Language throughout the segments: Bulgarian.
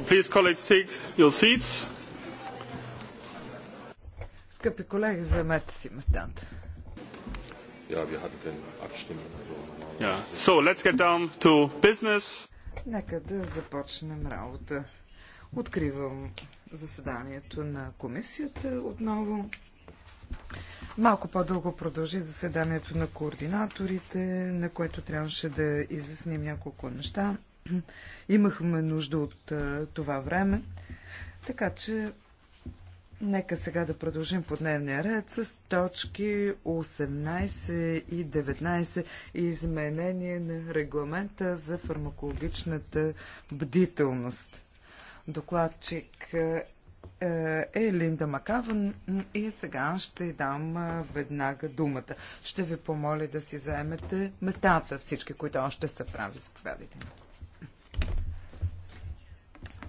please, colleagues, take your seats. Скъпи колеги, заемете си местата. Yeah. So, let's get down to business. Нека да започнем работа. Откривам заседанието на комисията отново. Малко по-дълго продължи заседанието на координаторите, на което трябваше да изясним няколко неща. Имахме нужда от това време. Така че Нека сега да продължим по дневния ред с точки 18 и 19 изменение на регламента за фармакологичната бдителност. Докладчик е Линда Макаван и сега ще дам веднага думата. Ще ви помоля да си заемете местата, всички, които още са прави. Заповядайте.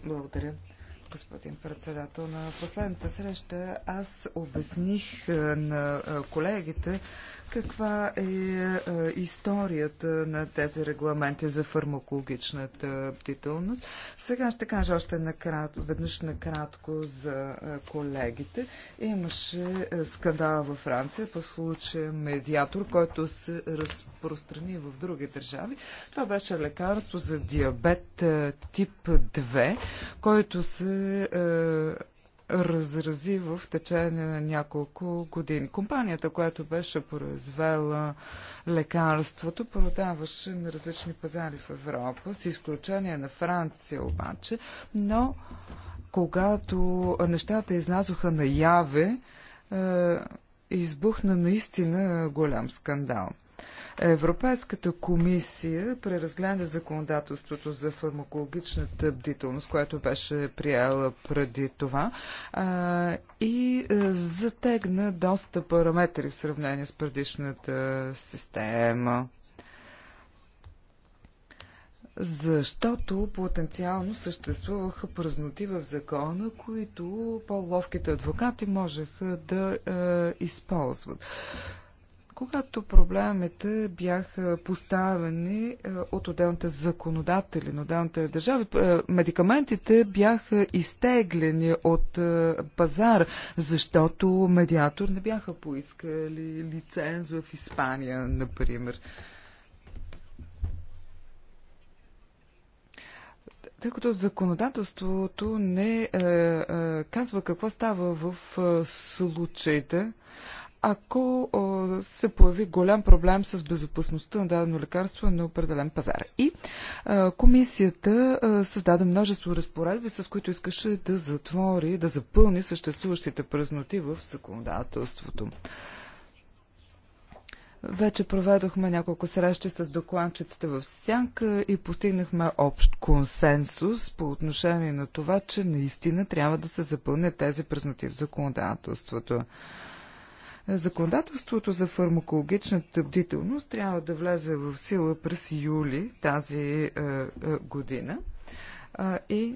Благодаря, господин председател. На последната среща аз обясних е, на е, колегите каква е, е историята на тези регламенти за фармакологичната бдителност? Сега ще кажа още накрат, веднъж накратко за е, колегите. Имаше е, скандал във Франция по случая медиатор, който се разпространи в други държави. Това беше лекарство за диабет тип 2, който се разрази в течение на няколко години. Компанията, която беше произвела лекарството, продаваше на различни пазари в Европа, с изключение на Франция обаче, но когато нещата излязоха наяве, е, избухна наистина голям скандал. Европейската комисия преразгледа законодателството за фармакологичната бдителност, което беше приела преди това а, и е, затегна доста параметри в сравнение с предишната система защото потенциално съществуваха празноти в закона, които по-ловките адвокати можеха да е, използват. Когато проблемите бяха поставени е, от отделните законодатели на отделните държави, е, медикаментите бяха изтеглени от е, пазар, защото медиатор не бяха поискали лиценз в Испания, например. Тъй като законодателството не е, е, казва какво става в е, случаите, ако се появи голям проблем с безопасността на дадено лекарство на определен пазар. И комисията създаде множество разпоредби, с които искаше да затвори, да запълни съществуващите празноти в законодателството. Вече проведохме няколко срещи с докладчиците в Сянка и постигнахме общ консенсус по отношение на това, че наистина трябва да се запълнят тези празноти в законодателството. Законодателството за фармакологичната бдителност трябва да влезе в сила през юли тази е, е, година и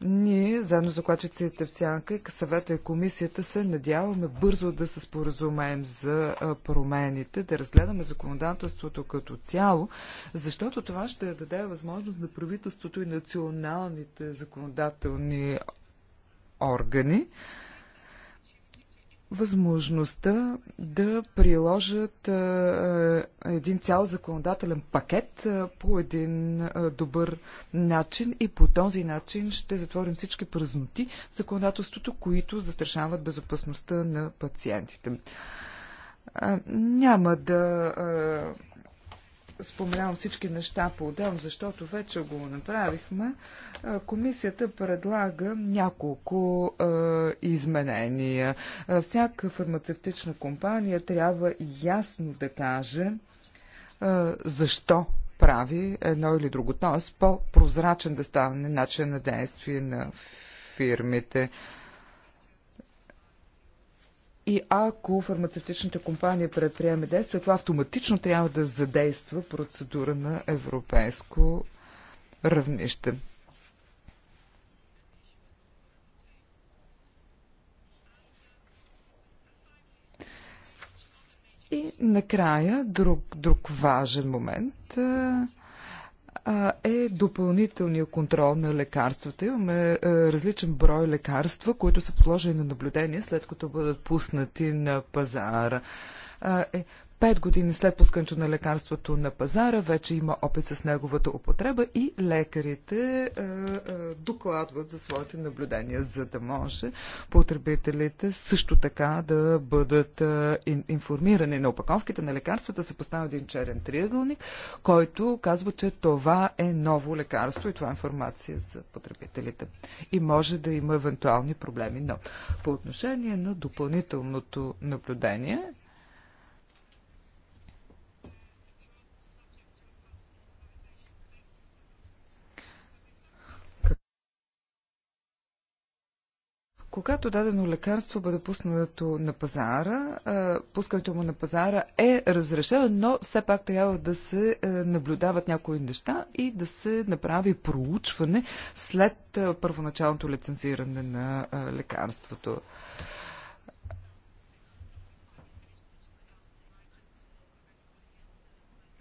ние, заедно с докладчиците в Сянка, и съвета и комисията, се надяваме бързо да се споразумеем за промените, да разгледаме законодателството като цяло, защото това ще даде възможност на правителството и националните законодателни органи възможността да приложат един цял законодателен пакет по един добър начин и по този начин ще затворим всички празноти в законодателството, които застрашават безопасността на пациентите. Няма да споменавам всички неща по-отделно, защото вече го направихме, комисията предлага няколко е, изменения. Всяка фармацевтична компания трябва ясно да каже е, защо прави едно или друго. Тоест по-прозрачен да стане начин на действие на фирмите. Е, и ако фармацевтичната компания предприеме действие, това автоматично трябва да задейства процедура на европейско равнище. И накрая друг, друг важен момент. А е допълнителния контрол на лекарствата. Имаме е, различен брой лекарства, които са подложени на наблюдение, след като бъдат пуснати на пазара. Е, Пет години след пускането на лекарството на пазара вече има опит с неговата употреба и лекарите е, е, докладват за своите наблюдения, за да може потребителите също така да бъдат е, информирани. На опаковките на лекарствата се поставя един черен триъгълник, който казва, че това е ново лекарство и това е информация за потребителите. И може да има евентуални проблеми. Но по отношение на допълнителното наблюдение, Когато дадено лекарство бъде пуснато на пазара, пускането му на пазара е разрешено, но все пак трябва да се е, наблюдават някои неща и да се направи проучване след е, първоначалното лицензиране на е, лекарството.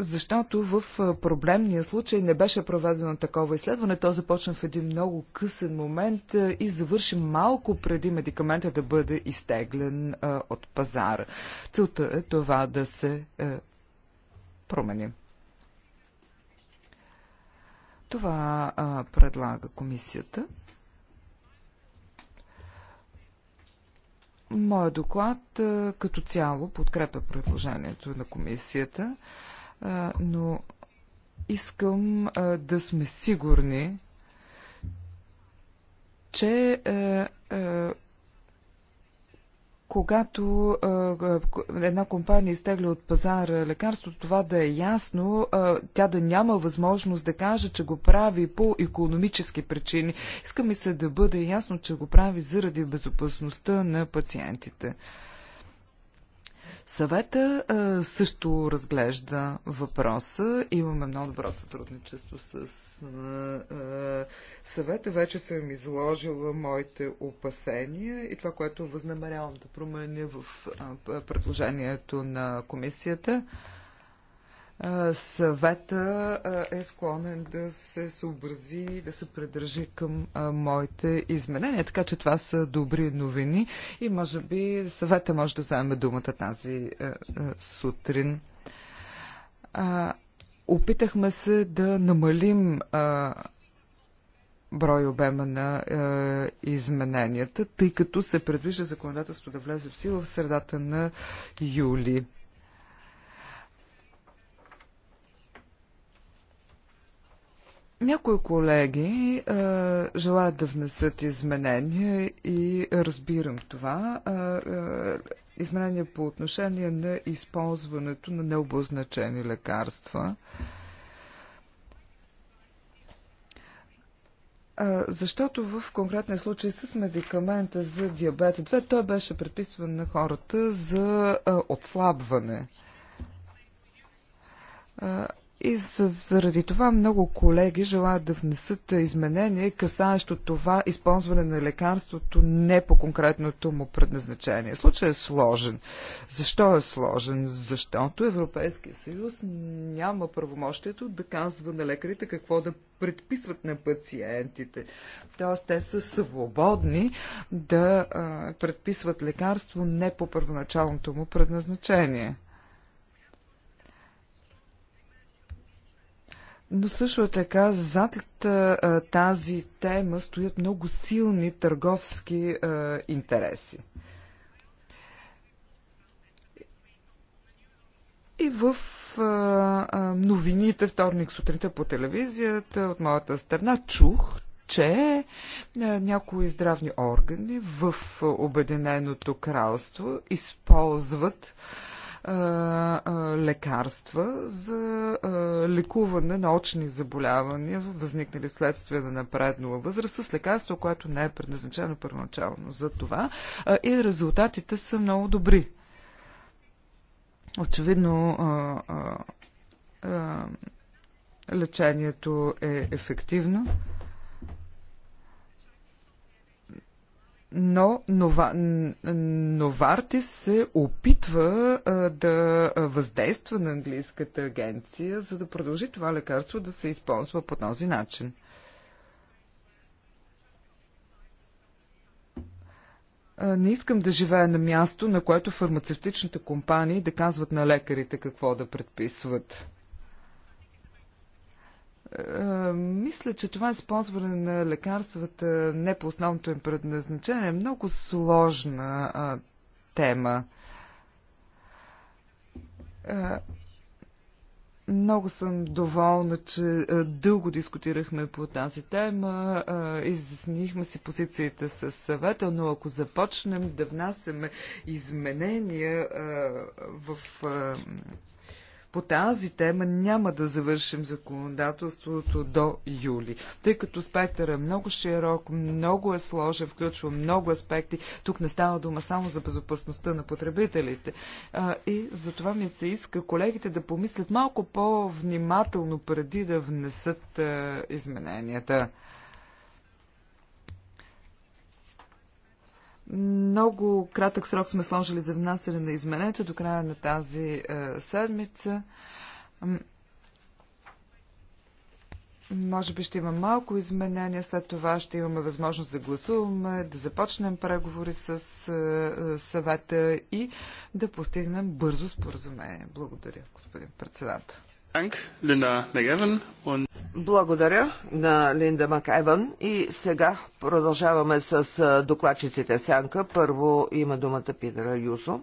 защото в проблемния случай не беше проведено такова изследване. То започна в един много късен момент и завърши малко преди медикамента да бъде изтеглен от пазара. Целта е това да се промени. Това предлага комисията. Моят доклад като цяло подкрепя предложението на комисията но искам да сме сигурни, че когато една компания изтегля от пазара лекарството, това да е ясно, тя да няма възможност да каже, че го прави по економически причини. Искаме се да бъде ясно, че го прави заради безопасността на пациентите. Съвета а, също разглежда въпроса. Имаме много добро сътрудничество с а, а, съвета. Вече съм изложила моите опасения и това, което възнамерявам да променя в а, предложението на комисията. А, съвета е склонен да се съобрази и да се придържи към моите изменения. Така че това са добри новини и може би съвета може да вземе думата тази сутрин. Опитахме се да намалим брой обема на е, измененията, тъй като се предвижда законодателство да влезе в сила в средата на юли. Някои колеги а, е, желаят да внесат изменения и разбирам това. А, е, а, е, изменения по отношение на използването на необозначени лекарства. защото в конкретния случай с медикамента за диабет 2, той беше предписван на хората за отслабване. И заради това много колеги желаят да внесат изменение, касаещо това използване на лекарството не по конкретното му предназначение. Случай е сложен. Защо е сложен? Защото Европейския съюз няма правомощието да казва на лекарите какво да предписват на пациентите. Тоест, те са свободни да предписват лекарство не по първоначалното му предназначение. Но също така зад тази тема стоят много силни търговски интереси. И в новините вторник сутринта по телевизията от моята страна чух, че някои здравни органи в Обединеното кралство използват а, лекарства за лекуване на очни заболявания, възникнали следствие на напреднала възраст, с лекарство, което не е предназначено първоначално за това. и резултатите са много добри. Очевидно, лечението е ефективно. но Нова, Новартис се опитва а, да въздейства на английската агенция, за да продължи това лекарство да се използва по този начин. не искам да живея на място, на което фармацевтичните компании да казват на лекарите какво да предписват. Е, мисля, че това използване на лекарствата не по основното им предназначение е много сложна а, тема. А, е, много съм доволна, че а, е, дълго дискутирахме по тази тема, а, изяснихме си позициите с съвета, но ако започнем да внасяме изменения а, в. А, по тази тема няма да завършим законодателството до юли, тъй като спектър е много широк, много е сложен, включва много аспекти. Тук не става дума само за безопасността на потребителите. А, и затова ми се иска колегите да помислят малко по-внимателно преди да внесат а, измененията. Много кратък срок сме сложили за внасяне на изменението до края на тази е, седмица. Може би ще има малко изменения, след това ще имаме възможност да гласуваме, да започнем преговори с е, е съвета и да постигнем бързо споразумение. Благодаря, господин председател. Dank, Linda благодаря на Линда Макеван и сега продължаваме с докладчиците Сянка. Първо има думата Питера Юсо.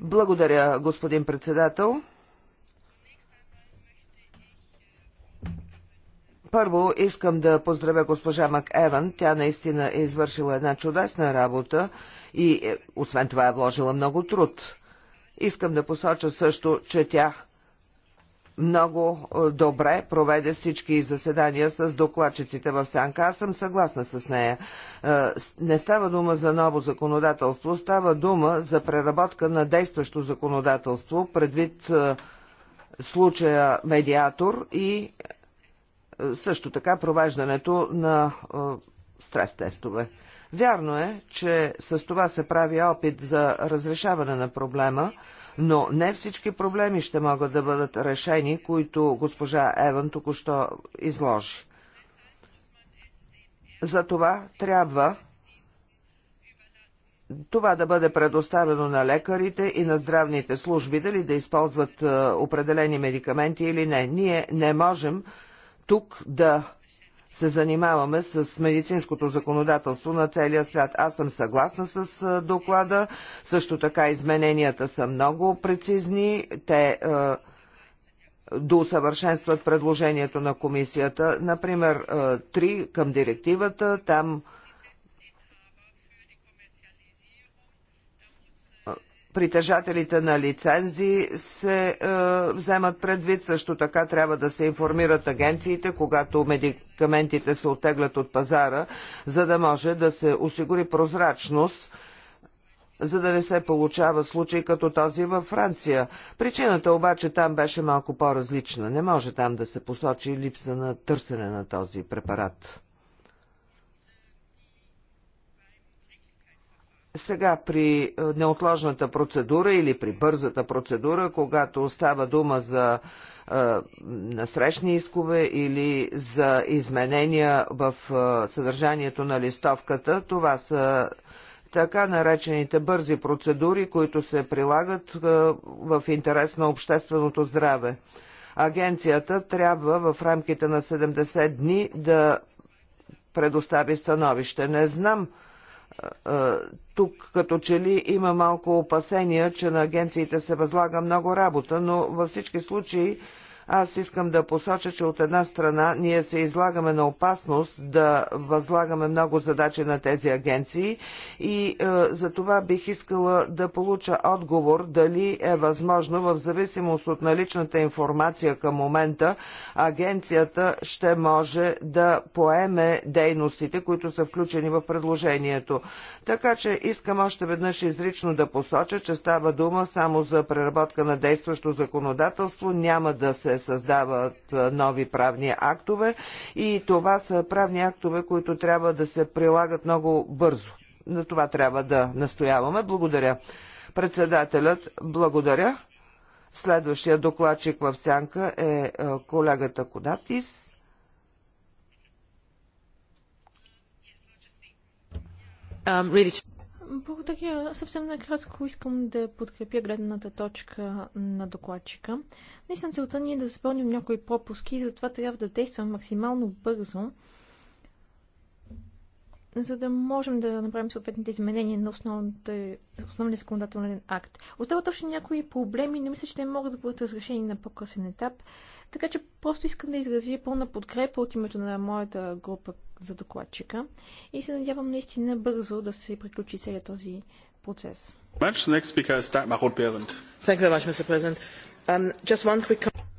Благодаря, господин председател. Първо искам да поздравя госпожа Мак Еван. Тя наистина е извършила една чудесна работа и е, освен това е вложила много труд. Искам да посоча също, че тя много е, добре проведе всички заседания с докладчиците в Сянка. Аз съм съгласна с нея. Е, не става дума за ново законодателство, става дума за преработка на действащо законодателство предвид е, случая медиатор и също така провеждането на стрес тестове. Вярно е, че с това се прави опит за разрешаване на проблема, но не всички проблеми ще могат да бъдат решени, които госпожа Еван току-що изложи. За това трябва това да бъде предоставено на лекарите и на здравните служби, дали да използват е, определени медикаменти или не. Ние не можем тук да се занимаваме с медицинското законодателство на целия свят. Аз съм съгласна с доклада. Също така измененията са много прецизни. Те доусъвършенстват предложението на комисията. Например, 3 към директивата, там притежателите на лицензи се е, вземат предвид. Също така трябва да се информират агенциите, когато медикаментите се отеглят от пазара, за да може да се осигури прозрачност за да не се получава случай като този във Франция. Причината обаче там беше малко по-различна. Не може там да се посочи липса на търсене на този препарат. Сега при е, неотложната процедура или при бързата процедура, когато става дума за е, насрещни искове или за изменения в е, съдържанието на листовката. Това са така наречените бързи процедури, които се прилагат в интерес на общественото здраве. Агенцията трябва в рамките на 70 дни да предостави становище. Не знам е, тук като че ли има малко опасения, че на агенциите се възлага много работа, но във всички случаи аз искам да посоча, че от една страна ние се излагаме на опасност да възлагаме много задачи на тези агенции и е, за това бих искала да получа отговор дали е възможно в зависимост от наличната информация към момента агенцията ще може да поеме дейностите, които са включени в предложението. Така че искам още веднъж изрично да посоча, че става дума само за преработка на действащо законодателство, няма да се създават нови правни актове и това са правни актове, които трябва да се прилагат много бързо. На това трябва да настояваме. Благодаря. Председателят, благодаря. Следващия докладчик в сянка е, е колегата Кодатис. Um, really... Благодаря. Съвсем накратко искам да подкрепя гледната точка на докладчика. Наистина целта ни е да запълним някои пропуски, и затова трябва да действаме максимално бързо, за да можем да направим съответните изменения на основния законодателен акт. Остават още някои проблеми, не мисля, че те могат да бъдат разрешени на по-късен етап. Така че просто искам да изразя пълна подкрепа от името на моята група за докладчика и се надявам наистина бързо да се приключи целият този процес. Um,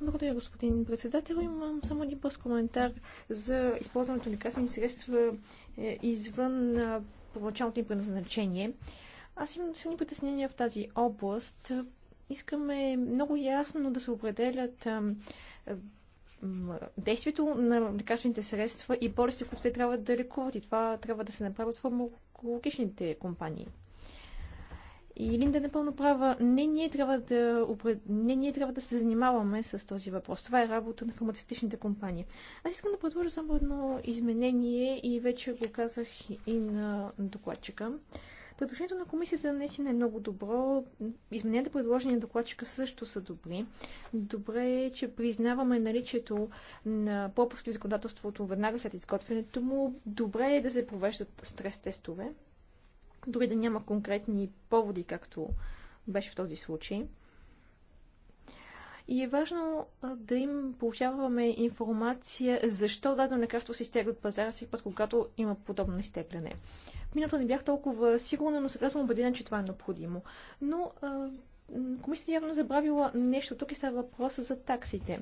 Благодаря, господин председател. Имам само един бърз коментар за използването на лекарствени средства е, извън първоначалното им предназначение. Аз имам силни притеснения в тази област искаме много ясно да се определят действието на лекарствените средства и болести, които те трябва да лекуват. И това трябва да се направи от фармакологичните компании. И Линда е напълно права. Не ние, трябва да, не ние трябва да се занимаваме с този въпрос. Това е работа на фармацевтичните компании. Аз искам да предложа само едно изменение и вече го казах и на докладчика. Предложението на комисията наистина е много добро. Измененията, предложени на докладчика, също са добри. Добре е, че признаваме наличието на пропуски в законодателството веднага след изготвянето му. Добре е да се провеждат стрес-тестове, дори да няма конкретни поводи, както беше в този случай. И е важно да им получаваме информация защо дадено лекарство се изтегля от пазара си път, когато има подобно изтегляне миналото не бях толкова сигурна, но сега съм убедена, че това е необходимо. Но а, комисията явно е забравила нещо. Тук и става въпроса за таксите.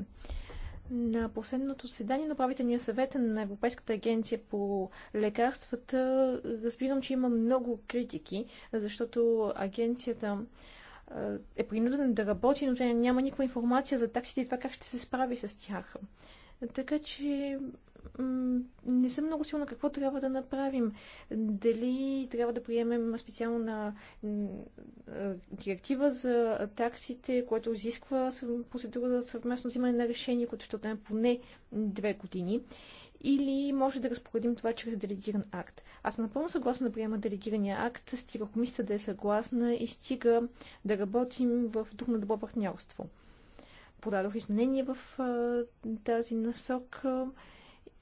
На последното седание на правителния съвет на Европейската агенция по лекарствата разбирам, че има много критики, защото агенцията е принудена да работи, но тя няма никаква информация за таксите и това как ще се справи с тях. Така че не съм много силна какво трябва да направим. Дали трябва да приемем специална директива за таксите, което изисква процедура за съвместно взимане на решение, което ще отнеме поне две години. Или може да разпоредим това чрез делегиран акт. Аз съм напълно съгласна да приема делегирания акт, стига комисията да е съгласна и стига да работим в дух на добро партньорство. Подадох изменения в тази насок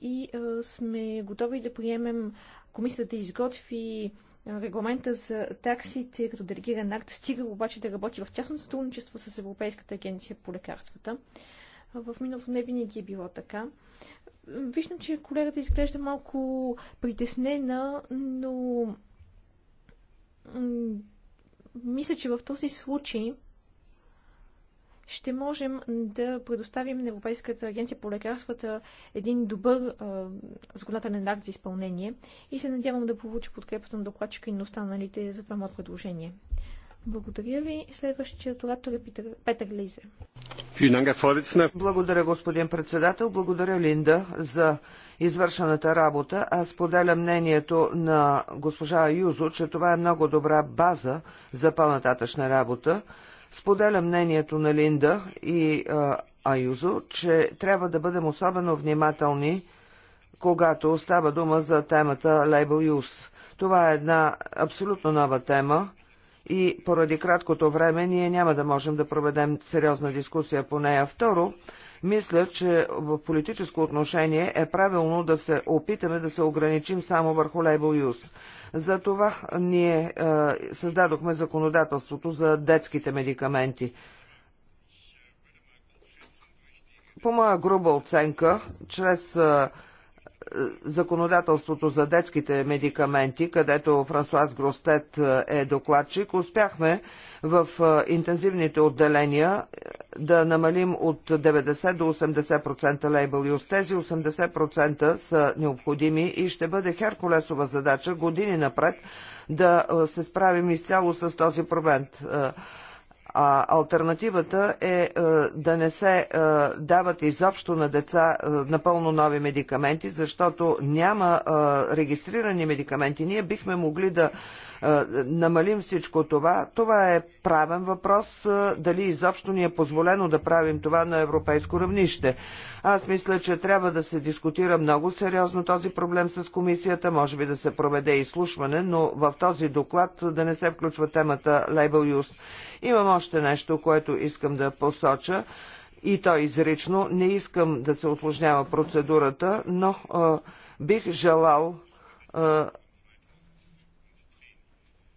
и е, сме готови да приемем комисията да изготви е, регламента за таксите като делегиран акт, стига обаче да работи в тясно сътрудничество с Европейската агенция по лекарствата. В миналото не винаги е било така. Виждам, че колегата изглежда малко притеснена, но мисля, че в този случай ще можем да предоставим на Европейската агенция по лекарствата един добър а, законодателен акт за изпълнение и се надявам да получа подкрепата на докладчика и на останалите за това мое предложение. Благодаря ви. Следващият оратор е Питър, Петър Лизе. Благодаря, господин председател. Благодаря, Линда, за извършената работа. Аз споделя мнението на госпожа Юзо, че това е много добра база за по-нататъчна работа. Споделя мнението на Линда и а, Аюзо, че трябва да бъдем особено внимателни, когато става дума за темата Label Use. Това е една абсолютно нова тема и поради краткото време ние няма да можем да проведем сериозна дискусия по нея. Второ, мисля, че в политическо отношение е правилно да се опитаме да се ограничим само върху лейбъл юз. За това ние е, създадохме законодателството за детските медикаменти. По моя груба оценка, чрез е, законодателството за детските медикаменти, където Франсуаз Гростет е докладчик, успяхме в интензивните отделения е, да намалим от 90 до 80% лейбъл. И тези 80% са необходими и ще бъде Херкулесова задача години напред да се справим изцяло с този проблем. Е, а альтернативата е, е да не се дават изобщо на деца напълно нови медикаменти, защото няма регистрирани медикаменти. Ние бихме могли да е, намалим всичко това, това е правен въпрос е, дали изобщо ни е позволено да правим това на европейско равнище. Аз мисля, че трябва да се дискутира много сериозно този проблем с комисията, може би да се проведе изслушване, но в този доклад да не се включва темата Label Use. Имам още нещо, което искам да посоча и то изрично. Не искам да се осложнява процедурата, но а, е, бих желал а,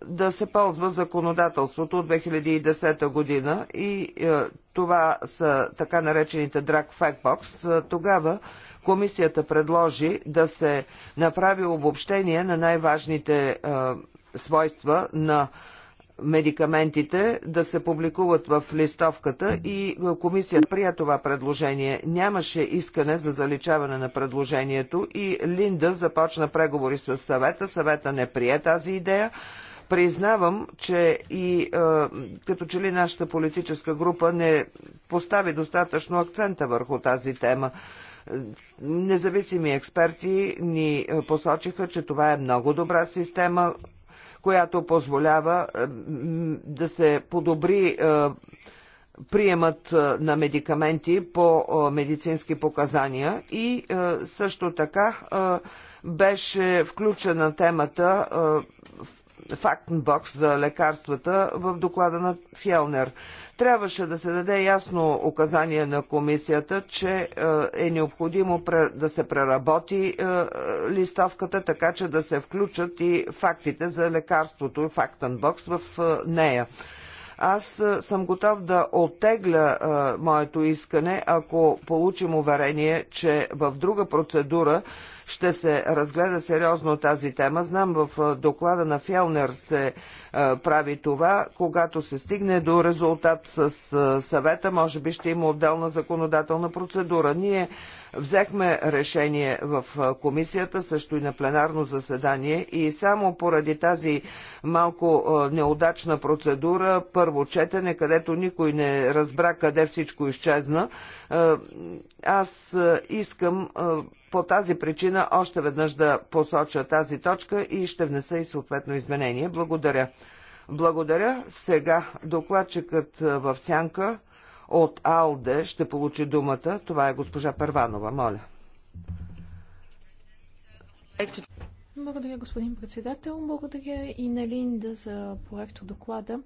да се ползва законодателството от 2010 година и е, това са така наречените drug box, е, Тогава комисията предложи да се направи обобщение на най-важните е, свойства на медикаментите да се публикуват в листовката и комисията прия това предложение. Нямаше искане за заличаване на предложението и Линда започна преговори с съвета. Съвета не прие тази идея, Признавам, че и е, като че ли нашата политическа група не постави достатъчно акцента върху тази тема. Независими експерти ни е, посочиха, че това е много добра система, която позволява е, да се подобри приемат на медикаменти по медицински показания и също така беше включена темата фактенбокс за лекарствата в доклада на Фелнер. Трябваше да се даде ясно указание на комисията, че е, е необходимо да се преработи е, листовката, така че да се включат и фактите за лекарството и фактенбокс в е, нея. Аз съм готов да оттегля а, моето искане, ако получим уверение, че в друга процедура ще се разгледа сериозно тази тема. Знам в доклада на Фелнер се прави това. Когато се стигне до резултат с съвета, може би ще има отделна законодателна процедура. Ние Взехме решение в комисията, също и на пленарно заседание и само поради тази малко неудачна процедура, първо четене, където никой не разбра къде всичко изчезна, аз искам по тази причина още веднъж да посоча тази точка и ще внеса и съответно изменение. Благодаря. Благодаря. Сега докладчикът в сянка от АЛДЕ ще получи думата. Това е госпожа Първанова. Моля. Благодаря, господин председател. Благодаря и на Линда за проекто доклада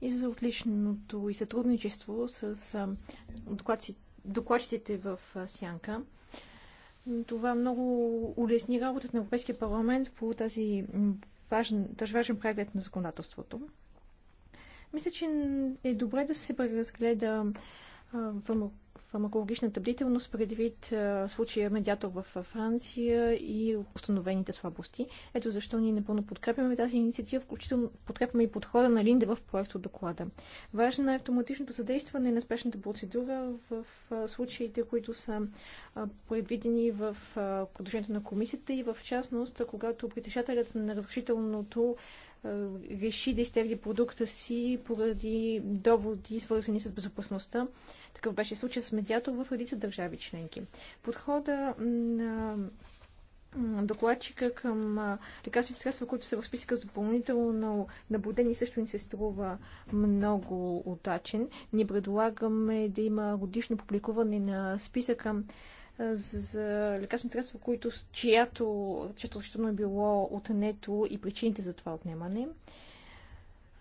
и за отличното и сътрудничество с докладчиците в Сянка. Това много улесни работата на Европейския парламент по тази важен, тъж важен преглед на законодателството. Мисля, че е добре да се преразгледа фармакологичната бдителност предвид случая медиатор в Франция и установените слабости. Ето защо ние напълно подкрепяме тази инициатива, включително подкрепяме и подхода на Линде в проекто доклада. Важно е автоматичното задействане на спешната процедура в случаите, които са предвидени в продължението на комисията и в частност, когато притежателят на разрешителното е, реши да изтегли продукта си поради доводи, свързани с безопасността. Такъв беше случай с медиатор в редица държави членки. Подхода на докладчика към лекарствените средства, които са в списъка с допълнително наблюдение, също ни се струва много удачен. Ние предлагаме да има годишно публикуване на списъка за лекарствени средства, които, чиято, чиято защитно е било отнето и причините за това отнемане.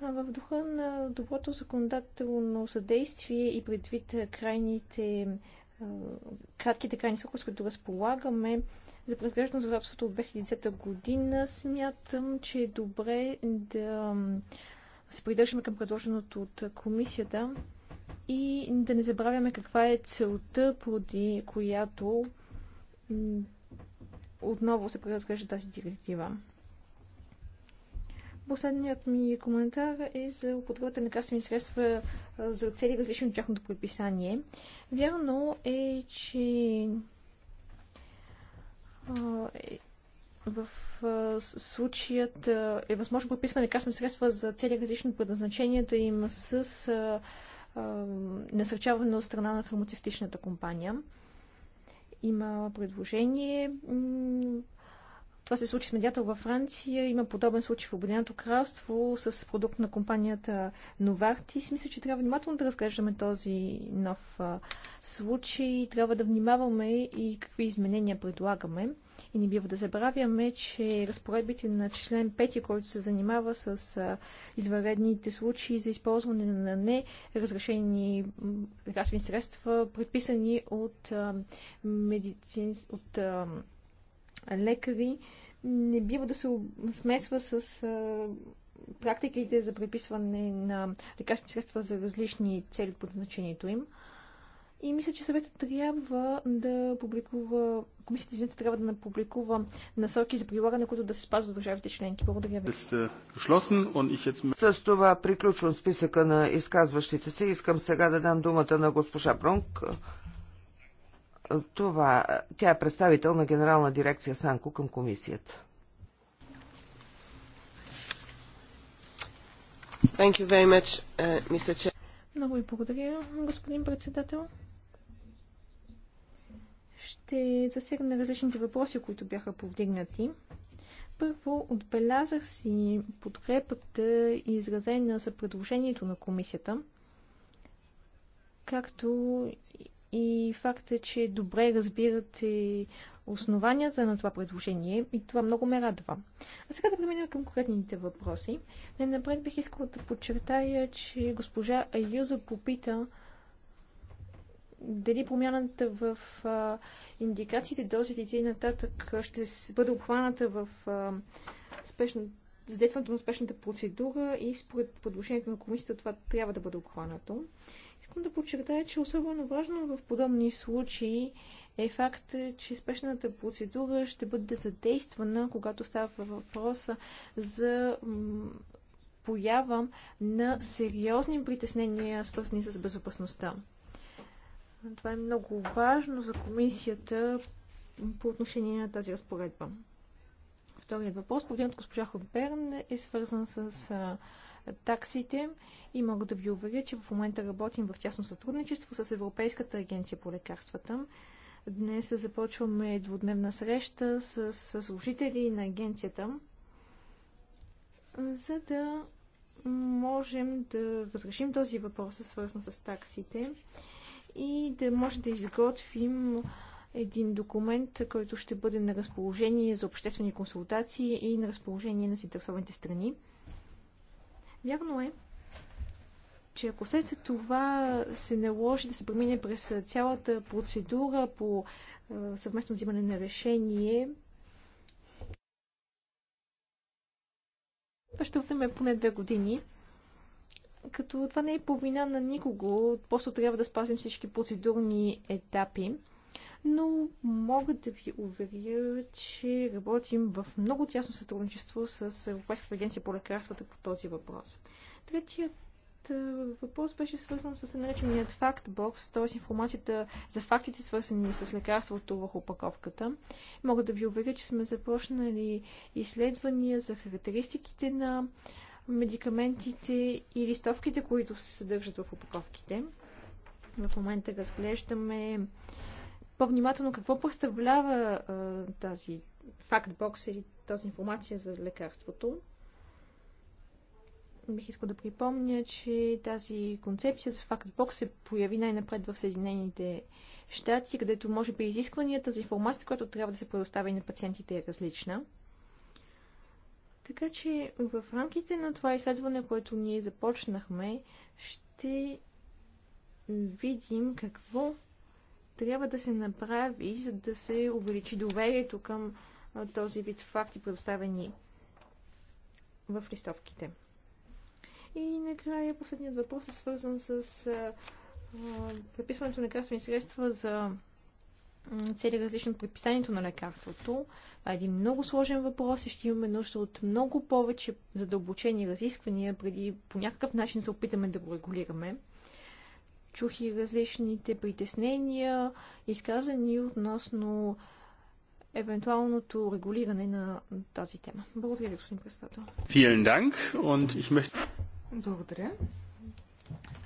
В духа на доброто законодателно съдействие и предвид крайните, кратките крайни срокове, с които разполагаме, за преразглеждане на законодателството от 2010 година, смятам, че е добре да се придържаме към предложеното от комисията и да не забравяме каква е целта, поради която отново се преразглежда тази директива. Последният ми коментар е за употребата на лекарствени средства за цели различни от тяхното предписание. Вярно е, че е, в случаят е възможно предписване на лекарствени средства за цели различни от предназначенията им с Насърчаване от страна на фармацевтичната компания. Има предложение това се случи с медиатор във Франция. Има подобен случай в Обединеното кралство с продукт на компанията Новартис. Мисля, че трябва внимателно да разглеждаме този нов случай. Трябва да внимаваме и какви изменения предлагаме. И не бива да забравяме, че разпоредбите на член 5, който се занимава с извънредните случаи за използване на неразрешени лекарствени средства, предписани от, медицин... от лекари не бива да се смесва с практиките за приписване на лекарствени средства за различни цели по назначението им. И мисля, че съветът трябва да публикува, комисията извинете, трябва да не публикува насоки за прилагане, които да се спазват държавите членки. Благодаря ви. Е с това приключвам списъка на изказващите се. Искам сега да дам думата на госпожа Бронк. Това, тя е представител на Генерална дирекция Санко към комисията. Thank you very much, uh, Mr. Chair. Много ви благодаря, господин председател. Ще засегна различните въпроси, които бяха повдигнати. Първо, отбелязах си подкрепата и изразена за предложението на комисията, както и факта, е, че добре разбирате основанията на това предложение и това много ме радва. А сега да преминем към конкретните въпроси. най напред бих искала да подчертая, че госпожа Аюза попита дали промяната в а, индикациите, дозите и нататък ще бъде обхваната в а, спешната задействането на успешната процедура и според предложението на комисията това трябва да бъде обхванато. Искам да подчертая, че особено важно в подобни случаи е факт, че спешната процедура ще бъде задействана, когато става въпроса за поява на сериозни притеснения, свързани с безопасността. Това е много важно за комисията по отношение на тази разпоредба. Вторият въпрос, проблемът от госпожа Ходберн, е свързан с а, таксите и мога да ви уверя, че в момента работим в тясно сътрудничество с Европейската агенция по лекарствата. Днес започваме двудневна среща с, с служители на агенцията, за да можем да разрешим този въпрос, свързан с таксите и да може да изготвим един документ, който ще бъде на разположение за обществени консултации и на разположение на заинтересованите страни. Вярно е, че ако след това се наложи да се премине през цялата процедура по съвместно взимане на решение, ще отнеме е поне две години. Като това не е по вина на никого, просто трябва да спазим всички процедурни етапи но мога да ви уверя, че работим в много тясно сътрудничество с Европейската агенция по лекарствата по този въпрос. Третият въпрос беше свързан с нареченият фактбокс, т.е. информацията за фактите, свързани с лекарството в опаковката. Мога да ви уверя, че сме започнали изследвания за характеристиките на медикаментите и листовките, които се съдържат в опаковките. В момента разглеждаме по-внимателно какво представлява а, тази фактбокс или тази информация за лекарството. Бих искал да припомня, че тази концепция за фактбокс се появи най-напред в Съединените щати, където може би изискванията за информацията, която трябва да се предоставя и на пациентите е различна. Така че в рамките на това изследване, което ние започнахме, ще видим какво трябва да се направи, за да се увеличи доверието към този вид факти, предоставени в листовките. И накрая последният въпрос е свързан с а, преписването на лекарствени средства за цели различно предписанието на лекарството. Това е един много сложен въпрос и ще имаме нужда от много повече задълбочени разисквания преди по някакъв начин се опитаме да го регулираме. Чух и различните притеснения, изказани относно евентуалното регулиране на тази тема. Благодаря, господин председател. Благодаря.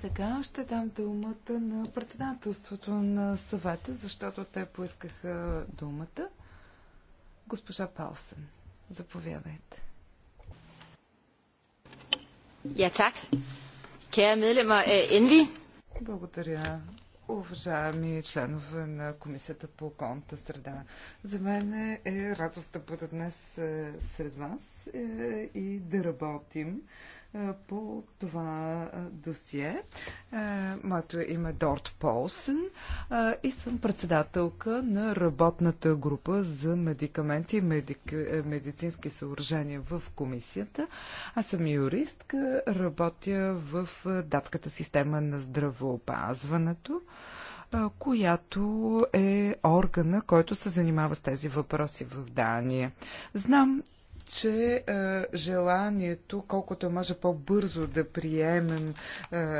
Сега ще дам думата на председателството на съвета, защото те поискаха думата. Госпожа Паусен, заповядайте. Ja, tak. Kære medlemmer af Envi, благодаря, уважаеми членове на Комисията по околната среда. За мен е радост да бъда днес е, сред вас е, и да работим е, по това е, досие. Е, моето име е Дорт Полсен и съм председателка на работната група за медикаменти и медик... медицински съоръжения в комисията. Аз съм юристка, работя в датската система на здравоопазването която е органа, който се занимава с тези въпроси в Дания. Знам, че е, желанието, колкото може по-бързо да приемем е,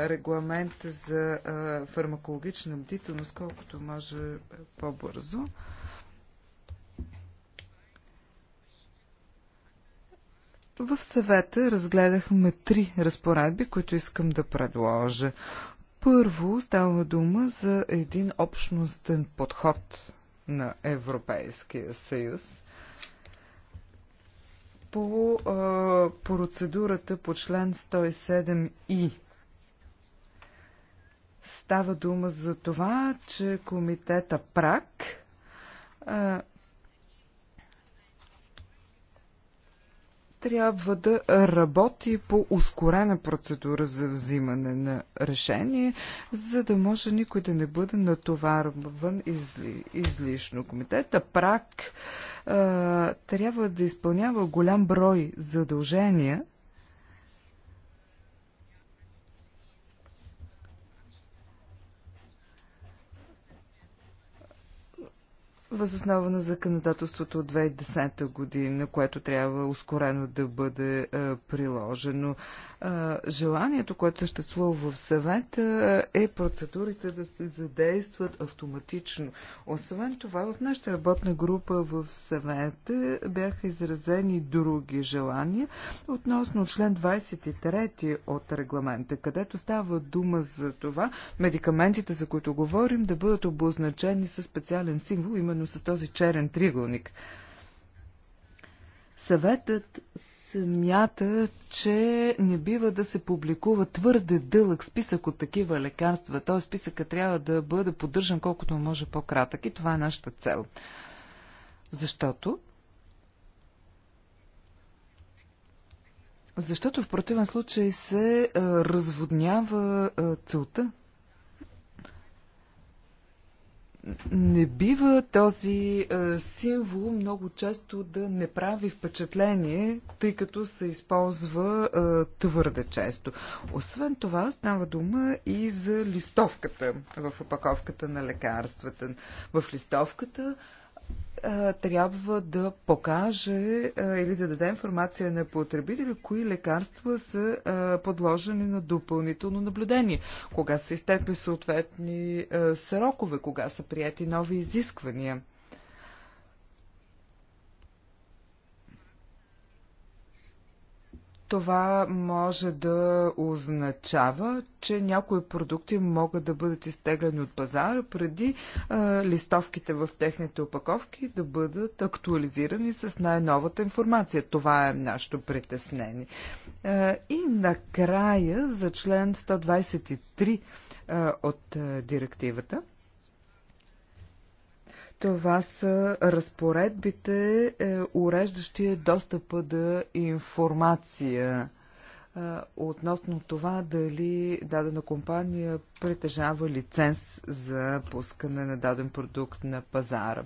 регламент за е, фармакологична бдителност, колкото може по-бързо, В съвета разгледахме три разпоредби, които искам да предложа. Първо става дума за един общностен подход на Европейския съюз по процедурата по член 107и. Става дума за това, че комитета ПРАК трябва да работи по ускорена процедура за взимане на решение, за да може никой да не бъде натоварван изли, излишно. Комитета ПРАК а, трябва да изпълнява голям брой задължения, възоснова на законодателството от 2010 година, което трябва ускорено да бъде а, приложено. А, желанието, което съществува в съвета, е процедурите да се задействат автоматично. Освен това, в нашата работна група в съвета бяха изразени други желания относно член 23 от регламента, където става дума за това медикаментите, за които говорим, да бъдат обозначени със специален символ, именно именно с този черен триъгълник. Съветът смята, че не бива да се публикува твърде дълъг списък от такива лекарства. Този списъка трябва да бъде поддържан колкото може по-кратък и това е нашата цел. Защото Защото в противен случай се а, разводнява а, целта не бива този е, символ много често да не прави впечатление, тъй като се използва е, твърде често. Освен това, става дума и за листовката в опаковката на лекарствата. В листовката трябва да покаже или да даде информация на потребители, кои лекарства са подложени на допълнително наблюдение, кога са изтекли съответни срокове, кога са прияти нови изисквания. Това може да означава, че някои продукти могат да бъдат изтегляни от пазара преди а, листовките в техните опаковки да бъдат актуализирани с най-новата информация. Това е нашето притеснение. А, и накрая за член 123 а, от а, директивата. Това са разпоредбите, е, уреждащи достъпа да информация е, относно това дали дадена компания притежава лиценз за пускане на даден продукт на пазара.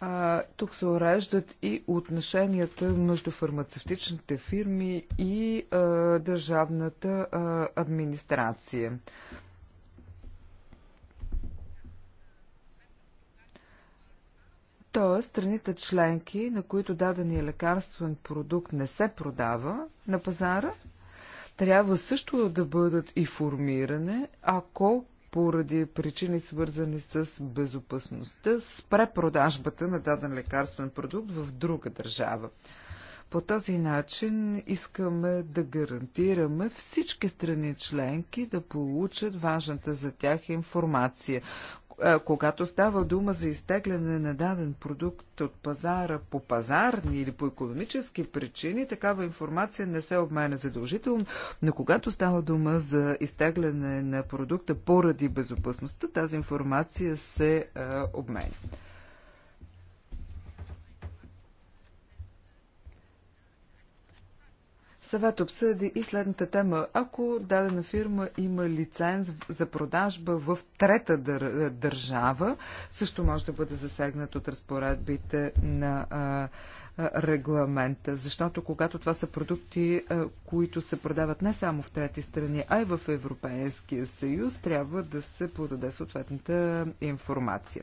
А, тук се уреждат и отношенията между фармацевтичните фирми и а, държавната а, администрация. Тоест, страните членки, на които дадения лекарствен продукт не се продава на пазара, трябва също да бъдат и формиране, ако поради причини свързани с безопасността, спре продажбата на даден лекарствен продукт в друга държава. По този начин искаме да гарантираме всички страни членки да получат важната за тях информация когато става дума за изтегляне на даден продукт от пазара по пазарни или по економически причини, такава информация не се обменя задължително, но когато става дума за изтегляне на продукта поради безопасността, тази информация се обменя. Съвет обсъди и следната тема. Ако дадена фирма има лиценз за продажба в трета дър... държава, също може да бъде засегнат от разпоредбите на а, регламента, защото когато това са продукти, които се продават не само в трети страни, а и в Европейския съюз, трябва да се подаде съответната информация.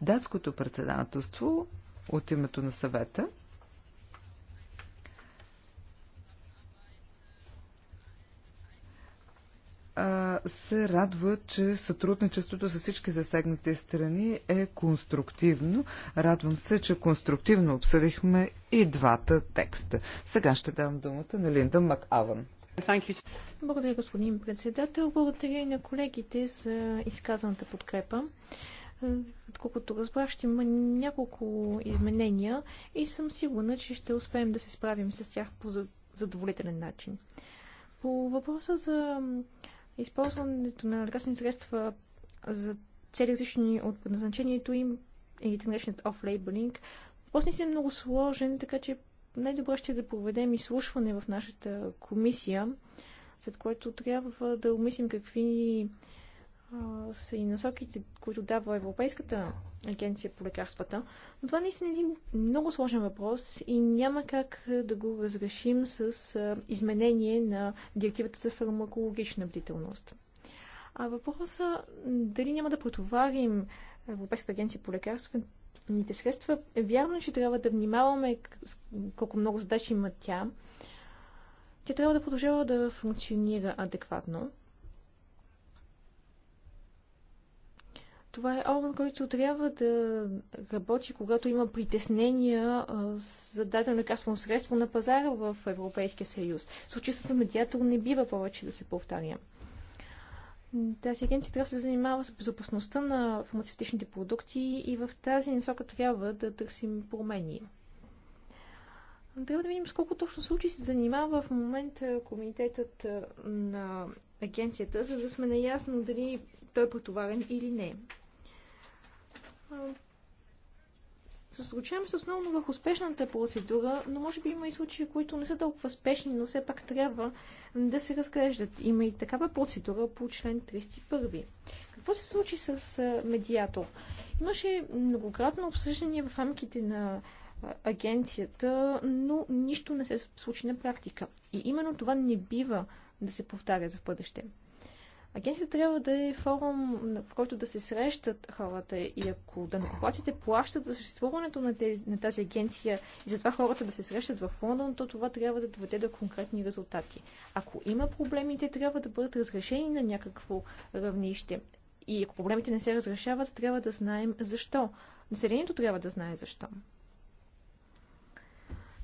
Датското председателство от името на съвета се радва, че сътрудничеството с всички засегнати страни е конструктивно. Радвам се, че конструктивно обсъдихме и двата текста. Сега ще дам думата на Линда Макаван. Благодаря, господин председател. Благодаря и на колегите за изказаната подкрепа. Отколкото разбрах, ще има няколко изменения и съм сигурна, че ще успеем да се справим с тях по задоволителен начин. По въпроса за Използването на лекарствени средства за цели различни от предназначението им или така нареченият оф-лейбелинг, въпрос не е много сложен, така че най-добре ще да проведем изслушване в нашата комисия, след което трябва да умислим какви са и насоките, които дава Европейската агенция по лекарствата. Но това наистина е един много сложен въпрос и няма как да го разрешим с изменение на директивата за фармакологична бдителност. А въпроса дали няма да претоварим Европейската агенция по лекарствените средства, е вярно, че трябва да внимаваме колко много задачи има тя. Тя трябва да продължава да функционира адекватно. Това е орган, който трябва да работи, когато има притеснения за дадено лекарствено средство на пазара в Европейския съюз. Случай с медиатор не бива повече да се повтаря. Тази агенция трябва да се занимава с безопасността на фармацевтичните продукти и в тази насока трябва да търсим промени. Трябва да видим с колко точно случаи се занимава в момента комитетът на агенцията, за да сме наясно дали той е претоварен или не. Съсредоточаваме се основно върху успешната процедура, но може би има и случаи, които не са толкова спешни, но все пак трябва да се разглеждат. Има и такава процедура по член 31. Какво се случи с медиатор? Имаше многократно обсъждане в рамките на агенцията, но нищо не се случи на практика. И именно това не бива да се повтаря за в бъдеще. Агенцията трябва да е форум, в който да се срещат хората и ако данъкоплатците плащат за съществуването на, тези, на тази агенция и затова хората да се срещат в Лондон, то това трябва да доведе до конкретни резултати. Ако има проблеми, те трябва да бъдат разрешени на някакво равнище. И ако проблемите не се разрешават, трябва да знаем защо. Населението трябва да знае защо.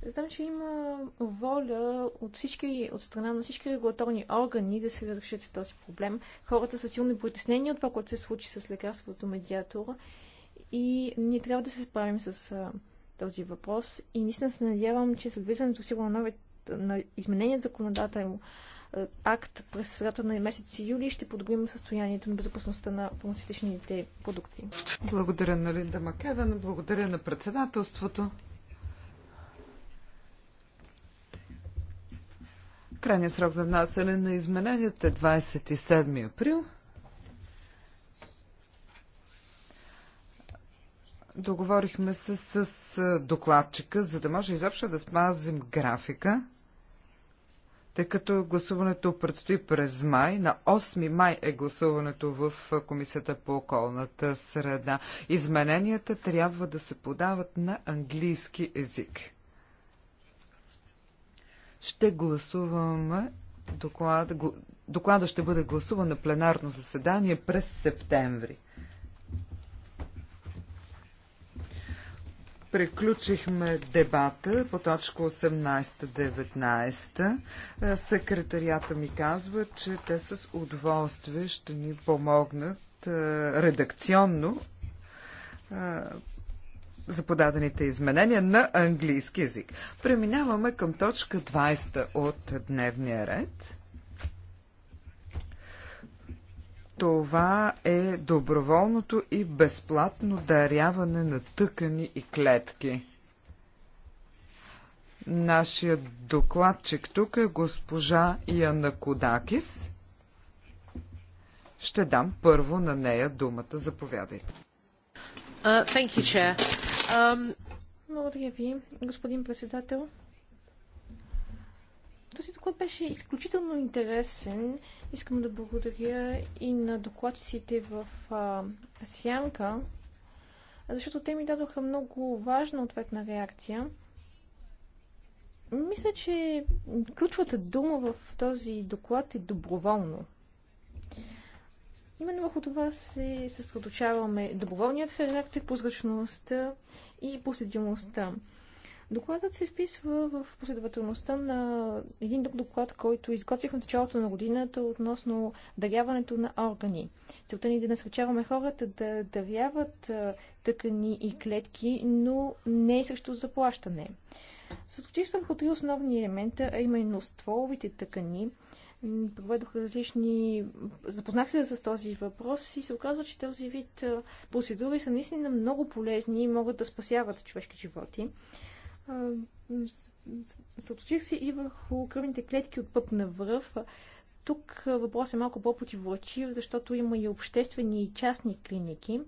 Знам, че има воля от, всички, от страна на всички регулаторни органи да се разрешат този проблем. Хората са силно притеснени от това, което се случи с лекарството медиатора и ние трябва да се справим с а, този въпрос. И наистина се надявам, че с влизането сила на, на изменение законодателно акт през средата на месец юли ще подобрим състоянието на безопасността на фармацевтичните продукти. Благодаря на Линда Макевен, благодаря на председателството. Крайният срок за внасяне на измененията е 27 април. Договорихме се с докладчика, за да може изобщо да спазим графика, тъй като гласуването предстои през май. На 8 май е гласуването в Комисията по околната среда. Измененията трябва да се подават на английски език. Ще гласуваме доклада. Доклада ще бъде гласуван на пленарно заседание през септември. Приключихме дебата по точка 18-19. Е, секретарията ми казва, че те с удоволствие ще ни помогнат е, редакционно е, за подадените изменения на английски язик. Преминаваме към точка 20 от дневния ред. Това е доброволното и безплатно даряване на тъкани и клетки. Нашият докладчик тук е госпожа Яна Кодакис. Ще дам първо на нея думата. Заповядайте. Uh, you, благодаря ви, господин председател. Този доклад беше изключително интересен. Искам да благодаря и на докладчиците в а, Сянка, защото те ми дадоха много важна ответна реакция. Мисля, че ключовата дума в този доклад е доброволно. Именно върху това се съсредоточаваме доброволният характер, прозрачността и последимостта. Докладът се вписва в последователността на един друг доклад, който изготвихме в началото на годината относно даряването на органи. Целта ни е да насвечаваме хората да даряват тъкани и клетки, но не срещу заплащане. Съсредоточих върху три основни елемента, а именно стволовите тъкани, проведох различни... Запознах се с този въпрос и се оказва, че този вид процедури са наистина много полезни и могат да спасяват човешки животи. Съточих се и върху кръвните клетки от пъп на връв. Тук въпрос е малко по-противоречив, защото има и обществени и частни клиники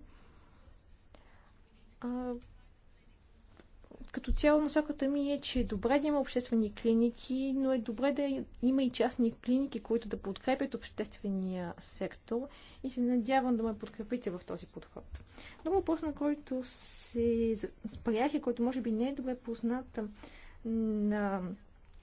като цяло насоката ми е, че е добре да има обществени клиники, но е добре да има и частни клиники, които да подкрепят обществения сектор и се надявам да ме подкрепите в този подход. Друг въпрос, на който се спрях и който може би не е добре познат на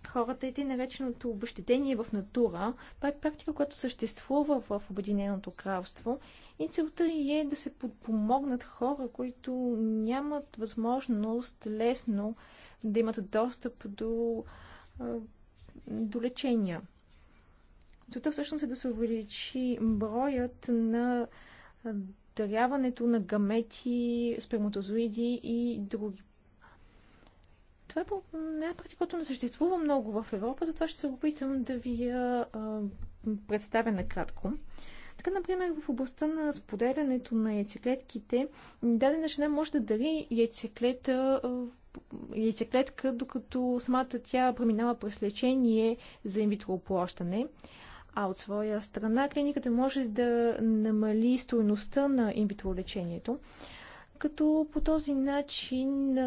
хората и ти нареченото обещетение в натура, това е практика, която съществува в Обединеното кралство и целта е да се подпомогнат хора, които нямат възможност лесно да имат достъп до, до лечения. Целта всъщност е да се увеличи броят на даряването на гамети, сперматозоиди и други това е една практика, която не съществува много в Европа, затова ще се опитам да ви я представя накратко. Така, например, в областта на споделянето на яйцеклетките, дадена жена може да дари яйцеклета яйцеклетка, докато самата тя преминава през лечение за инвитроплощане. А от своя страна клиниката може да намали стоеността на инвитро лечението като по този начин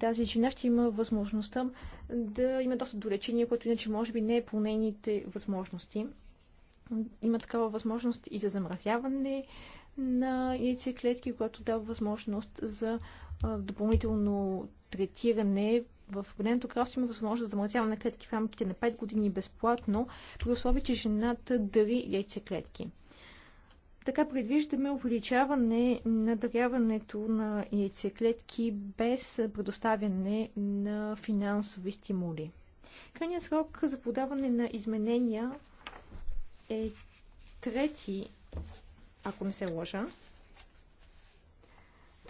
тази жена ще има възможността да има доста до лечение, което иначе може би не е по нейните възможности. Има такава възможност и за замразяване на яйцеклетки, което дава възможност за допълнително третиране в Обединеното кралство има възможност за замразяване на клетки в рамките на 5 години безплатно, при условие, че жената дари яйцеклетки. Така предвиждаме увеличаване на даряването на яйцеклетки без предоставяне на финансови стимули. Крайният срок за подаване на изменения е трети, ако не се лъжа,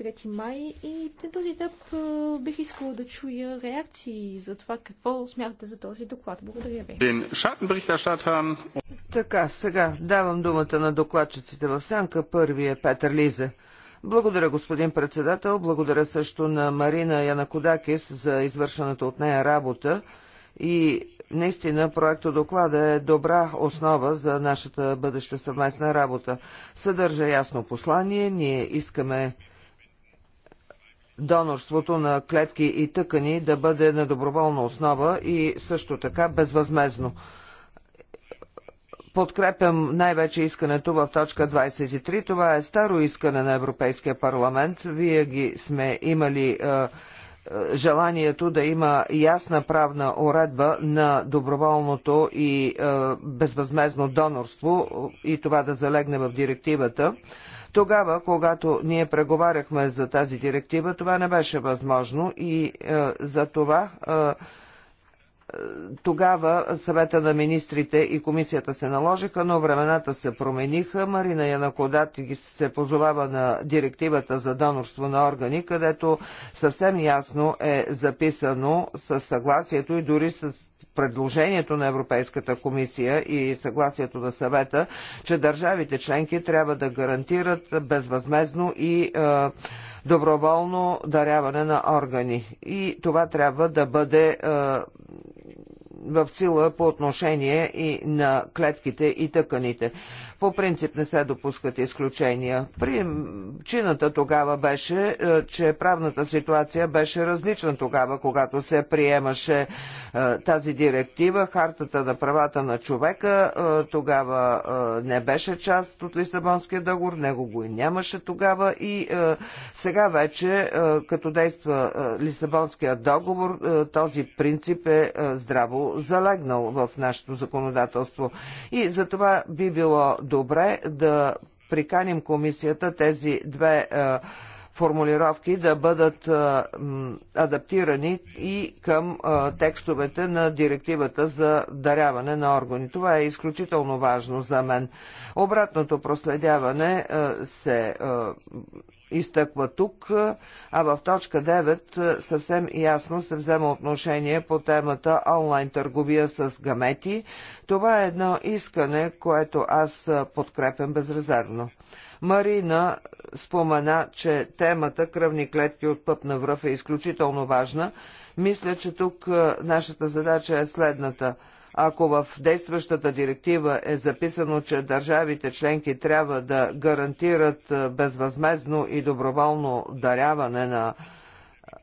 3 май и на този етап бих искала да чуя реакции за това какво смятате за този доклад. Благодаря ви. Така, сега давам думата на докладчиците в сянка. Първи е Петър Лиза. Благодаря, господин председател. Благодаря също на Марина Янакодакис за извършената от нея работа. И наистина проекто доклада е добра основа за нашата бъдеща съвместна работа. Съдържа ясно послание. Ние искаме донорството на клетки и тъкани да бъде на доброволна основа и също така безвъзмезно. Подкрепям най-вече искането в точка 23. Това е старо искане на Европейския парламент. Вие ги сме имали е, е, желанието да има ясна правна уредба на доброволното и е, безвъзмезно донорство и това да залегне в директивата. Е, тогава, когато ние преговаряхме за тази директива, това не беше възможно и е, за това е, е тогава съвета на министрите и комисията се наложиха, но времената се промениха. Марина Янакодат се позовава на директивата за донорство на органи, където съвсем ясно е записано с съгласието и дори с предложението на Европейската комисия и съгласието на съвета, че държавите членки трябва да гарантират безвъзмезно и е, доброволно даряване на органи. И това трябва да бъде е, в сила по отношение и на клетките и тъканите. По принцип не се допускат изключения. Причината тогава беше, е, че правната ситуация беше различна тогава, когато се приемаше е, тази директива. Хартата на правата на човека е, тогава не беше част от Лисабонския договор, него го и нямаше тогава и сега вече, като действа Лисабонския договор, този принцип е здраво залегнал в нашето законодателство. И за това би било добре да приканим комисията тези две е, формулировки да бъдат е, адаптирани и към е, текстовете на директивата за даряване на органи. Това е изключително важно за мен. Обратното проследяване се изтъква тук, а в точка 9 съвсем ясно се взема отношение по темата онлайн търговия с гамети. Това е едно искане, което аз подкрепям безрезервно. Марина спомена, че темата кръвни клетки от на връв е изключително важна. Мисля, че тук нашата задача е следната – ако в действащата директива е записано, че държавите членки трябва да гарантират е, безвъзмезно и доброволно даряване на е,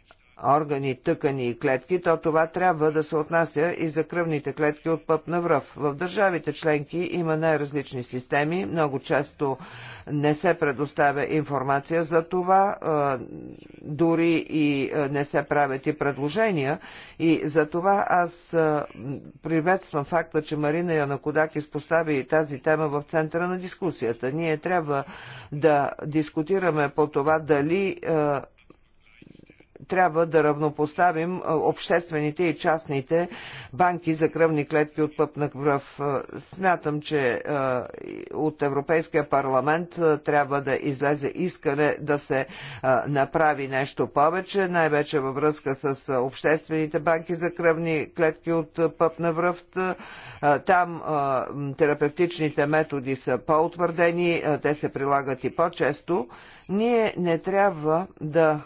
органи, тъкани и клетки, то това трябва да се отнася и за кръвните клетки от пъп на връв. В държавите членки има най-различни системи, много често не се предоставя информация за това, дори и не се правят и предложения. И за това аз приветствам факта, че Марина Янакодак постави тази тема в центъра на дискусията. Ние трябва да дискутираме по това дали трябва да равнопоставим обществените и частните банки за кръвни клетки от пъпна кръв. Смятам, че от Европейския парламент трябва да излезе искане да се направи нещо повече, най-вече във връзка с обществените банки за кръвни клетки от пъпна кръв. Там терапевтичните методи са по-утвърдени, те се прилагат и по-често. Ние не трябва да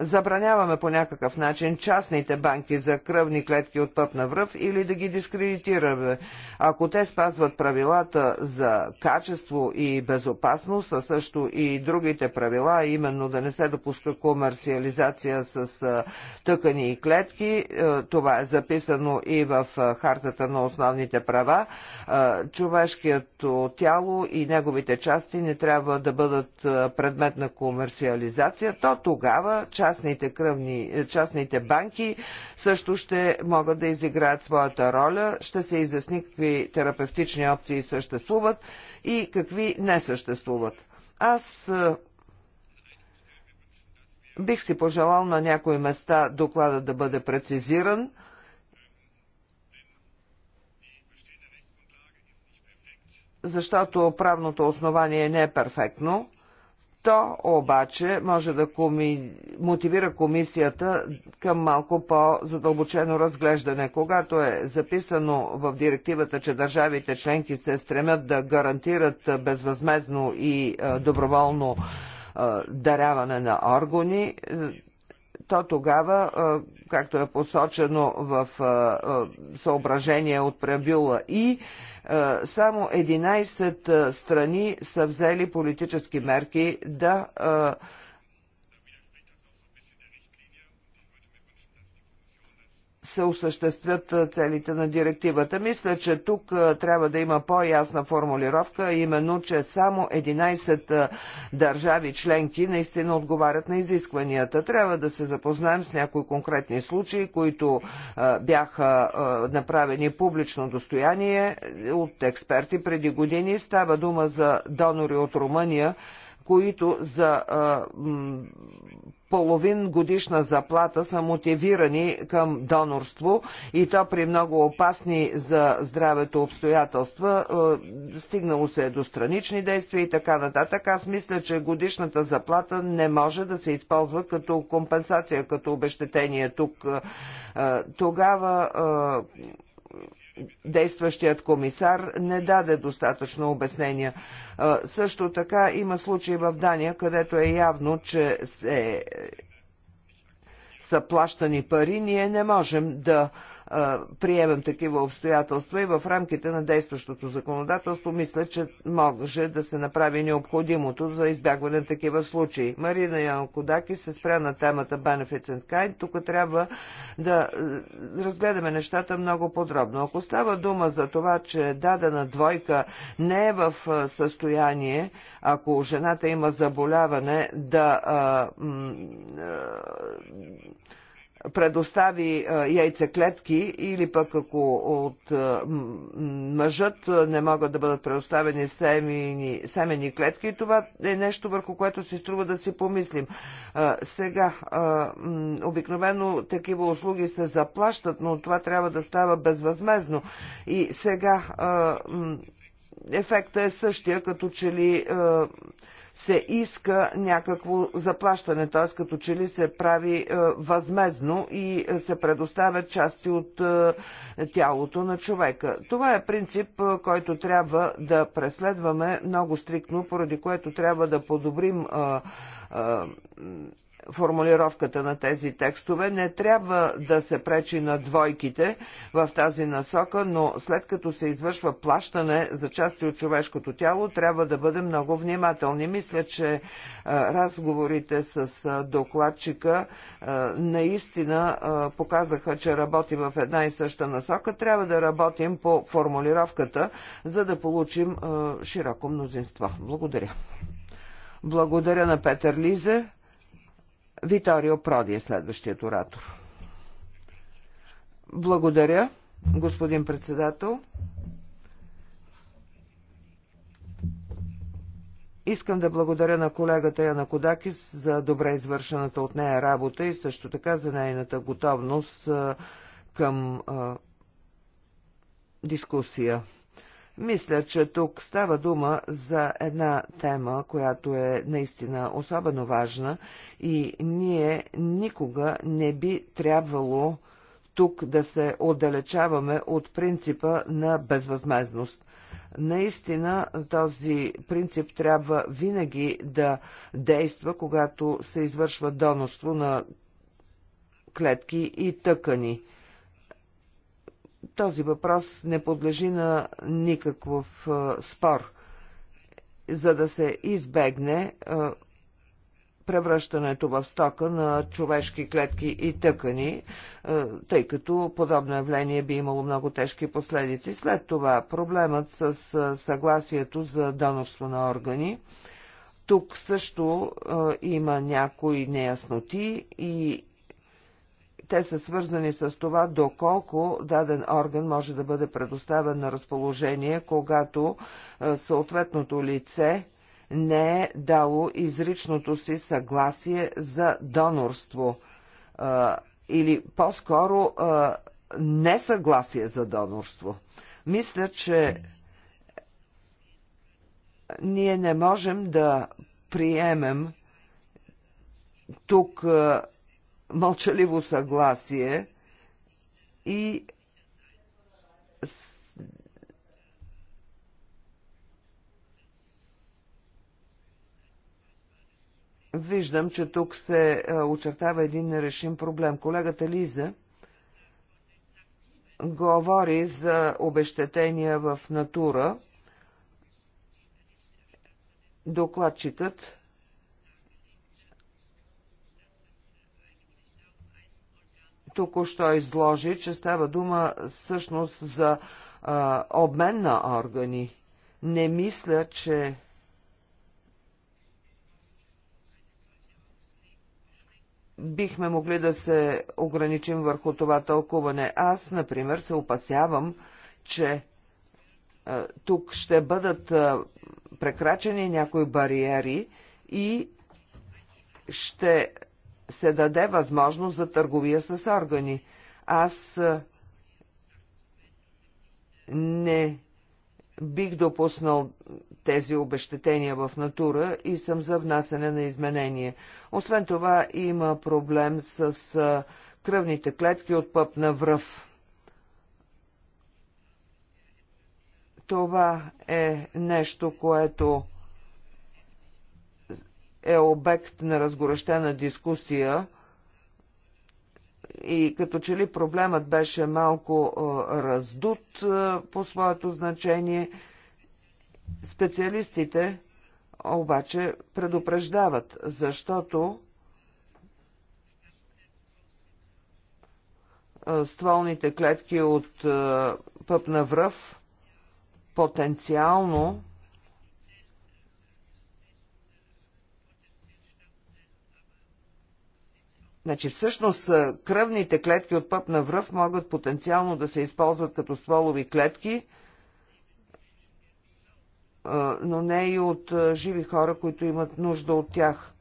забраняваме по някакъв начин частните банки за кръвни клетки от път на връв или да ги дискредитираме. Ако те спазват правилата за качество и безопасност, а също и другите правила, именно да не се допуска комерциализация с тъкани и клетки, е, това е записано и в Хартата на основните права, е, човешкият тяло и неговите части не трябва да бъдат е, предмет на комерциализация, то тогава част частните, кръвни, е, частните банки също ще могат да изиграят своята роля. Ще се изясни какви терапевтични опции съществуват и какви не съществуват. Аз е, бих си пожелал на някои места доклада да бъде прецизиран, защото правното основание не е перфектно. То обаче може да коми... мотивира комисията към малко по-задълбочено разглеждане. Когато е записано в директивата, че държавите членки се стремят да гарантират безвъзмезно и е, доброволно е, даряване на органи, е, то тогава, както е посочено в съображение от пребюла и само 11 страни са взели политически мерки да се осъществят целите на директивата. Мисля, че тук трябва да има по-ясна формулировка, именно, че само 11 държави членки наистина отговарят на изискванията. Трябва да се запознаем с някои конкретни случаи, които бяха направени публично достояние от експерти преди години. Става дума за донори от Румъния, които за а, половин годишна заплата са мотивирани към донорство и то при много опасни за здравето обстоятелства. Е, стигнало се е до странични действия и така нататък. Аз мисля, че годишната заплата не може да се използва като компенсация, като обещетение тук. Е, е, тогава действащият комисар не даде достатъчно обяснения. Също така има случаи в Дания, където е явно, че се е, са плащани пари, ние не можем да приемем такива обстоятелства и в рамките на действащото законодателство мисля, че може да се направи необходимото за избягване на такива случаи. Марина Янкодаки се спря на темата Benefits and Kind. Тук трябва да разгледаме нещата много подробно. Ако става дума за това, че дадена двойка не е в състояние, ако жената има заболяване, да а, а, предостави яйцеклетки или пък ако от мъжът не могат да бъдат предоставени семени, семени клетки, това е нещо върху което си струва да си помислим. Сега, обикновено такива услуги се заплащат, но това трябва да става безвъзмезно. И сега ефектът е същия, като че ли се иска някакво заплащане, т.е. като че ли се прави е, възмезно и е, се предоставят части от е, тялото на човека. Това е принцип, който трябва да преследваме много стрикно, поради което трябва да подобрим формулировката на тези текстове. Не трябва да се пречи на двойките в тази насока, но след като се извършва плащане за части от човешкото тяло, трябва да бъдем много внимателни. Мисля, че разговорите с докладчика наистина показаха, че работи в една и съща насока. Трябва да работим по формулировката, за да получим широко мнозинство. Благодаря. Благодаря на Петър Лизе. Виторио Проди е следващият оратор. Благодаря, господин председател. Искам да благодаря на колегата Яна Кодакис за добре извършената от нея работа и също така за нейната готовност към дискусия. Мисля, че тук става дума за една тема, която е наистина особено важна и ние никога не би трябвало тук да се отдалечаваме от принципа на безвъзмезност. Наистина този принцип трябва винаги да действа, когато се извършва донорство на клетки и тъкани този въпрос не подлежи на никакъв спор, за да се избегне превръщането в стока на човешки клетки и тъкани, тъй като подобно явление би имало много тежки последици. След това проблемът с съгласието за донорство на органи. Тук също има някои неясноти и те са свързани с това доколко даден орган може да бъде предоставен на разположение, когато е, съответното лице не е дало изричното си съгласие за донорство е, или по-скоро е, несъгласие за донорство. Мисля, че ние не можем да приемем тук мълчаливо съгласие и Виждам, че тук се е, очертава един нерешим проблем. Колегата Лиза говори за обещетения в натура. Докладчикът току-що изложи, че става дума всъщност за а, обмен на органи. Не мисля, че бихме могли да се ограничим върху това тълкуване. Аз, например, се опасявам, че а, тук ще бъдат а, прекрачени някои бариери и ще се даде възможност за търговия с органи. Аз не бих допуснал тези обещетения в натура и съм за внасене на изменение. Освен това има проблем с кръвните клетки от пъп на връв. Това е нещо, което е обект на разгорещена дискусия и като че ли проблемът беше малко раздут по своето значение, специалистите обаче предупреждават, защото стволните клетки от пъпна връв потенциално Значи всъщност кръвните клетки от пъп на връв могат потенциално да се използват като стволови клетки, но не и от живи хора, които имат нужда от тях.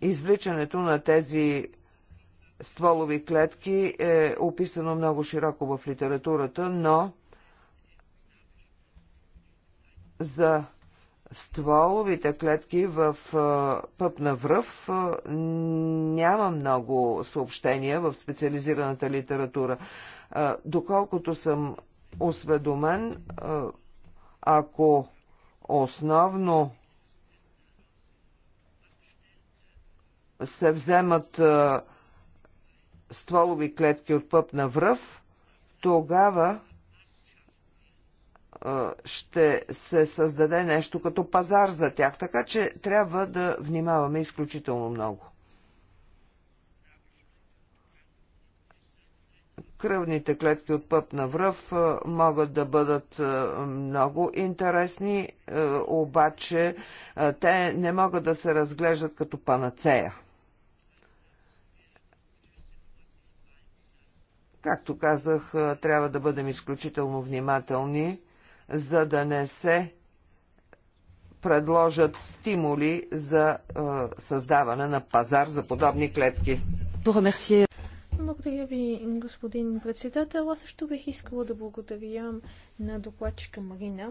Извличането на тези стволови клетки е описано много широко в литературата, но за стволовите клетки в пъпна връв няма много съобщения в специализираната литература. Доколкото съм осведомен, ако основно се вземат стволови клетки от пъпна връв, тогава ще се създаде нещо като пазар за тях, така че трябва да внимаваме изключително много. Кръвните клетки от път на връв могат да бъдат много интересни, обаче те не могат да се разглеждат като панацея. Както казах, трябва да бъдем изключително внимателни за да не се предложат стимули за създаване на пазар за подобни клетки. Благодаря ви, господин председател. Аз също бих искала да благодаря на докладчика Марина.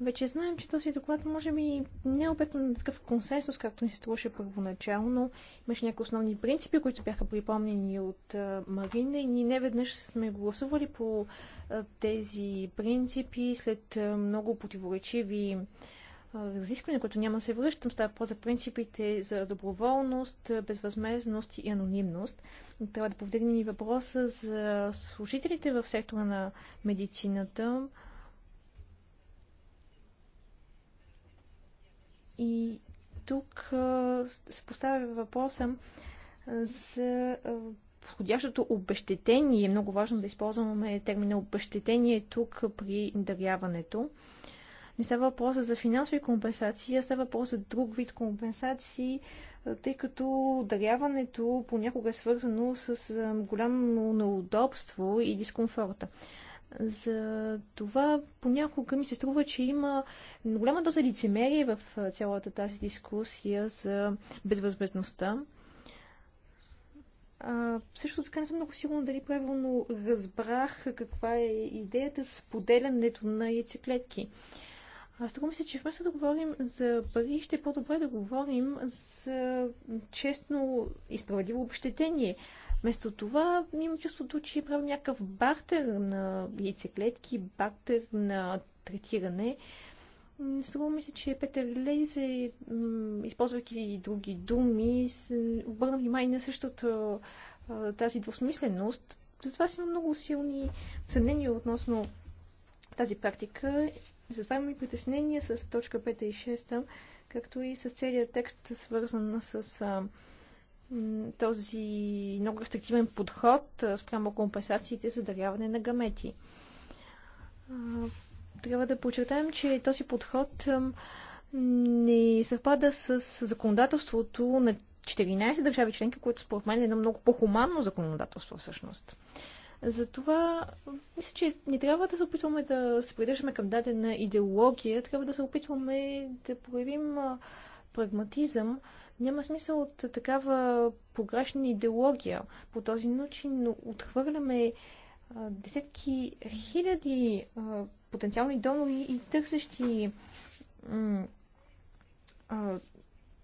Вече знаем, че този доклад може би не е обект на такъв консенсус, както ни се струваше първоначално. Имаше някои основни принципи, които бяха припомнени от Марина и ние неведнъж сме гласували по тези принципи след много противоречиви разисквания, които няма да се връщам, става по за принципите за доброволност, безвъзмезност и анонимност. Трябва да повдигнем и въпроса за служителите в сектора на медицината, И тук се поставя въпроса за подходящото обещетение. Много важно да използваме термина обещетение тук при даряването. Не става въпрос за финансови компенсации, а става въпрос за друг вид компенсации, тъй като даряването понякога е свързано с голямо неудобство и дискомфорта. За това понякога ми се струва, че има голяма доза лицемерие в цялата тази дискусия за безвъзмезността. А, също така не съм много сигурна дали правилно разбрах каква е идеята с споделянето на яйцеклетки. Аз така мисля, че вместо да говорим за пари, ще е по-добре да говорим за честно и справедливо обещетение. Вместо това имам чувството, че правим някакъв бартер на яйцеклетки, бартер на третиране. Струва ми се, че Петър Лейзе, използвайки и други думи, обърна внимание на същата тази двусмисленост. Затова си имам много силни съмнения относно тази практика. Затова имам и притеснения с точка 5 и 6, както и с целият текст, свързан с този много рестриктивен подход спрямо компенсациите за даряване на гамети. Трябва да подчертаем, че този подход не съвпада с законодателството на 14 държави членки, което според мен е едно много по-хуманно законодателство всъщност. Затова мисля, че не трябва да се опитваме да се придържаме към дадена идеология, трябва да се опитваме да проявим прагматизъм, няма смисъл от такава погрешна идеология. По този начин но отхвърляме десетки хиляди потенциални донори и търсещи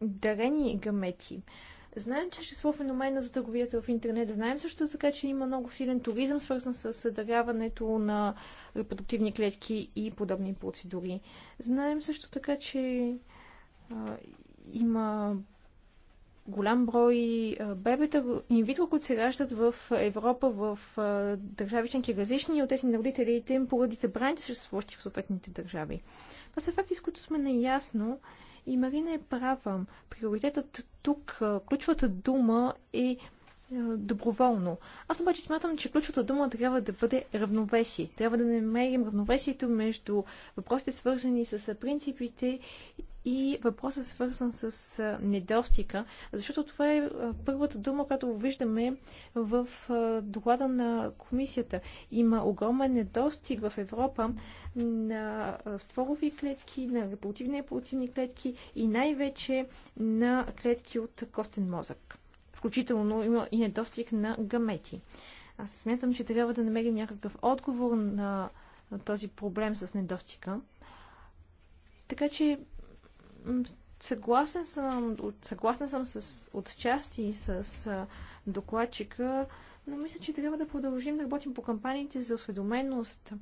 дарени гамети. Знаем, че съществува феномена за търговията в интернет. Знаем също така, че има много силен туризъм, свързан с съдаряването на репродуктивни клетки и подобни процедури. Знаем също така, че а, има голям брой бебета инвитро, които се раждат в Европа, в държави членки различни от тези на родителите им поради забраните съществуващи в съответните държави. Това са факти, с които сме наясно и Марина е права. Приоритетът тук, ключвата дума е доброволно. Аз обаче смятам, че ключовата дума трябва да бъде равновесие. Трябва да намерим равновесието между въпросите свързани с принципите и въпросът е свързан с недостига, защото това е първата дума, която виждаме в доклада на комисията. Има огромен недостиг в Европа на створови клетки, на репродуктивни и репродуктивни клетки и най-вече на клетки от костен мозък. Включително има и недостиг на гамети. Аз смятам, че трябва да намерим някакъв отговор на този проблем с недостига. Така че Съгласен съм, съгласен съм с, отчасти с докладчика, но мисля, че трябва да продължим да работим по кампаниите за осведоменост.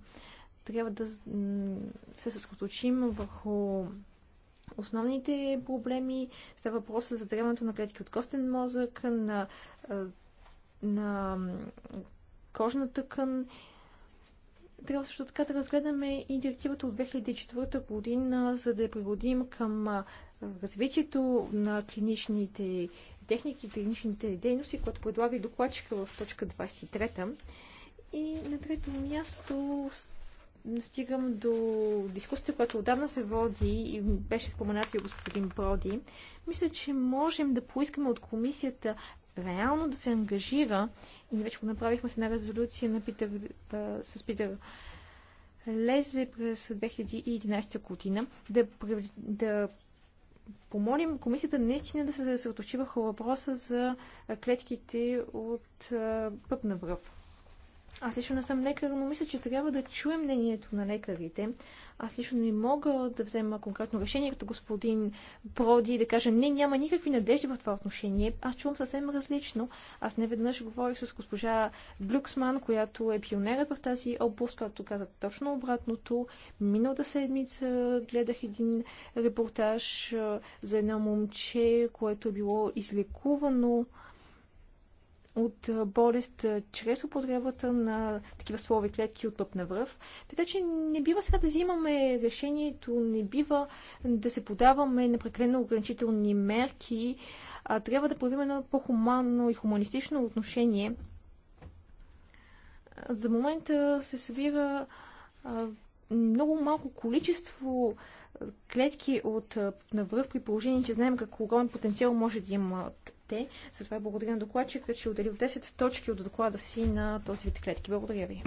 Трябва да се съсредоточим върху основните проблеми. Става въпрос за древането на клетки от костен мозък, на, на кожна тъкан трябва също така да разгледаме и директивата от 2004 година, за да я пригодим към развитието на клиничните техники, клиничните дейности, което предлага и докладчика в точка 23. И на трето място стигам до дискусията, която отдавна се води и беше споменат и господин Броди. Мисля, че можем да поискаме от комисията реално да се ангажира ние вече го направихме с една резолюция на Питър, а, с Питър Лезе през 2011 година, да, да помолим комисията наистина да се съсредоточи върху въпроса за клетките от пъпна връв. Аз лично не съм лекар, но мисля, че трябва да чуем мнението на лекарите. Аз лично не мога да взема конкретно решение, като господин Проди, да кажа, не, няма никакви надежди в това отношение. Аз чувам съвсем различно. Аз не веднъж говорих с госпожа Блюксман, която е пионерът в тази област, която каза точно обратното. Миналата седмица гледах един репортаж за едно момче, което е било излекувано от болест чрез употребата на такива слови клетки от пъпна връв. Така че не бива сега да взимаме решението, не бива да се подаваме на прекалено ограничителни мерки, а трябва да проявим едно по-хуманно и хуманистично отношение. За момента се събира много малко количество клетки от навръв при положение, че знаем какво огромен потенциал може да имат клетките. Затова благодаря на докладчика, че отделил 10 точки от доклада си на този вид клетки. Благодаря ви.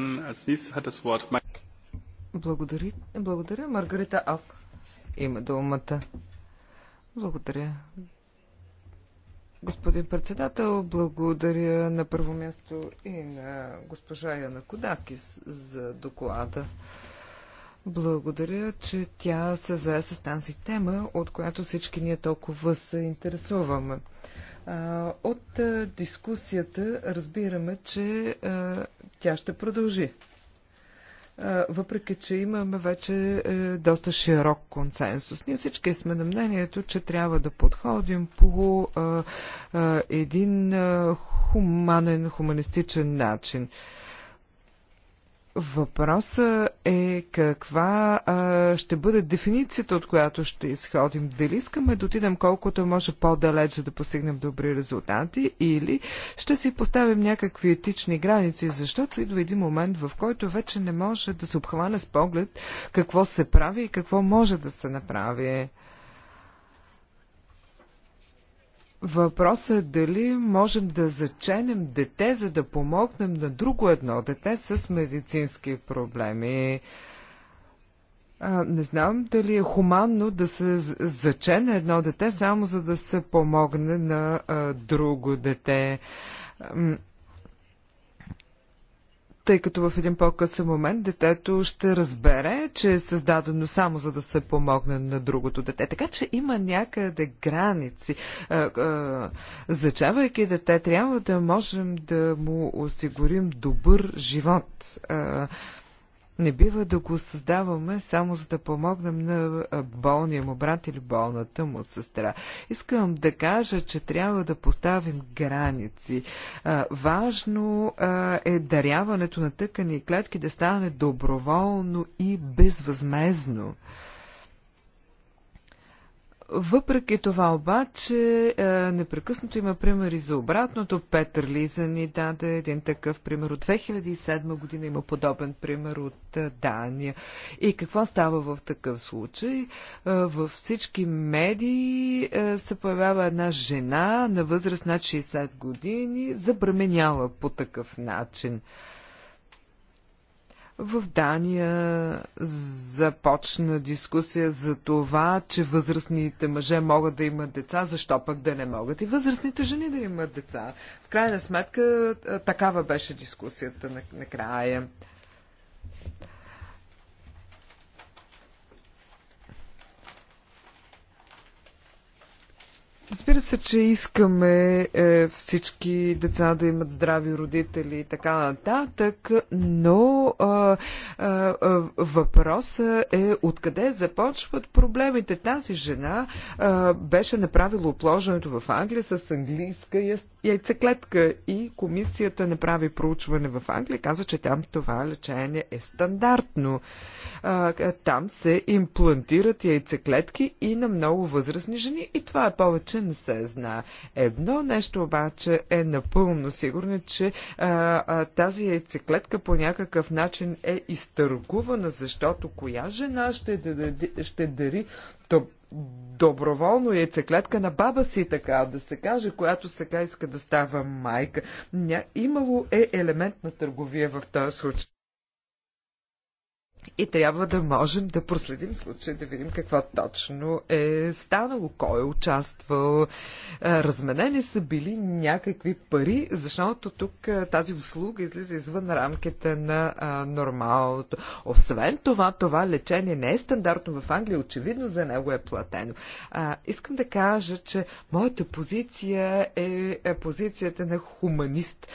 Е благодаря, благодаря. Маргарита Ап има думата. Благодаря. Господин председател, благодаря на първо място и на госпожа Яна Кодакис за доклада. Благодаря, че тя се зае с тази тема, от която всички ние толкова се интересуваме. От дискусията разбираме, че тя ще продължи. Въпреки, че имаме вече е, доста широк консенсус, ние всички сме на мнението, че трябва да подходим по един хуманен, хуманистичен начин. Въпросът е каква а, ще бъде дефиницията, от която ще изходим. Дали искаме да отидем колкото може по-далеч, за да постигнем добри резултати, или ще си поставим някакви етични граници, защото идва един момент, в който вече не може да се обхване с поглед какво се прави и какво може да се направи. Въпросът е дали можем да заченем дете, за да помогнем на друго едно дете с медицински проблеми. А, не знам дали е хуманно да се зачене едно дете, само за да се помогне на а, друго дете тъй като в един по-късен момент детето ще разбере, че е създадено само за да се помогне на другото дете. Така че има някъде граници. Е, е, зачавайки дете, трябва да можем да му осигурим добър живот. Е, не бива да го създаваме само за да помогнем на болния му брат или болната му сестра. Искам да кажа, че трябва да поставим граници. Важно е даряването на тъкани и клетки да стане доброволно и безвъзмезно. Въпреки това обаче, е, непрекъснато има примери за обратното. Петър Лиза ни даде един такъв пример. От 2007 година има подобен пример от е, Дания. И какво става в такъв случай? Е, във всички медии се появява една жена на възраст над 60 години, забременяла по такъв начин. В Дания започна дискусия за това, че възрастните мъже могат да имат деца, защо пък да не могат и възрастните жени да имат деца. В крайна сметка такава беше дискусията накрая. На Разбира се, че искаме е, всички деца да имат здрави родители и така нататък, но е, е, въпросът е откъде започват проблемите. Тази жена е, беше направила отложенето в Англия с английска яйцеклетка и комисията направи проучване в Англия. Каза, че там това лечение е стандартно. Е, там се имплантират яйцеклетки и на много възрастни жени и това е повече обаче не се знае. Едно нещо обаче е напълно сигурно, че а, а, тази яйцеклетка по някакъв начин е изтъргувана, защото коя жена ще, дади, ще дари доброволно яйцеклетка на баба си, така да се каже, която сега иска да става майка. Имало е елемент на търговия в този случай. И трябва да можем да проследим случай, да видим какво точно е станало, кой е участвал. Е, разменени са били някакви пари, защото тук е, тази услуга излиза извън рамките на е, нормалното. Освен това, това лечение не е стандартно в Англия, очевидно за него е платено. Искам да кажа, че моята позиция е позицията на хуманист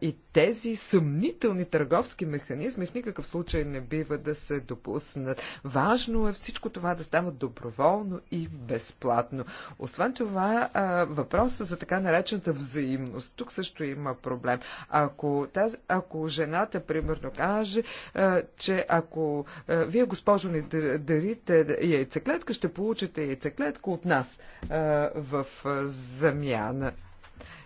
и тези съмнителни търговски механизми в никакъв случай не бива да се допуснат. Важно е всичко това да става доброволно и безплатно. Освен това, въпросът за така наречената взаимност. Тук също има проблем. Ако, тази, ако жената, примерно, каже, че ако вие, госпожо, ни дарите яйцеклетка, ще получите яйцеклетка от нас в замяна.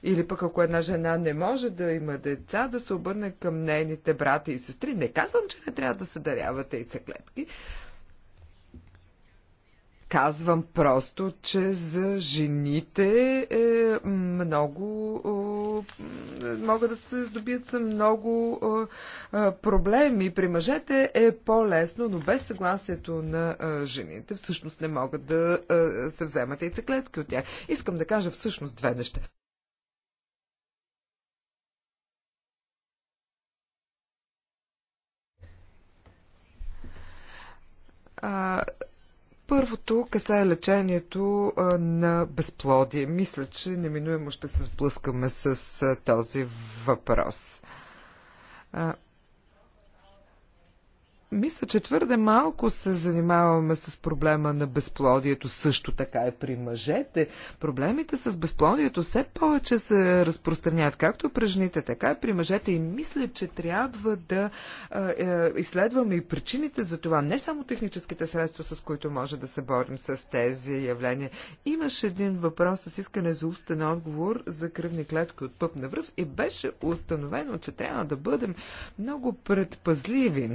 Или пък ако една жена не може да има деца, да се обърне към нейните брати и сестри. Не казвам, че не трябва да се даряват яйцеклетки. Казвам просто, че за жените е много. могат да се здобият с много проблеми. При мъжете е по-лесно, но без съгласието на жените всъщност не могат да се вземат яйцеклетки от тях. Искам да кажа всъщност две неща. Първото касае лечението на безплодие. Мисля, че неминуемо ще се сблъскаме с този въпрос. Мисля, че твърде малко се занимаваме с проблема на безплодието, също така и е при мъжете. Проблемите с безплодието все повече се разпространяват както при жените, така и при мъжете. И мисля, че трябва да е, изследваме и причините за това. Не само техническите средства, с които може да се борим с тези явления. Имаше един въпрос с искане за устен отговор за кръвни клетки от пъп на връв и беше установено, че трябва да бъдем много предпазливи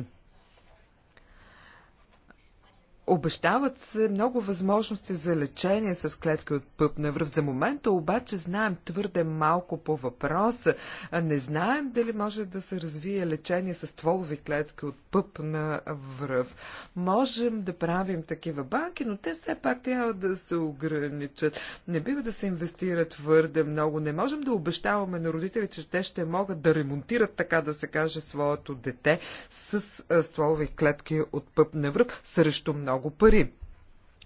Обещават се много възможности за лечение с клетки от пъпна връв. За момента обаче знаем твърде малко по въпроса. Не знаем дали може да се развие лечение с стволови клетки от пъпна връв. Можем да правим такива банки, но те все пак трябва да се ограничат. Не бива да се инвестира твърде много. Не можем да обещаваме на родителите, че те ще могат да ремонтират, така да се каже, своето дете с стволови клетки от пъпна връв срещу много много пари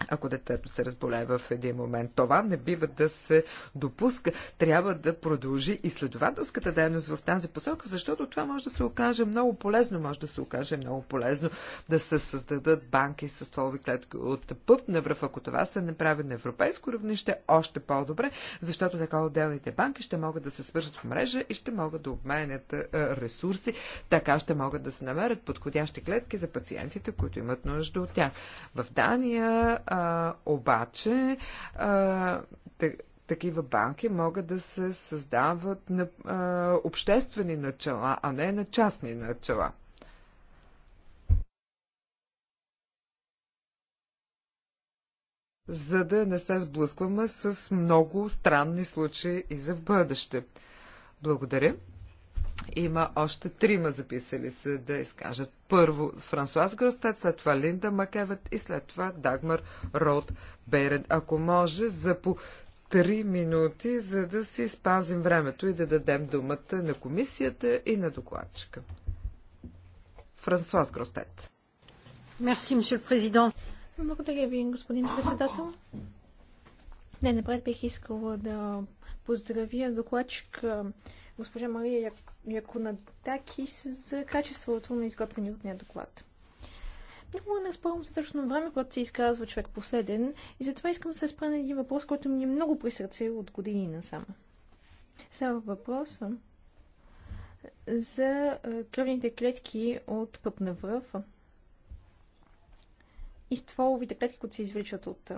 ако детето се разболее в един момент. Това не бива да се допуска. Трябва да продължи изследователската дейност в тази посока, защото това може да се окаже много полезно. Може да се окаже много полезно да се създадат банки с стволови клетки от пъп на връв. Ако това се направи на европейско равнище, още по-добре, защото така отделните банки ще могат да се свържат в мрежа и ще могат да обменят ресурси. Така ще могат да се намерят подходящи клетки за пациентите, които имат нужда от тях. В Дания а, обаче, а, такива банки могат да се създават на а, обществени начала, а не на частни начала. за да не се сблъскваме с много странни случаи и за в бъдеще. Благодаря. Има още трима записали се да изкажат. Първо Франсуаз Гростет, след това Линда Макевет и след това Дагмар Род Берен. Ако може, за по три минути, за да си спазим времето и да дадем думата на комисията и на докладчика. Франсуаз Гростет. Мерси, мисъл президент. Благодаря ви, господин председател. Не, напред бих искала да поздравя докладчик госпожа Мария Яконадакис за качеството на изготвения от нея доклад. Никога не за достатъчно време, когато се изказва човек последен и затова искам да се спра на един въпрос, който ми е много при сърце от години насам. Става въпроса за кръвните клетки от пъпна връв и стволовите клетки, които се извличат от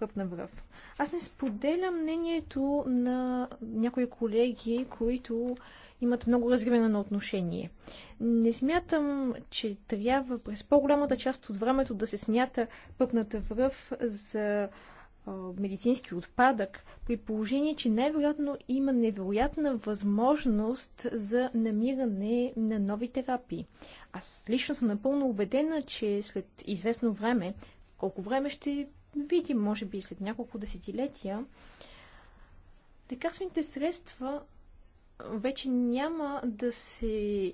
пъпна връв. Аз не споделям мнението на някои колеги, които имат много на отношение. Не смятам, че трябва през по-голямата част от времето да се смята пъпната връв за медицински отпадък, при положение, че най-вероятно има невероятна възможност за намиране на нови терапии. Аз лично съм напълно убедена, че след известно време, колко време ще видим, може би след няколко десетилетия, лекарствените средства вече няма да се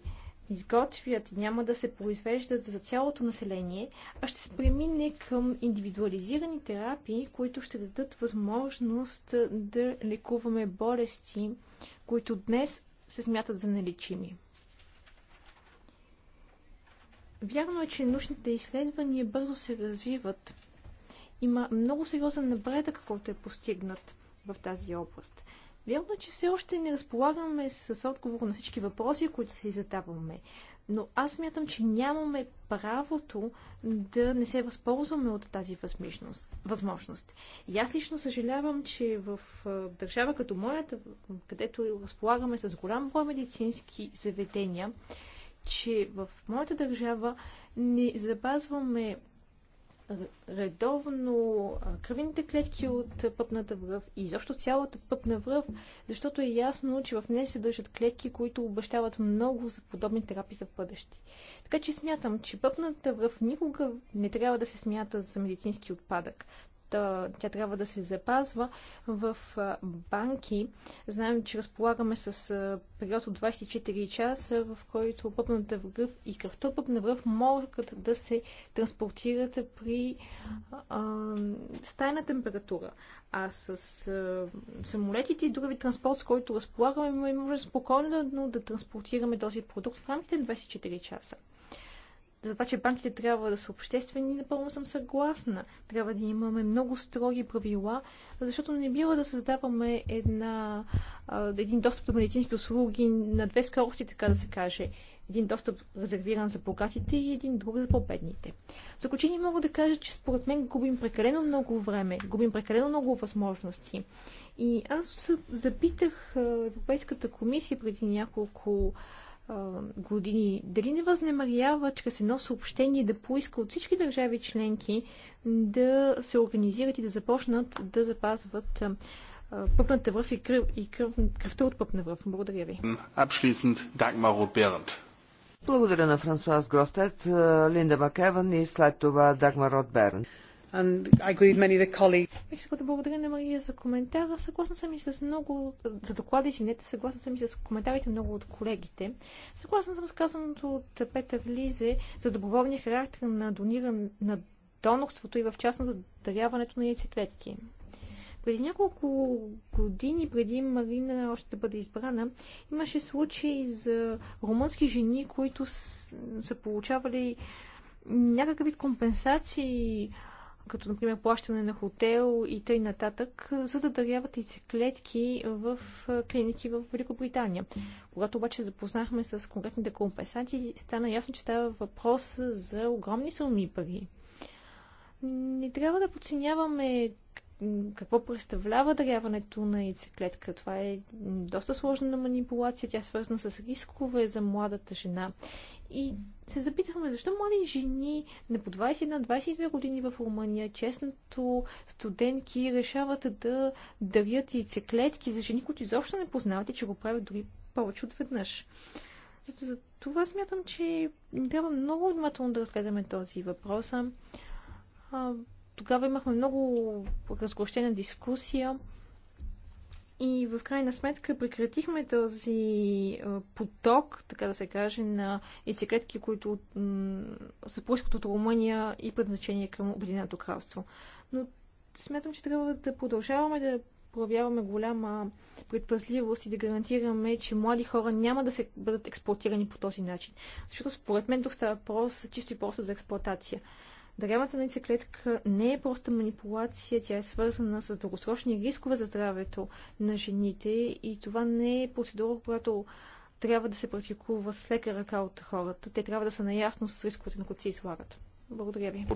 изготвят и няма да се произвеждат за цялото население, а ще се премине към индивидуализирани терапии, които ще дадат възможност да лекуваме болести, които днес се смятат за нелечими. Вярно е, че научните изследвания бързо се развиват, има много сериозен напредък, който е постигнат в тази област. Вярно, е, че все още не разполагаме с отговор на всички въпроси, които се задаваме. Но аз мятам, че нямаме правото да не се възползваме от тази възможност. И аз лично съжалявам, че в държава като моята, където разполагаме с голям брой медицински заведения, че в моята държава не запазваме редовно кръвните клетки от пъпната връв и изобщо цялата пъпна връв, защото е ясно, че в нея се държат клетки, които обещават много за подобни терапии за бъдещи. Така че смятам, че пъпната връв никога не трябва да се смята за медицински отпадък тя трябва да се запазва в банки. Знаем, че разполагаме с период от 24 часа, в който пъпната връв и кръвта пъпна връв могат да се транспортират при а, стайна температура. А с а, самолетите и други транспорт, с който разполагаме, може спокойно да транспортираме този продукт в рамките на 24 часа за това, че банките трябва да са обществени, напълно съм съгласна. Трябва да имаме много строги правила, защото не бива да създаваме една, един достъп до медицински услуги на две скорости, така да се каже. Един достъп резервиран за богатите и един друг за по-бедните. В заключение мога да кажа, че според мен губим прекалено много време, губим прекалено много възможности. И аз запитах Европейската комисия преди няколко години, дали не възнемарява чрез едно съобщение да поиска от всички държави членки да се организират и да започнат да запазват пъпната връв и, кръв, и кръв, кръвта от пъпна връв. Благодаря ви. Благодаря на Франсуаз Гростет, Линда Макеван и след това Дагмар Рот Берн. Бих искал да благодаря на Мария за коментара. Съгласна съм и с много... За доклади, извинете, съгласна съм и с коментарите много от колегите. Съгласна съм с казаното от Петър Лизе за доброволния характер на, дониран... на донорството и в частност даряването на яйцеклетки. Преди няколко години, преди Марина още да бъде избрана, имаше случаи за румънски жени, които с... са получавали някакъв вид компенсации като например плащане на хотел и тъй нататък, за да даряват яйцеклетки в клиники в Великобритания. Когато обаче запознахме с конкретните компенсации, стана ясно, че става въпрос за огромни суми пари. Не трябва да подценяваме какво представлява даряването на яйцеклетка. Това е доста сложна манипулация, тя е свързана с рискове за младата жена. И се запитахме, защо млади жени на по 21-22 години в Румъния, честното студентки, решават да дарят яйцеклетки за жени, които изобщо не познават и че го правят дори повече от веднъж. За това смятам, че трябва много внимателно да разгледаме този въпрос. Тогава имахме много разгорещена дискусия и в крайна сметка прекратихме този поток, така да се каже, на ицеклетки, които са происход от Румъния и предназначение към Обединеното кралство. Но смятам, че трябва да продължаваме да проявяваме голяма предпазливост и да гарантираме, че млади хора няма да се бъдат експлуатирани по този начин. Защото според мен тук става въпрос чисто и просто за експлуатация. Драмата на яйцеклетка не е просто манипулация, тя е свързана с дългосрочни рискове за здравето на жените и това не е процедура, която трябва да се практикува с лека ръка от хората. Те трябва да са наясно с рисковете, на които се излагат. Благодаря ви.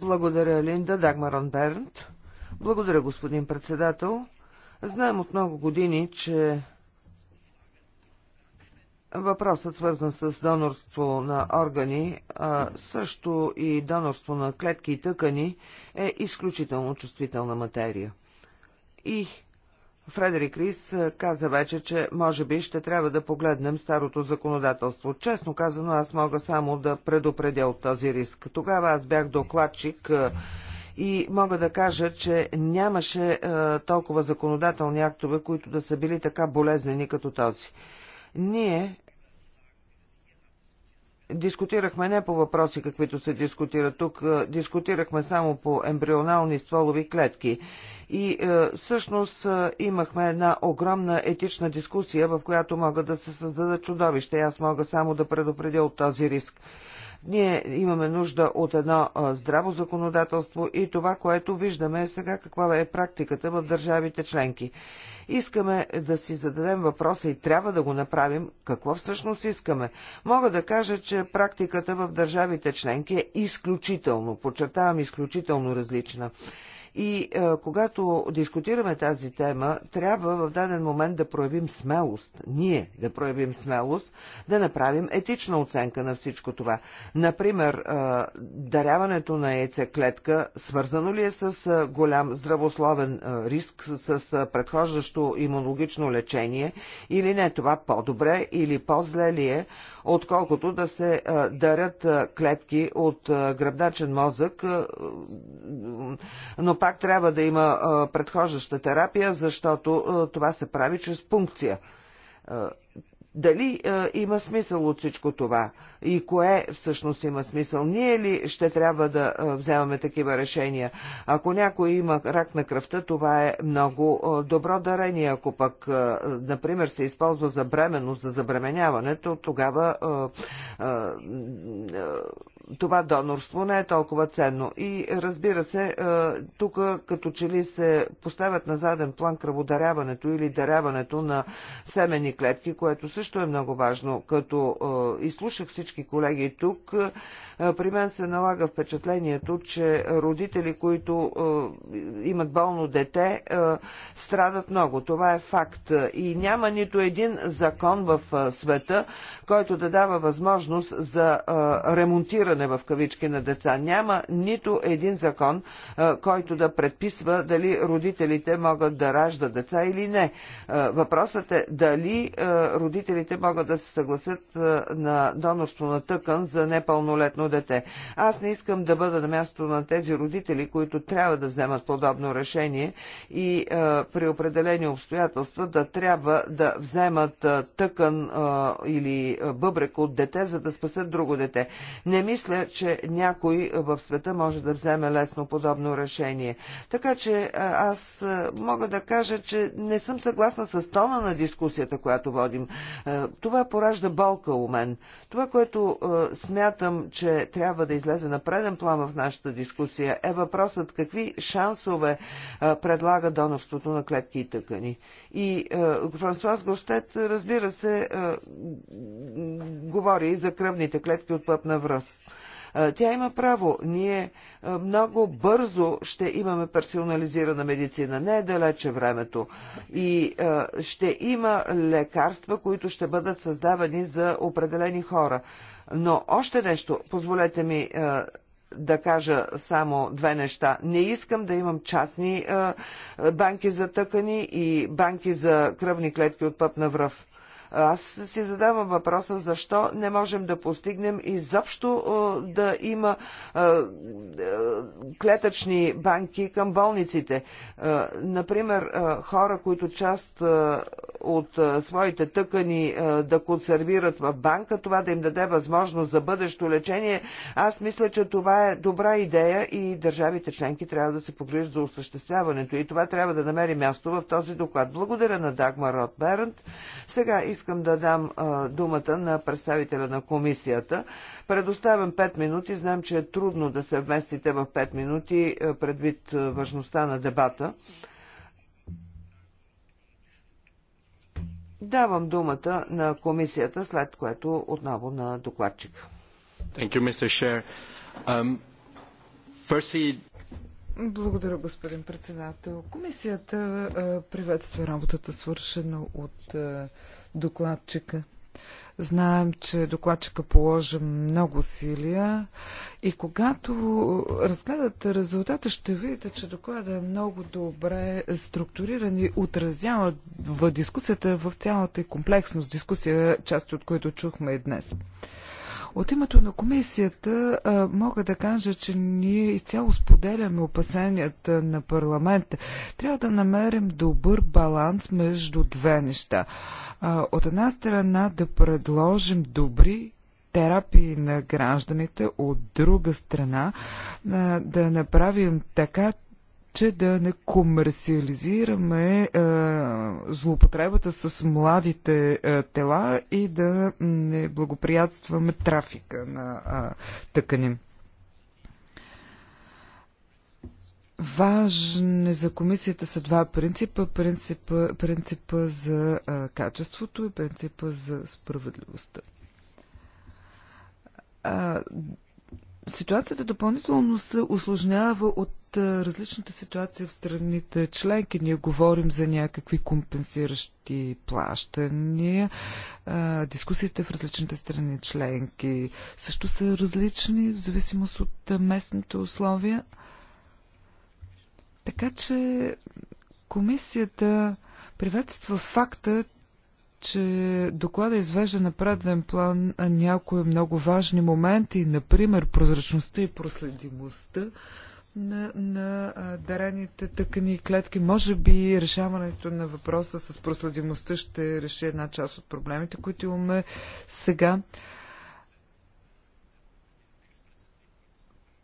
Благодаря, Линда Дагмарон Бернт. Благодаря, господин председател. Знаем от много години, че Въпросът свързан с донорство на органи, а също и донорство на клетки и тъкани е изключително чувствителна материя. И Фредерик Рис каза вече, че може би ще трябва да погледнем старото законодателство. Честно казано, аз мога само да предупредя от този риск. Тогава аз бях докладчик и мога да кажа, че нямаше толкова законодателни актове, които да са били така болезнени като този. Ние дискутирахме не по въпроси, каквито се дискутира тук, дискутирахме само по ембрионални стволови клетки. И е, всъщност е, имахме една огромна етична дискусия, в която могат да се създадат чудовища. Аз мога само да предупредя от този риск. Ние имаме нужда от едно здраво законодателство и това, което виждаме е сега каква е практиката в държавите членки. Искаме да си зададем въпроса и трябва да го направим какво всъщност искаме. Мога да кажа, че практиката в държавите членки е изключително, подчертавам изключително различна. И а, е, когато дискутираме тази тема, трябва в даден момент да проявим смелост, ние да проявим смелост, да направим етична оценка на всичко това. Например, а, е, даряването на яйцеклетка, свързано ли е с а, е, голям здравословен а, риск, с, с а, предхождащо имунологично лечение или не, това по-добре или по-зле ли е, отколкото да се дарят клетки от гръбначен мозък, но пак трябва да има предхождаща терапия, защото това се прави чрез пункция. Дали е, има смисъл от всичко това? И кое всъщност има смисъл? Ние ли ще трябва да е, вземаме такива решения? Ако някой има рак на кръвта, това е много е, добро дарение. Ако пък, е, например, се използва за бременност, за забременяването, тогава е, е, това донорство не е толкова ценно. И разбира се, е, тук като че ли се поставят на заден план кръводаряването или даряването на семени клетки, което също е много важно. Като е, изслушах всички колеги тук, е, при мен се налага впечатлението, че родители, които имат болно дете, страдат много. Това е факт. И няма нито един закон в света, който да дава възможност за а, ремонтиране в кавички на деца. Няма нито един закон, а, който да предписва дали родителите могат да раждат деца или не. А, въпросът е дали родителите могат да се съгласят на донорство на тъкан за непълнолетно дете. Аз не искам да бъда на място на тези родители, които трябва да вземат подобно решение и при определени обстоятелства да трябва да вземат тъкан или бъбрек от дете, за да спасат друго дете. Не мисля, че някой в света може да вземе лесно подобно решение. Така че аз мога да кажа, че не съм съгласна с тона на дискусията, която водим. Това поражда болка у мен. Това, което смятам, че трябва да излезе на преден план в нашата дискусия, е въпросът какви шансове предлага донорството на клетки и тъкани. И Франсуаз Гостет, разбира се, говоря и за кръвните клетки от пъпна връз. Тя има право. Ние много бързо ще имаме персонализирана медицина. Не е далече времето. И ще има лекарства, които ще бъдат създавани за определени хора. Но още нещо, позволете ми да кажа само две неща. Не искам да имам частни банки за тъкани и банки за кръвни клетки от пъпна на връв. Аз си задавам въпроса защо не можем да постигнем изобщо да има клетъчни банки към болниците. Например, хора, които част от своите тъкани да консервират в банка, това да им даде възможност за бъдещо лечение. Аз мисля, че това е добра идея и държавите членки трябва да се погрижат за осъществяването. И това трябва да намери място в този доклад. Благодаря на Дагмар Ротбернт. Сега и искам да дам а, думата на представителя на комисията. Предоставям 5 минути. Знам, че е трудно да се вместите в 5 минути предвид важността на дебата. Давам думата на комисията, след което отново на докладчика. You, um, firstly... Благодаря, господин председател. Комисията приветства работата, свършена от докладчика. Знаем, че докладчика положи много усилия и когато разгледате резултата, ще видите, че докладът е много добре структуриран и отразява в дискусията в цялата и комплексност дискусия, част от които чухме и днес. От името на комисията мога да кажа, че ние изцяло споделяме опасенията на парламента. Трябва да намерим добър баланс между две неща. от една страна да предложим добри терапии на гражданите, от друга страна да направим така, че да не комерциализираме е, злоупотребата с младите е, тела и да не благоприятстваме трафика на е, тъкани. Важни за комисията са два принципа. Принципа, принципа за е, качеството и принципа за справедливостта е, Ситуацията допълнително се осложнява от различната ситуация в страните членки. Ние говорим за някакви компенсиращи плащания. Дискусиите в различните страни членки също са различни в зависимост от местните условия. Така че комисията приветства факта, че доклада извежда на преден план някои много важни моменти, например прозрачността и проследимостта на, на дарените тъкани и клетки. Може би решаването на въпроса с проследимостта ще реши една част от проблемите, които имаме сега.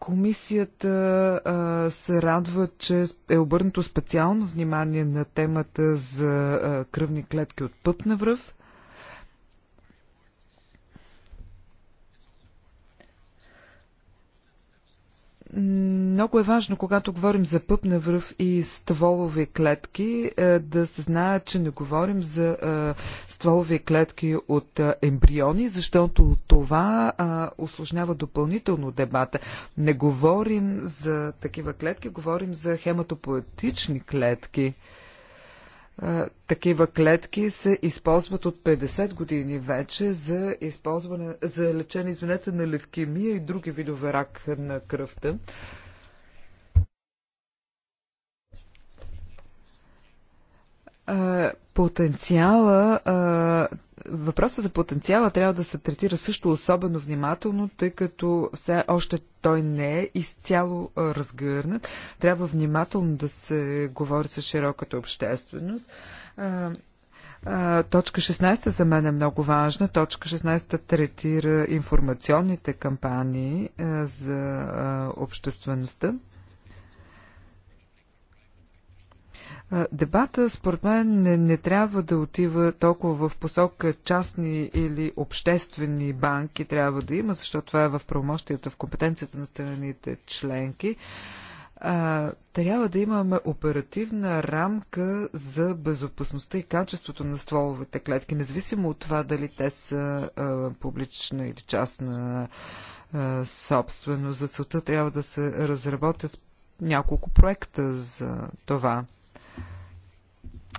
Комисията а, се радва, че е обърнато специално внимание на темата за а, кръвни клетки от пъпна връв. много е важно, когато говорим за пъпна връв и стволови клетки, е, да се знае, че не говорим за е, стволови клетки от е, ембриони, защото това осложнява допълнително дебата. Не говорим за такива клетки, говорим за хематопоетични клетки такива клетки се използват от 50 години вече за, използване, за лечение извинете, на левкемия и други видове рак на кръвта. потенциала, въпроса за потенциала трябва да се третира също особено внимателно, тъй като все още той не е изцяло разгърнат. Трябва внимателно да се говори с широката общественост. Точка 16 за мен е много важна. Точка 16 третира информационните кампании за обществеността. Дебата, според мен, не, не трябва да отива толкова в посока частни или обществени банки трябва да има, защото това е в правомощията, в компетенцията на страните членки. А, трябва да имаме оперативна рамка за безопасността и качеството на стволовите клетки, независимо от това дали те са а, публична или частна а, собственост. За целта трябва да се разработят няколко проекта за това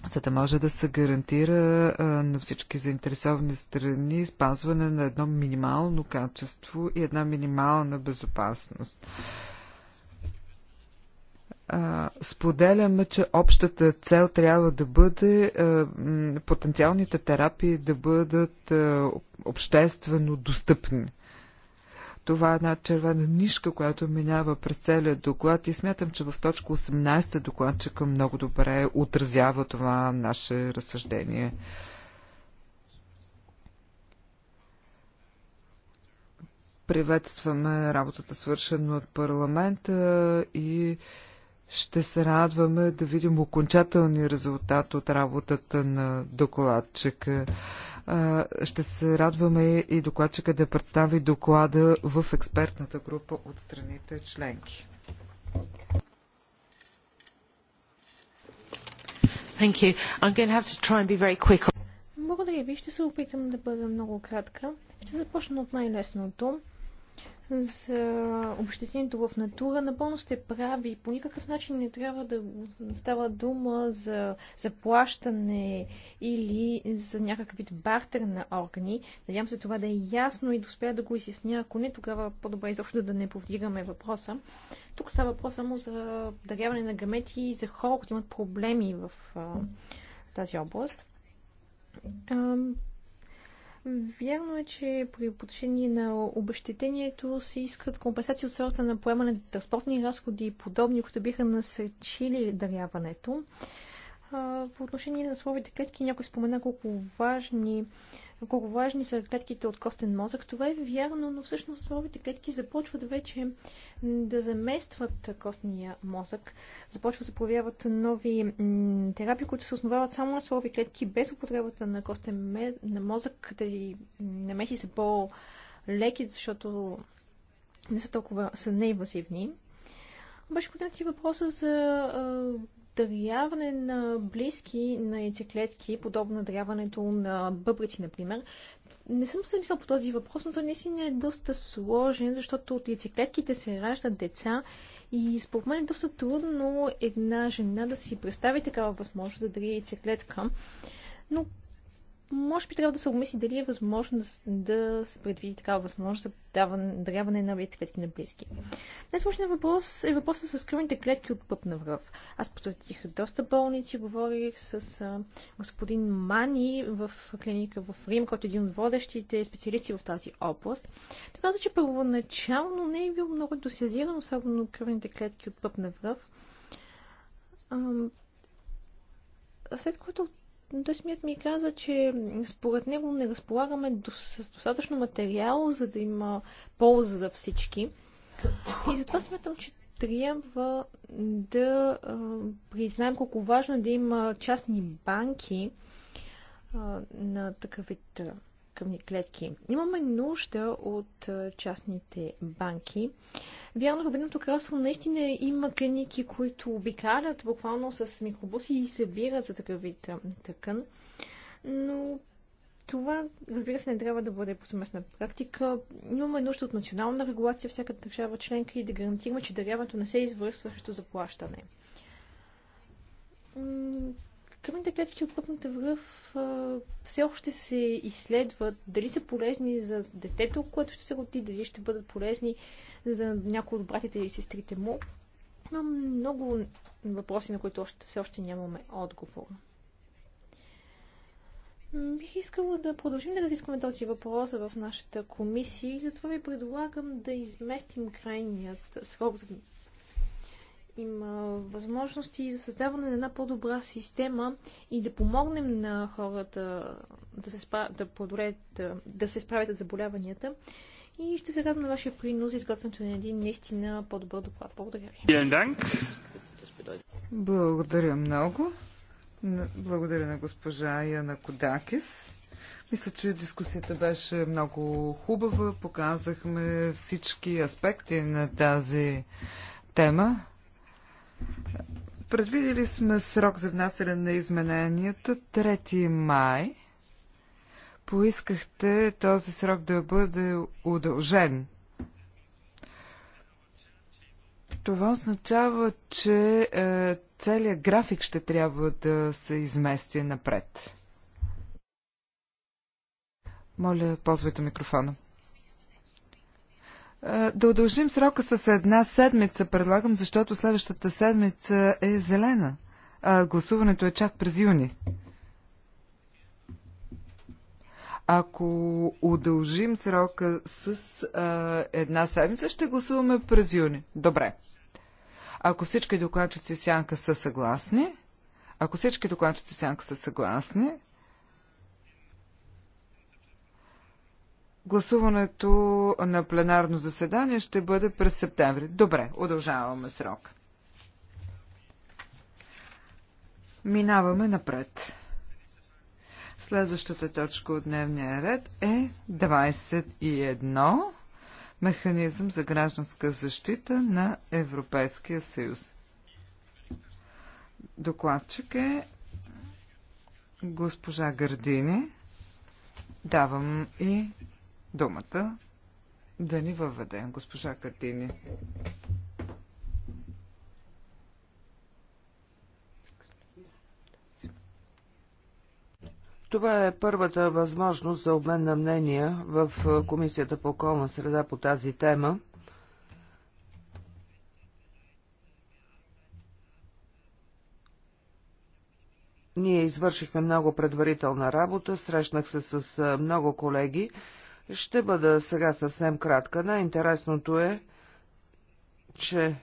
за да може да се гарантира а, на всички заинтересовани страни спазване на едно минимално качество и една минимална безопасност. А, споделяме, че общата цел трябва да бъде а, потенциалните терапии да бъдат обществено достъпни. Това е една червена нишка, която минава през целият доклад и смятам, че в точка 18 докладчика много добре отразява това наше разсъждение. Приветстваме работата свършена от парламента и ще се радваме да видим окончателния резултат от работата на докладчика. Ще се радваме и докладчика да представи доклада в експертната група от страните членки. Благодаря ви. Ще се опитам да бъда много кратка. Ще започна от най-лесното за обществението в натура, напълно сте прави. По никакъв начин не трябва да става дума за заплащане или за някакъв вид бартер на органи. Надявам се това да е ясно и да успея да го изясня. Ако не, тогава по-добре изобщо да не повдигаме въпроса. Тук става въпрос само за даряване на гамети и за хора, които имат проблеми в а, тази област. Вярно е, че при отношение на обещетението се искат компенсации от сорта на поемане на транспортни разходи и подобни, които биха насърчили даряването. По отношение на словите клетки, някой спомена колко важни колко важни са клетките от костен мозък. Това е вярно, но всъщност стволовите клетки започват вече да заместват костния мозък. Започват да се появяват нови терапии, които се основават само на стволови клетки без употребата на костен на мозък. Тези намеси са по-леки, защото не са толкова са неинвазивни. Беше поднати въпроса за даряване на близки на яйцеклетки, подобно на даряването на бъбрици, например. Не съм се мислял по този въпрос, но той наистина е доста сложен, защото от яйцеклетките се раждат деца и според мен е доста трудно една жена да си представи такава възможност да дари яйцеклетка. Но може би трябва да се обмисли дали е възможно да се предвиди такава възможност за даряване на вид клетки на близки. Най-сложният въпрос е въпросът с кръвните клетки от на връв. Аз посетих доста болници, говорих с а, господин Мани в клиника в Рим, който е един от водещите специалисти в тази област. Той каза, че първоначално не е бил много ентусиазиран, особено кръвните клетки от на връв. А, след което той смят ми каза, че според него не разполагаме с достатъчно материал, за да има полза за всички. И затова смятам, че трябва да а, признаем колко важно е да има частни банки а, на такъв вид кръвни клетки. Имаме нужда от частните банки. Вярно, в Обединеното кралство наистина има клиники, които обикалят буквално с микробуси и събират за такъв вид тъкан. Но това, разбира се, не трябва да бъде повсеместна практика. Имаме нужда от национална регулация всяка държава членка и да гарантираме, че даряването не се извършва срещу заплащане. Кръвните клетки от пътната връв все още се изследват дали са полезни за детето, което ще се роди, дали ще бъдат полезни за някои от братите или сестрите му. Има много въпроси, на които още, все още нямаме отговор. Бих искала да продължим да разискваме този въпрос в нашата комисия и затова ви предлагам да изместим крайният срок за има възможности за създаване на една по-добра система и да помогнем на хората да се, спра... да, подорят, да, да се справят с заболяванията. И ще се радвам на вашия принос за изготвянето на един наистина по-добър доклад. Благодаря ви. Благодаря много. Благодаря на госпожа Яна Кодакис. Мисля, че дискусията беше много хубава. Показахме всички аспекти на тази тема. Предвидели сме срок за внасяне на измененията 3 май. Поискахте този срок да бъде удължен. Това означава, че е, целият график ще трябва да се измести напред. Моля, ползвайте микрофона да удължим срока с една седмица, предлагам, защото следващата седмица е зелена. А, гласуването е чак през юни. Ако удължим срока с а, една седмица, ще гласуваме през юни. Добре. Ако всички докладчици сянка са съгласни, ако всички докладчици сянка са съгласни, Гласуването на пленарно заседание ще бъде през септември. Добре, удължаваме срок. Минаваме напред. Следващата точка от дневния ред е 21 механизъм за гражданска защита на Европейския съюз. Докладчик е госпожа Гърдини. Давам и думата да ни въведе госпожа Картини. Това е първата възможност за обмен на мнения в е, Комисията по околна среда по тази тема. Ние извършихме много предварителна работа, срещнах се с е, много колеги, ще бъда сега съвсем кратка. Най-интересното е, че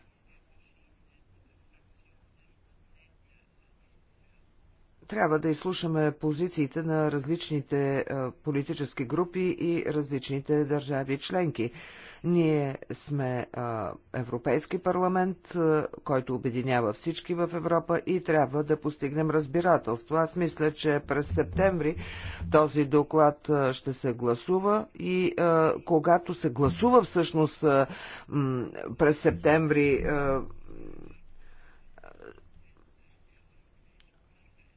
трябва да изслушаме позициите на различните политически групи и различните държави членки. Ние сме а, Европейски парламент, а, който обединява всички в Европа и трябва да постигнем разбирателство. Аз мисля, че през септември този доклад а, ще се гласува и а, когато се гласува всъщност а, м, през септември. А,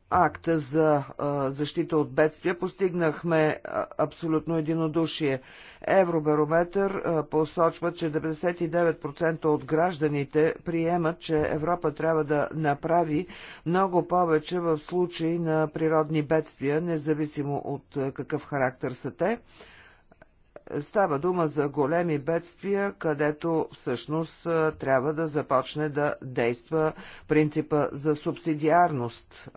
акта за а, защита от бедствия постигнахме а, абсолютно единодушие. Евробарометър посочва, че 99% от гражданите приемат, че Европа трябва да направи много повече в случай на природни бедствия, независимо от какъв характер са те. Става дума за големи бедствия, където всъщност трябва да започне да действа принципа за субсидиарност.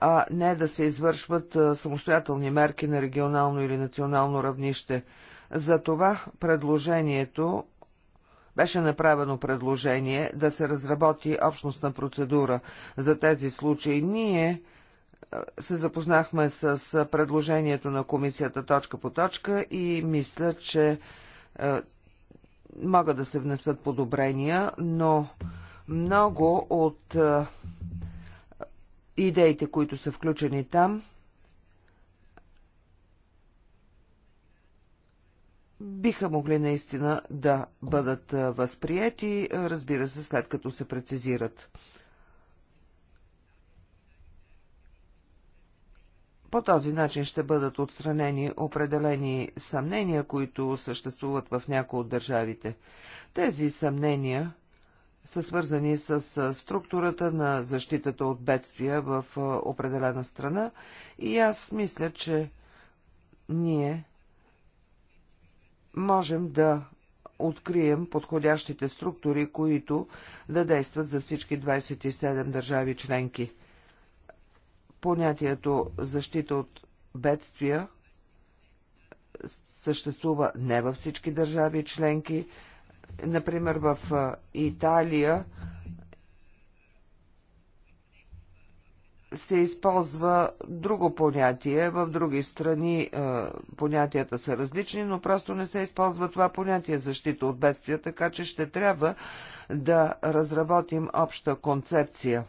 а не да се извършват самостоятелни мерки на регионално или национално равнище. За това предложението беше направено предложение да се разработи общностна процедура за тези случаи. Ние се запознахме с предложението на комисията точка по точка и мисля, че могат да се внесат подобрения, но много от идеите, които са включени там, биха могли наистина да бъдат възприяти, разбира се, след като се прецизират. По този начин ще бъдат отстранени определени съмнения, които съществуват в някои от държавите. Тези съмнения са свързани с структурата на защитата от бедствия в определена страна и аз мисля, че ние можем да открием подходящите структури, които да действат за всички 27 държави членки. Понятието защита от бедствия съществува не във всички държави членки, Например, в Италия се използва друго понятие. В други страни понятията са различни, но просто не се използва това понятие защита от бедствия, така че ще трябва да разработим обща концепция.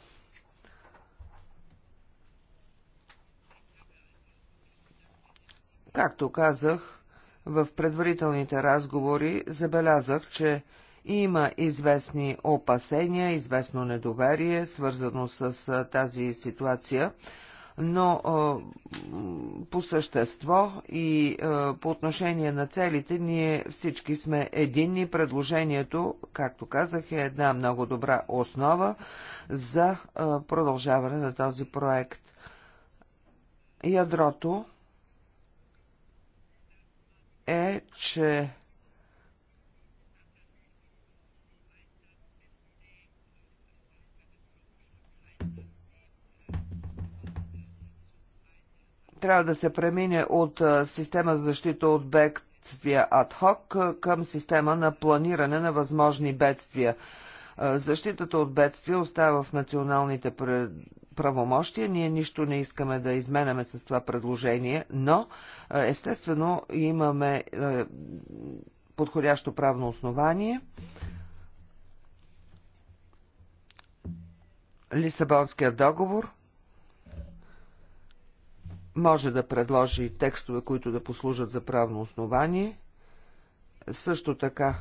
Както казах, в предварителните разговори забелязах, че има известни опасения, известно недоверие, свързано с тази ситуация, но по същество и по отношение на целите ние всички сме единни. Предложението, както казах, е една много добра основа за продължаване на този проект. Ядрото е, че трябва да се премине от система за защита от бедствия адхок към система на планиране на възможни бедствия. Защитата от бедствия остава в националните правомощия. Ние нищо не искаме да изменяме с това предложение, но е, естествено имаме е, подходящо правно основание. Лисабонския договор може да предложи текстове, които да послужат за правно основание. Също така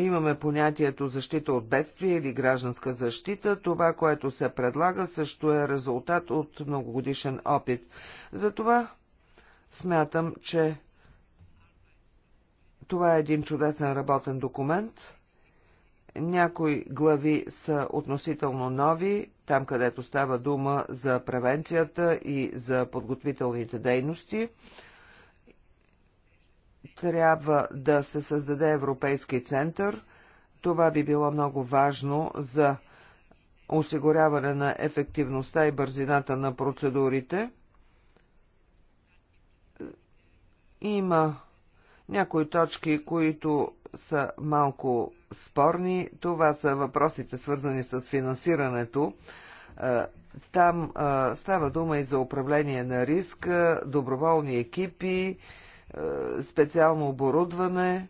Имаме понятието защита от бедствие или гражданска защита. Това, което се предлага, също е резултат от многогодишен опит. Затова смятам, че това е един чудесен работен документ. Някои глави са относително нови, там където става дума за превенцията и за подготвителните дейности трябва да се създаде Европейски център. Това би било много важно за осигуряване на ефективността и бързината на процедурите. Има някои точки, които са малко спорни. Това са въпросите, свързани с финансирането. Е, там е, става дума и за управление на риск, доброволни екипи, е, специално оборудване,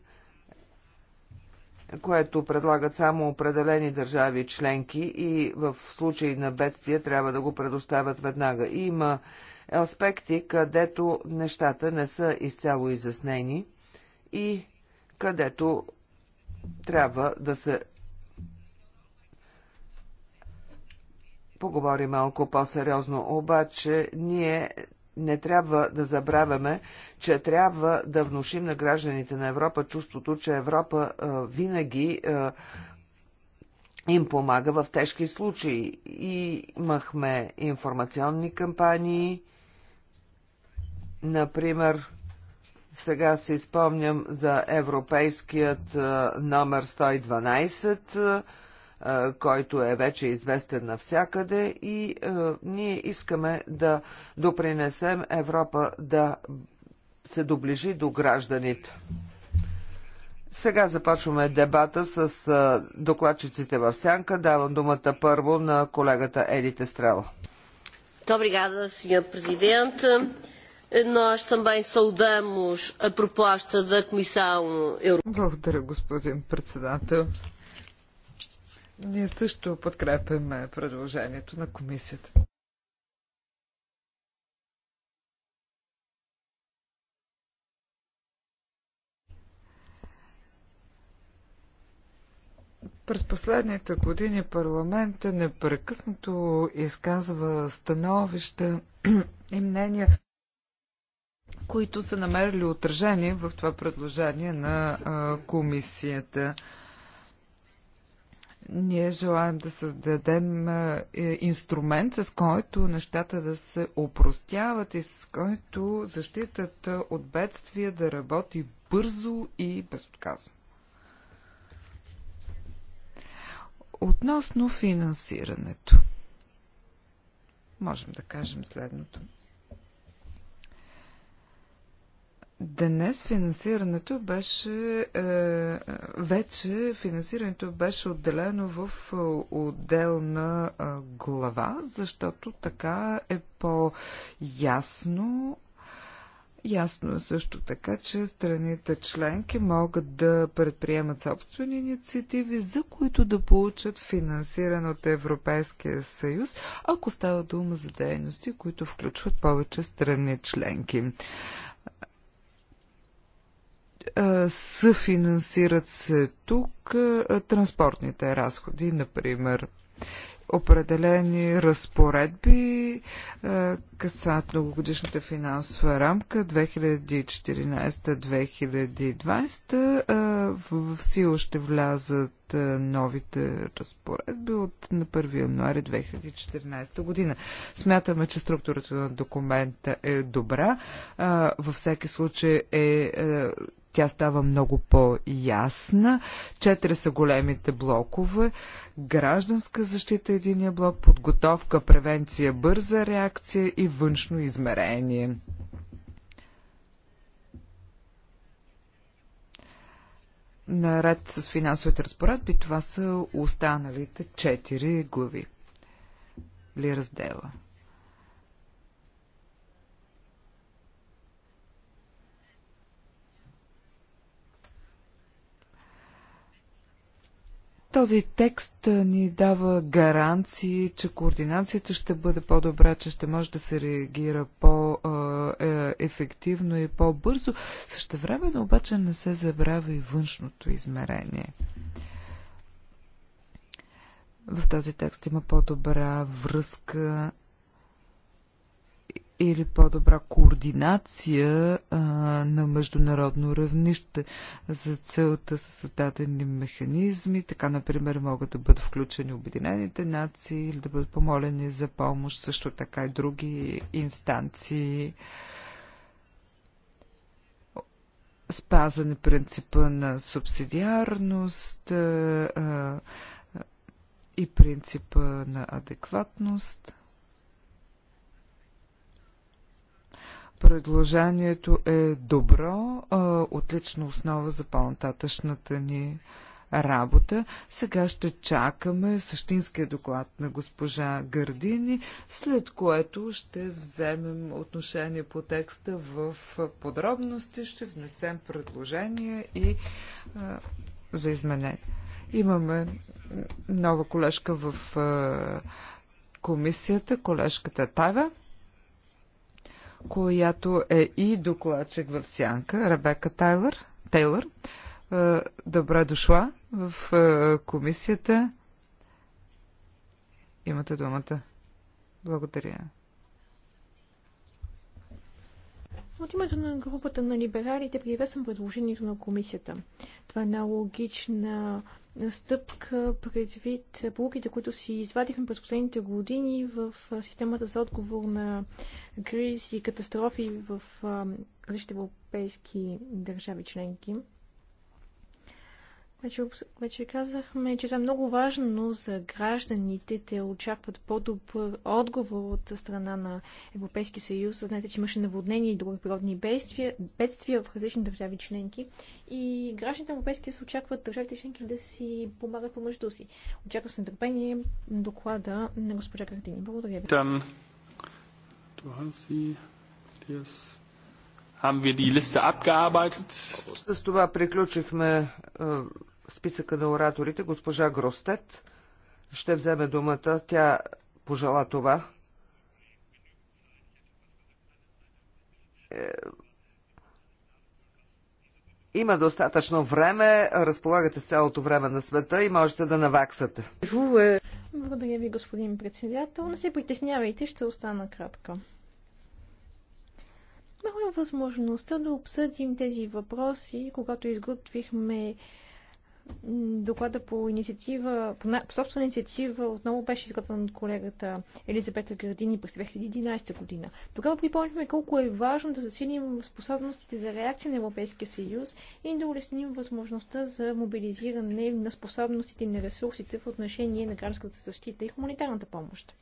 което предлагат само определени държави членки и в случай на бедствие трябва да го предоставят веднага. И има аспекти, където нещата не са изцяло изяснени и където трябва да се поговори малко по-сериозно. Обаче ние не трябва да забравяме, че трябва да внушим на гражданите на Европа чувството, че Европа а, е, винаги а, е, им помага в тежки случаи. И имахме информационни кампании, например, сега си спомням за европейският е, номер 112 който е вече известен навсякъде и ние искаме да допринесем Европа да се доближи до гражданите. Сега започваме дебата с докладчиците в сянка. Давам думата първо на колегата Едите Стрела. Obrigada, Sr. Presidente. Nós também saudamos a proposta da Comissão Europeia. Благодаря, господин председател. Ние също подкрепяме предложението на комисията. През последните години парламента непрекъснато изказва становища и мнения, които са намерили отражение в това предложение на комисията. Ние желаем да създадем е, инструмент, с който нещата да се опростяват и с който защитата от бедствия да работи бързо и безотказно. Относно финансирането, можем да кажем следното. Днес финансирането беше е, вече финансирането беше отделено в е, отделна е, глава, защото така е по-ясно. Ясно е също така, че страните членки могат да предприемат собствени инициативи, за които да получат финансиране от Европейския съюз, ако става дума за дейности, които включват повече страни членки съфинансират се тук транспортните разходи, например. Определени разпоредби касаят многогодишната финансова рамка 2014-2020. В сила ще влязат новите разпоредби от на 1 януари 2014 година. Смятаме, че структурата на документа е добра. Във всеки случай е, е тя става много по-ясна. Четири са големите блокове. Гражданска защита единия блок, подготовка, превенция, бърза реакция и външно измерение. Наред с финансовите разпоредби, това са останалите четири глави или раздела. Този текст ни дава гаранции, че координацията ще бъде по-добра, че ще може да се реагира по-ефективно е, и по-бързо. Същевременно обаче не се забравя и външното измерение. В този текст има по-добра връзка или по-добра координация а, на международно равнище. За целта са създадени механизми, така например могат да бъдат включени Обединените нации или да бъдат помолени за помощ, също така и други инстанции. Спазане принципа на субсидиарност а, а, и принципа на адекватност. Предложението е добро, отлична основа за по-нататъчната ни работа. Сега ще чакаме същинския доклад на госпожа Гърдини, след което ще вземем отношение по текста в подробности, ще внесем предложения и а, за изменение. Имаме нова колежка в а, комисията, колежката Тава която е и докладчик в Сянка, Ребека Тайлър. Тейлър. Е, добре дошла в е, комисията. Имате думата. Благодаря. От името на групата на либералите приветствам предложението на комисията. Това е една логична стъпка предвид полуките, които си извадихме през последните години в системата за отговор на кризи и катастрофи в различните европейски държави членки. Вече, вече казахме, че това е много важно за гражданите. Те очакват по-добър отговор от страна на Европейския съюз. Знаете, че имаше наводнения и други природни бедствия, бедствия в различни държави членки. И гражданите на Европейския съюз очакват държавите членки да си помагат по мъждо си. Очаквам с нетърпение доклада на госпожа Картини. Благодаря ви. Dann, haben wir die Liste abgearbeitet. С това приключихме списъка на ораторите госпожа Гростет. Ще вземе думата. Тя пожела това. Е, има достатъчно време, разполагате с цялото време на света и можете да наваксате. Благодаря ви, господин председател. Не се притеснявайте, ще остана кратка. Имахме възможността да обсъдим тези въпроси, когато изготвихме доклада по инициатива, по, по собствена инициатива отново беше изготвен от колегата Елизабета Градини през 2011 година. Тогава припомнихме колко е важно да засилим способностите за реакция на Европейския съюз и да улесним възможността за мобилизиране на способностите и на ресурсите в отношение на гражданската защита и хуманитарната помощ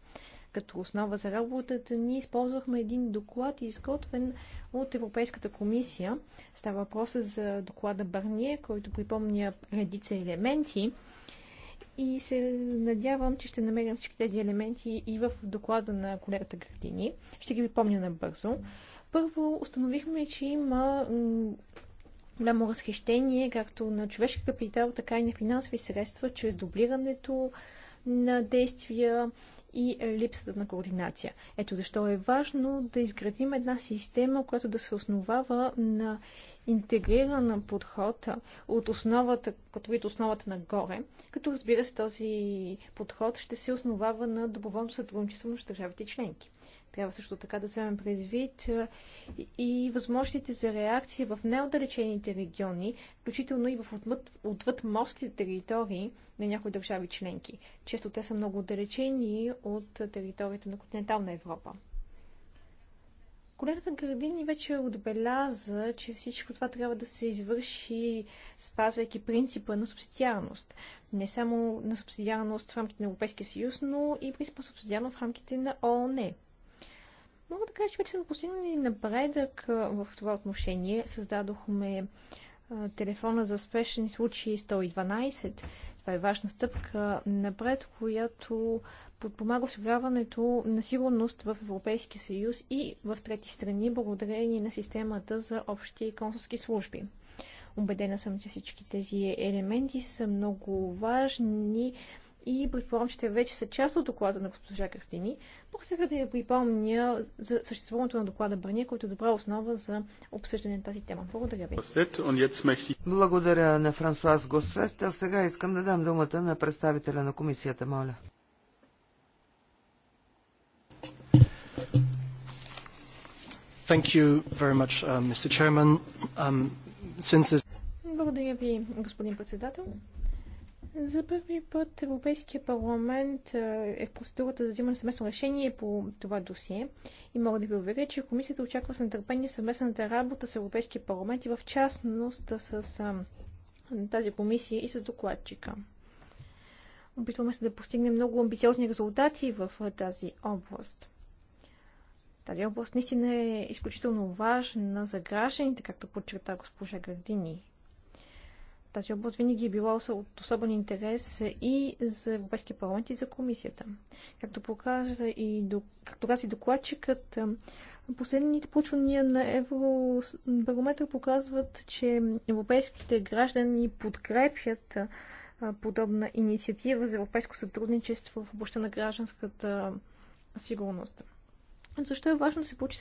като основа за работата ни използвахме един доклад, изготвен от Европейската комисия. Става въпроса за доклада Барние, който припомня редица елементи. И се надявам, че ще намерим всички тези елементи и в доклада на колегата Градини. Ще ги припомня набързо. Първо установихме, че има голямо разхищение, както на човешки капитал, така и на финансови средства, чрез дублирането на действия, и е, липсата на координация. Ето защо е важно да изградим една система, която да се основава на интегриран подход от основата, като вид основата нагоре, като разбира се този подход ще се основава на доброволно сътрудничество между държавите членки. Трябва също така да вземем предвид и възможностите за реакция в неотдалечените региони, включително и в отвъд, отвъд морските територии, на някои държави членки. Често те са много отдалечени от територията на континентална Европа. Колегата Градини вече отбеляза, че всичко това трябва да се извърши спазвайки принципа на субсидиарност. Не само на субсидиарност в рамките на Европейския съюз, но и принципа субсидиарност в рамките на ООН. Мога да кажа, че вече сме постигнали напредък в това отношение. Създадохме телефона за спешни случаи 112. Това е важна стъпка напред, която подпомага осигуряването на сигурност в Европейския съюз и в трети страни, благодарение на системата за общи консулски служби. Убедена съм, че всички тези елементи са много важни и предполагам, че те вече са част от доклада на госпожа Картини. Просто да я припомня за съществуването на доклада Бърния, който е добра основа за обсъждане на тази тема. Благодаря ви. Благодаря на Франсуаз Госфет, а сега искам да дам думата на представителя на комисията, моля. Thank you very much, uh, Mr. Chairman. Um, since this... Благодаря ви, господин председател. За първи път Европейския парламент е в процедурата за взимане съместно решение по това досие и мога да ви уверя, че комисията очаква с нетърпение съвместната работа с Европейския парламент и в частност с тази комисия и с докладчика. Опитваме се да постигнем много амбициозни резултати в тази област. Тази област наистина е изключително важна за гражданите, както подчерта госпожа Градини. Тази област винаги е била от особен интерес и за Европейския парламент и за комисията. Както показва, и, до, както каза и докладчикът, последните получвания на Евробарометър показват, че европейските граждани подкрепят подобна инициатива за европейско сътрудничество в областта на гражданската сигурност. Защо е важно да се получи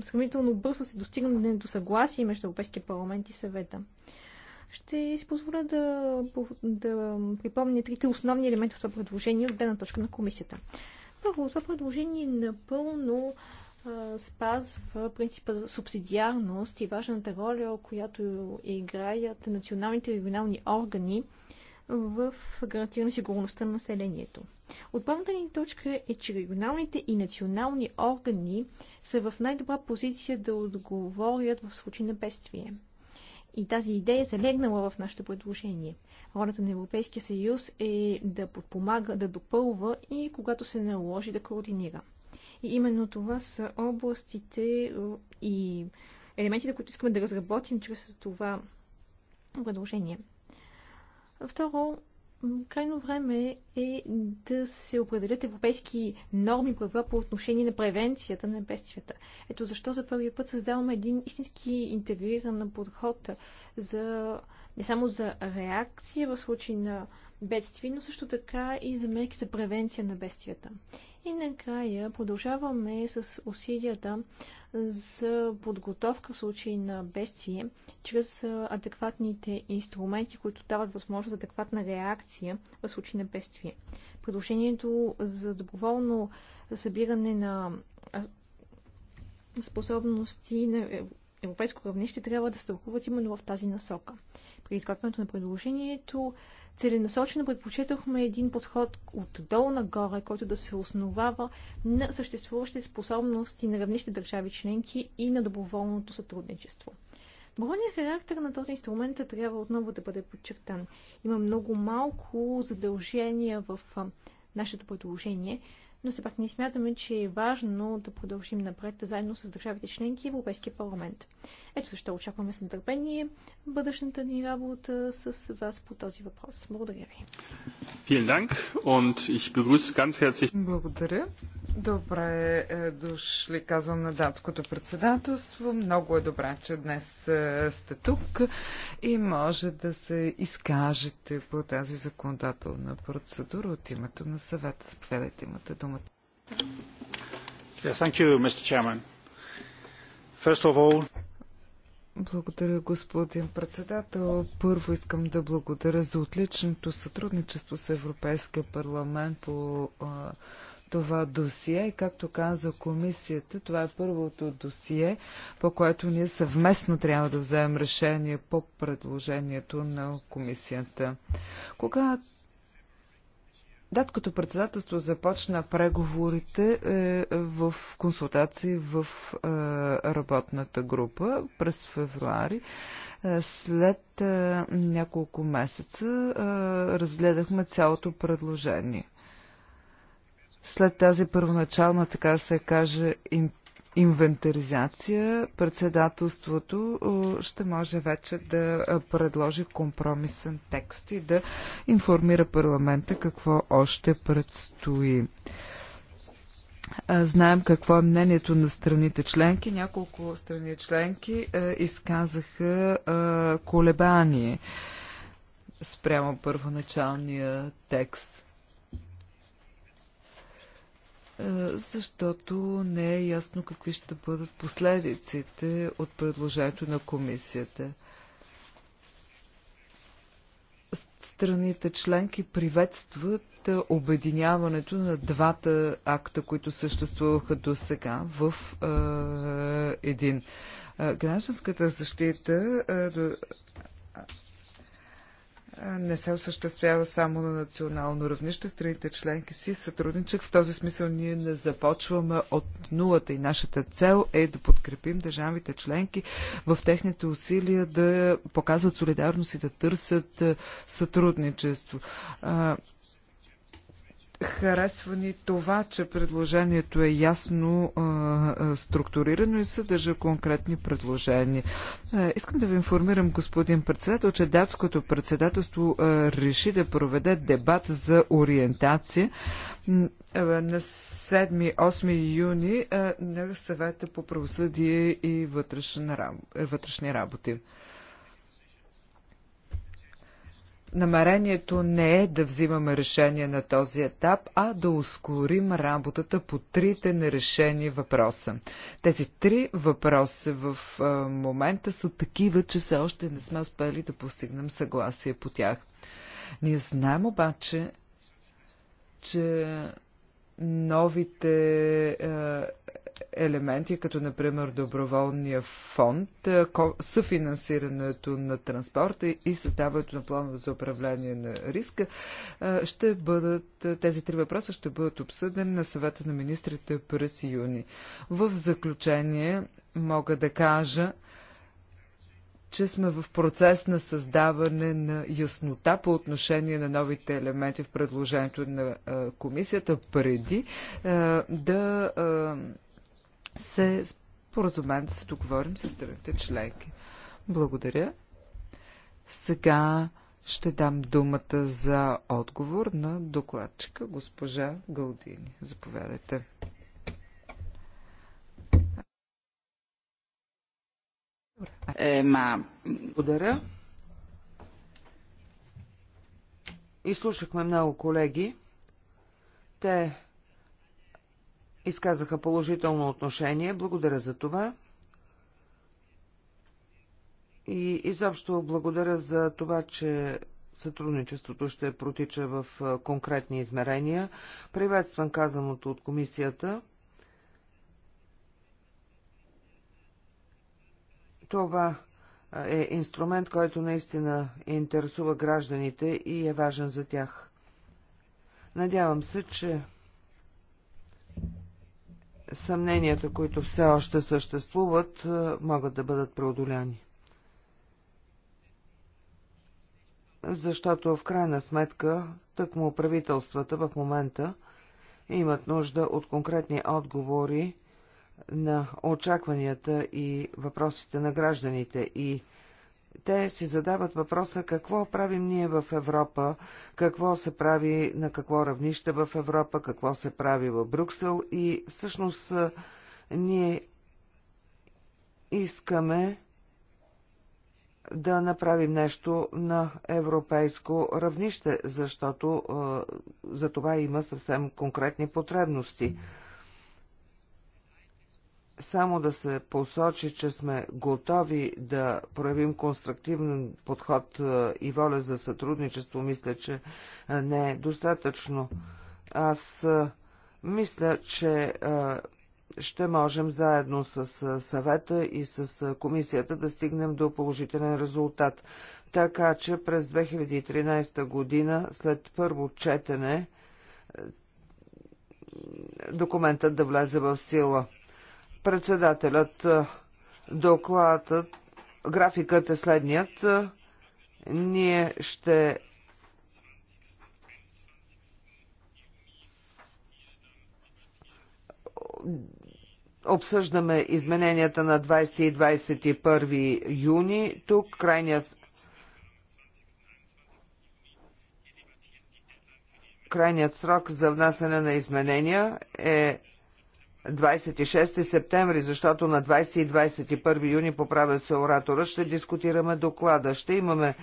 сравнително бързо се достигне до съгласие между Европейския парламент и съвета? Ще си позволя да, да припомня трите основни елемента в това предложение от гледна точка на комисията. Първо, това предложение напълно а, спазва принципа за субсидиарност и важната роля, която играят националните и регионални органи в гарантиране сигурността на населението. Отправната ни точка е, че регионалните и национални органи са в най-добра позиция да отговорят в случай на бедствие. И тази идея се залегнала в нашето предложение. Ролята на Европейския съюз е да подпомага, да допълва и когато се наложи да координира. И именно това са областите е, и елементите, които искаме да разработим чрез това предложение. Второ, крайно време е да се определят европейски норми правила по отношение на превенцията на бедствията. Ето защо за първи път създаваме един истински интегриран подход за не само за реакция в случай на бедстви, но също така и за мерки за превенция на бедствията. И накрая продължаваме с усилията за подготовка в случай на бестие, чрез адекватните инструменти, които дават възможност за адекватна реакция в случай на бестие. Предложението за доброволно събиране на способности на европейско равнище трябва да се тълкуват именно в тази насока. При изготвянето на предложението целенасочено предпочитахме един подход отдолу нагоре, който да се основава на съществуващите способности на равнище държави членки и на доброволното сътрудничество. Доброволният характер на този инструмент трябва отново да бъде подчертан. Има много малко задължения в нашето предложение, но все пак ние смятаме, че е важно да продължим напред заедно с държавите членки и Европейския парламент. Ето защо очакваме с нетърпение бъдещата ни работа с вас по този въпрос. Благодаря ви. Благодаря. Добре е, дошли, казвам на датското председателство. Много е добре, че днес е, сте тук и може да се изкажете по тази законодателна процедура от името на съвет. Заповядайте, имате дума. Благодаря, господин председател. Първо искам да благодаря за отличното сътрудничество с Европейския парламент по това досие. И както каза комисията, това е първото досие, по което ние съвместно трябва да вземем решение по предложението на комисията. Когато Датското председателство започна преговорите е, в консултации в е, работната група през февруари. Е, след няколко месеца разгледахме цялото предложение. След тази първоначална, така да се каже, инвентаризация, председателството е, ще може вече да е, предложи компромисен текст и да информира парламента какво още предстои. Е, знаем какво е мнението на страните членки. Няколко страни членки изказаха колебание спрямо първоначалния текст. Е, защото не е ясно какви ще бъдат последиците от предложението на комисията. Страните членки приветстват е, обединяването на двата акта, които съществуваха до сега в е, един. Е, гражданската защита е, не се осъществява само на национално равнище. Страните членки си сътрудничат. В този смисъл ние не започваме от нулата и нашата цел е да подкрепим държавите членки в техните усилия да показват солидарност и да търсят сътрудничество харесва ни това, че предложението е ясно а, структурирано и съдържа конкретни предложения. А, искам да ви информирам, господин председател, че датското председателство а, реши да проведе дебат за ориентация на 7-8 юни на съвета по правосъдие и вътрешни работи. намерението не е да взимаме решение на този етап, а да ускорим работата по трите нерешени въпроса. Тези три въпроса в момента са такива, че все още не сме успели да постигнем съгласие по тях. Ние знаем обаче, че новите елементи, като например доброволния фонд, съфинансирането на транспорта и създаването на планове за управление на риска, ще бъдат, тези три въпроса ще бъдат обсъдени на съвета на министрите през юни. В заключение мога да кажа, че сме в процес на създаване на яснота по отношение на новите елементи в предложението на комисията преди да се споразумеем да се договорим с страните членки. Благодаря. Сега ще дам думата за отговор на докладчика госпожа Галдини. Заповядайте. Ема, благодаря. Изслушахме много колеги. Те изказаха положително отношение. Благодаря за това. И изобщо благодаря за това, че сътрудничеството ще протича в конкретни измерения. Приветствам казаното от комисията. Това е инструмент, който наистина интересува гражданите и е важен за тях. Надявам се, че съмненията, които все още съществуват, е, могат да бъдат преодоляни. Защото в крайна сметка тъкмо правителствата в момента имат нужда от конкретни отговори на очакванията и въпросите на гражданите и те си задават въпроса какво правим ние в Европа, какво се прави на какво равнище в Европа, какво се прави в Брюксел и всъщност ние искаме да направим нещо на европейско равнище, защото е, за това има съвсем конкретни потребности. Mm само да се посочи, че сме готови да проявим конструктивен подход е, и воля за сътрудничество, мисля, че е, не е достатъчно. Аз е, мисля, че ще можем заедно с съвета и с комисията да стигнем до положителен резултат. Така че през 2013 година, след първо четене, документът да влезе в сила. Председателят е, докладът, графикът е следният. Е, ние ще обсъждаме измененията на 20 и 21 юни. Тук крайния крайният срок за внасяне на изменения е 26 септември, защото на 20 и 21 юни поправят се оратора, ще дискутираме доклада. Ще имаме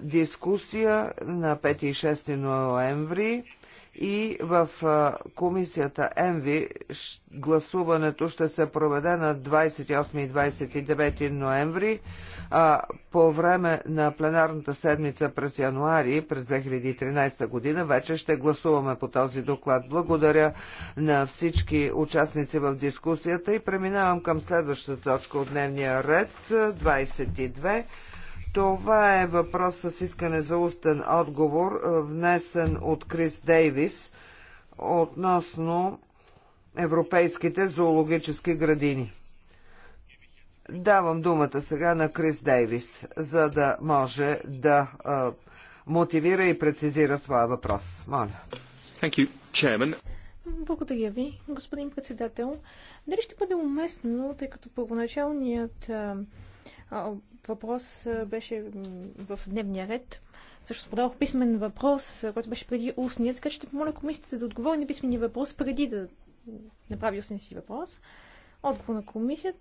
дискусия на 5 и 6 ноември и в комисията ЕМВИ гласуването ще се проведе на 28 и 29 ноември, а по време на пленарната седмица през януари през 2013 година вече ще гласуваме по този доклад. Благодаря на всички участници в дискусията и преминавам към следващата точка от дневния ред 22 това е въпрос с искане за устен отговор, е, внесен от Крис Дейвис относно европейските зоологически градини. Давам думата сега на Крис Дейвис, за да може да а, е, мотивира и прецизира своя въпрос. Моля. Thank you, Благодаря ви, господин председател. Дали ще бъде уместно, тъй като първоначалният а, е, въпрос беше в дневния ред. Също подадох писмен въпрос, който беше преди устния, така че ще помоля комисията да отговори на писмения въпрос преди да направи устния си въпрос. Отговор на комисията.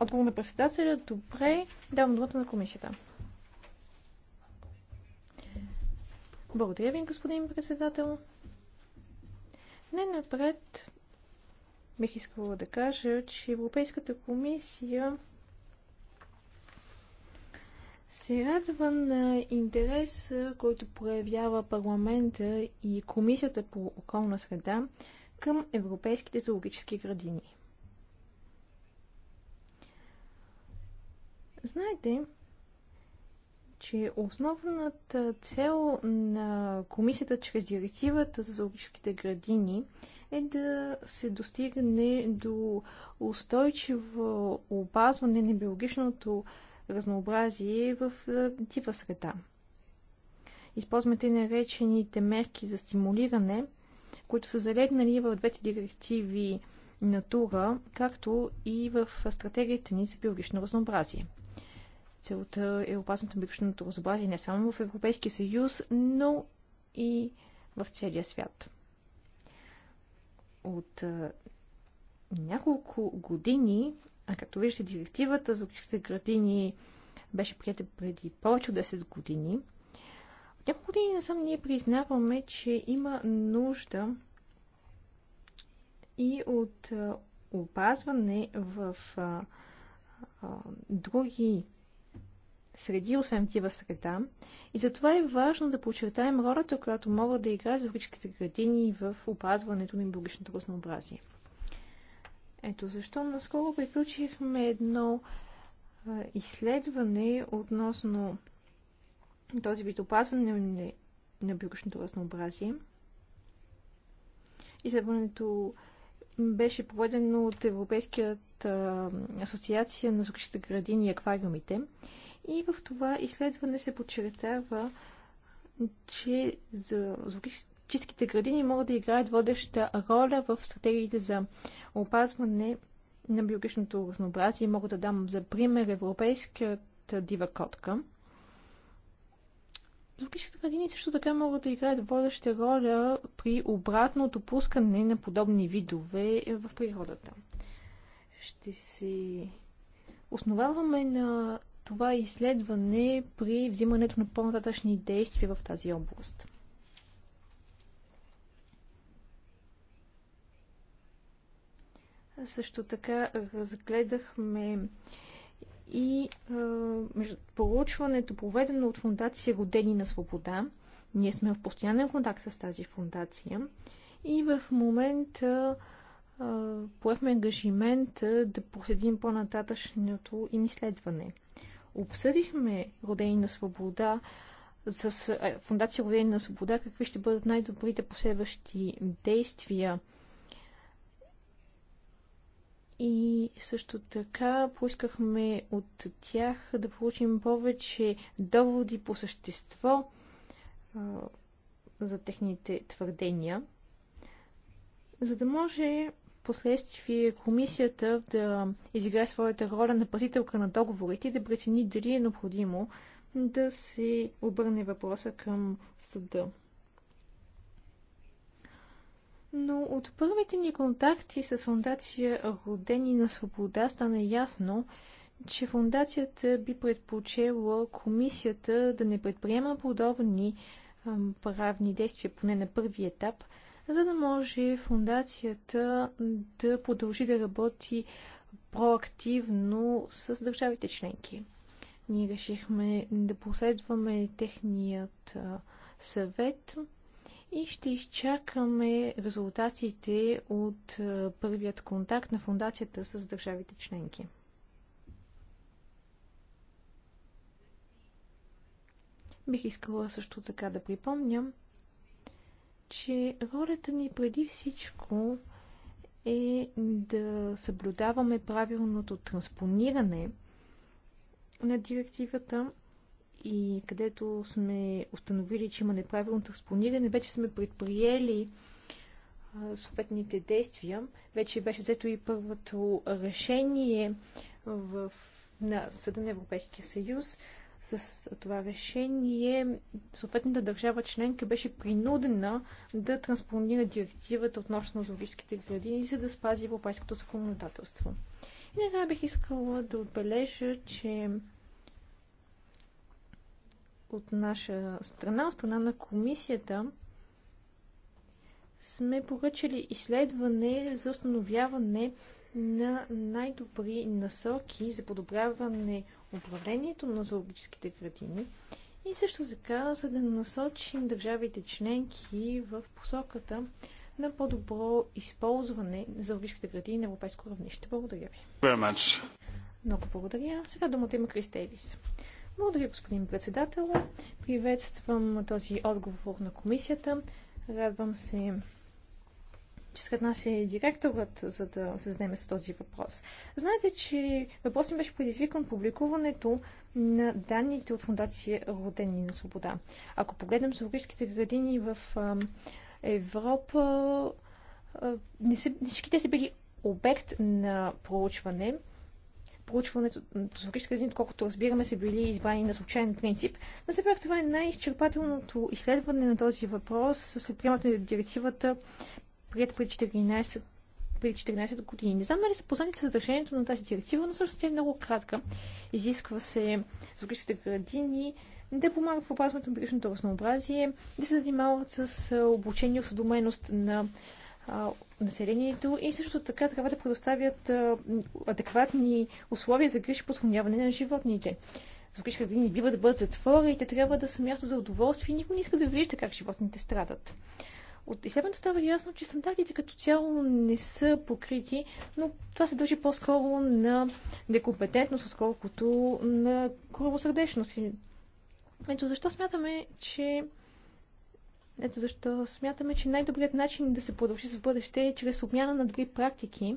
Отговор на председателя. Добре. Давам думата на комисията. Благодаря ви, господин председател. Не напред бих искала да кажа, че Европейската комисия се радва на интерес, който проявява парламента и Комисията по околна среда към европейските зоологически градини. Знаете, че основната цел на комисията чрез директивата за зоологическите градини е да се достигне до устойчиво опазване на биологичното разнообразие в дива е, среда. Използваме и наречените мерки за стимулиране, които са залегнали в двете директиви Натура, както и в стратегията ни за биологично разнообразие. Целта е опасното биологичното разнообразие не само в Европейския съюз, но и в целия свят. От е, няколко години а като вижте, директивата за общите градини беше прията преди повече от 10 години. От няколко години насам ние признаваме, че има нужда и от опазване в а, а, други среди, освен тива среда. И затова е важно да подчертаем ролята, която могат да играят зоологическите градини в опазването на биологичното разнообразие. Ето защо наскоро приключихме едно изследване относно този вид опазване на биологичното разнообразие. Изследването беше проведено от Европейският асоциация на зоологичните градини и аквариумите. И в това изследване се подчертава, че за зоологичните чистките градини могат да играят водеща роля в стратегиите за опазване на биологичното разнообразие. Мога да дам за пример европейската дива котка. Зоологическите градини също така могат да играят водеща роля при обратно допускане на подобни видове в природата. Ще се основаваме на това изследване при взимането на по-нататъчни действия в тази област. Също така разгледахме и е, проучването, проведено от фундация Родени на свобода. Ние сме в постоянен контакт с тази фундация и в момента е, поехме ангажимент да проследим по-нататъчното им изследване. Обсъдихме Родени на свобода с е, фундация Родени на свобода какви ще бъдат най-добрите последващи действия и също така поискахме от тях да получим повече доводи по същество а, за техните твърдения, за да може последствие комисията да изиграе своята роля на пазителка на договорите и да прецени дали е необходимо да се обърне въпроса към съда но от първите ни контакти с фундация Родени на свобода стана ясно, че фундацията би предпочела комисията да не предприема подобни правни действия, поне на първи етап, за да може фундацията да продължи да работи проактивно с държавите членки. Ние решихме да последваме техният съвет – и ще изчакаме резултатите от е, първият контакт на фундацията с държавите членки. Бих искала също така да припомня, че ролята ни преди всичко е да съблюдаваме правилното транспониране на директивата – и където сме установили, че има неправилно транспониране, вече сме предприели съответните действия. Вече беше взето и първото решение в, на Съда на Европейския съюз. С това решение съответната държава членка беше принудена да транспонира директивата относно зоологическите градини, за да спази европейското законодателство. И нега бих искала да отбележа, че от наша страна, от страна на комисията, сме поръчали изследване за установяване на най-добри насоки за подобряване управлението на зоологическите градини и също така за да насочим държавите членки в посоката на по-добро използване на зоологическите градини на европейско равнище. Благодаря ви. Много благодаря. Сега думата има Крис Тейвис. Благодаря, господин председател. Приветствам този отговор на комисията. Радвам се, че сред нас е директорът, за да се вземе с този въпрос. Знаете, че въпросът ми беше предизвикан публикуването на данните от Фундация Родени на свобода. Ако погледнем зоологическите градини в Европа, не са, всички те са били обект на проучване проучването, социологическите градини, колкото разбираме, са били избрани на случайен принцип. Но все пак това е най-изчерпателното изследване на този въпрос след приемането на директивата, прията преди 14 преди 14 години. Не знам дали са познати с съдържанието на тази директива, но всъщност тя е много кратка. Изисква се зоологическите градини да помагат в опазването на биологичното разнообразие, да се занимават с обучение и осведоменост на населението и също така трябва да предоставят адекватни условия за грижи по схраняване на животните. Зоологически градини бива да бъдат затвори и те трябва да са място за удоволствие и никой не иска да вижда как животните страдат. От изследването става ясно, че стандартите като цяло не са покрити, но това се дължи по-скоро на некомпетентност, отколкото на коравосърдечност. Ето защо смятаме, че ето защо смятаме, че най-добрият начин да се продължи за бъдеще е чрез обмяна на добри практики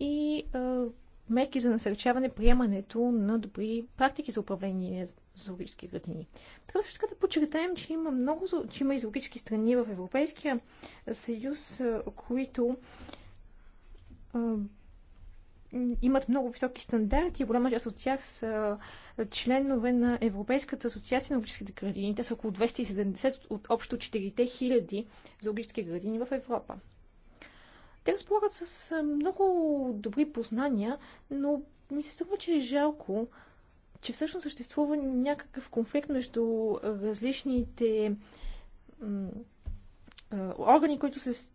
и а, мерки за насърчаване приемането на добри практики за управление за зоологически градини. Трябва също да подчертаем, че има много че има и зоологически страни в Европейския съюз, които имат много високи стандарти. Голяма част от тях са членове на Европейската асоциация на логическите градини. Те са около 270 от общо 4000 за логически градини в Европа. Те разполагат с много добри познания, но ми се струва, че е жалко, че всъщност съществува някакъв конфликт между различните органи, които се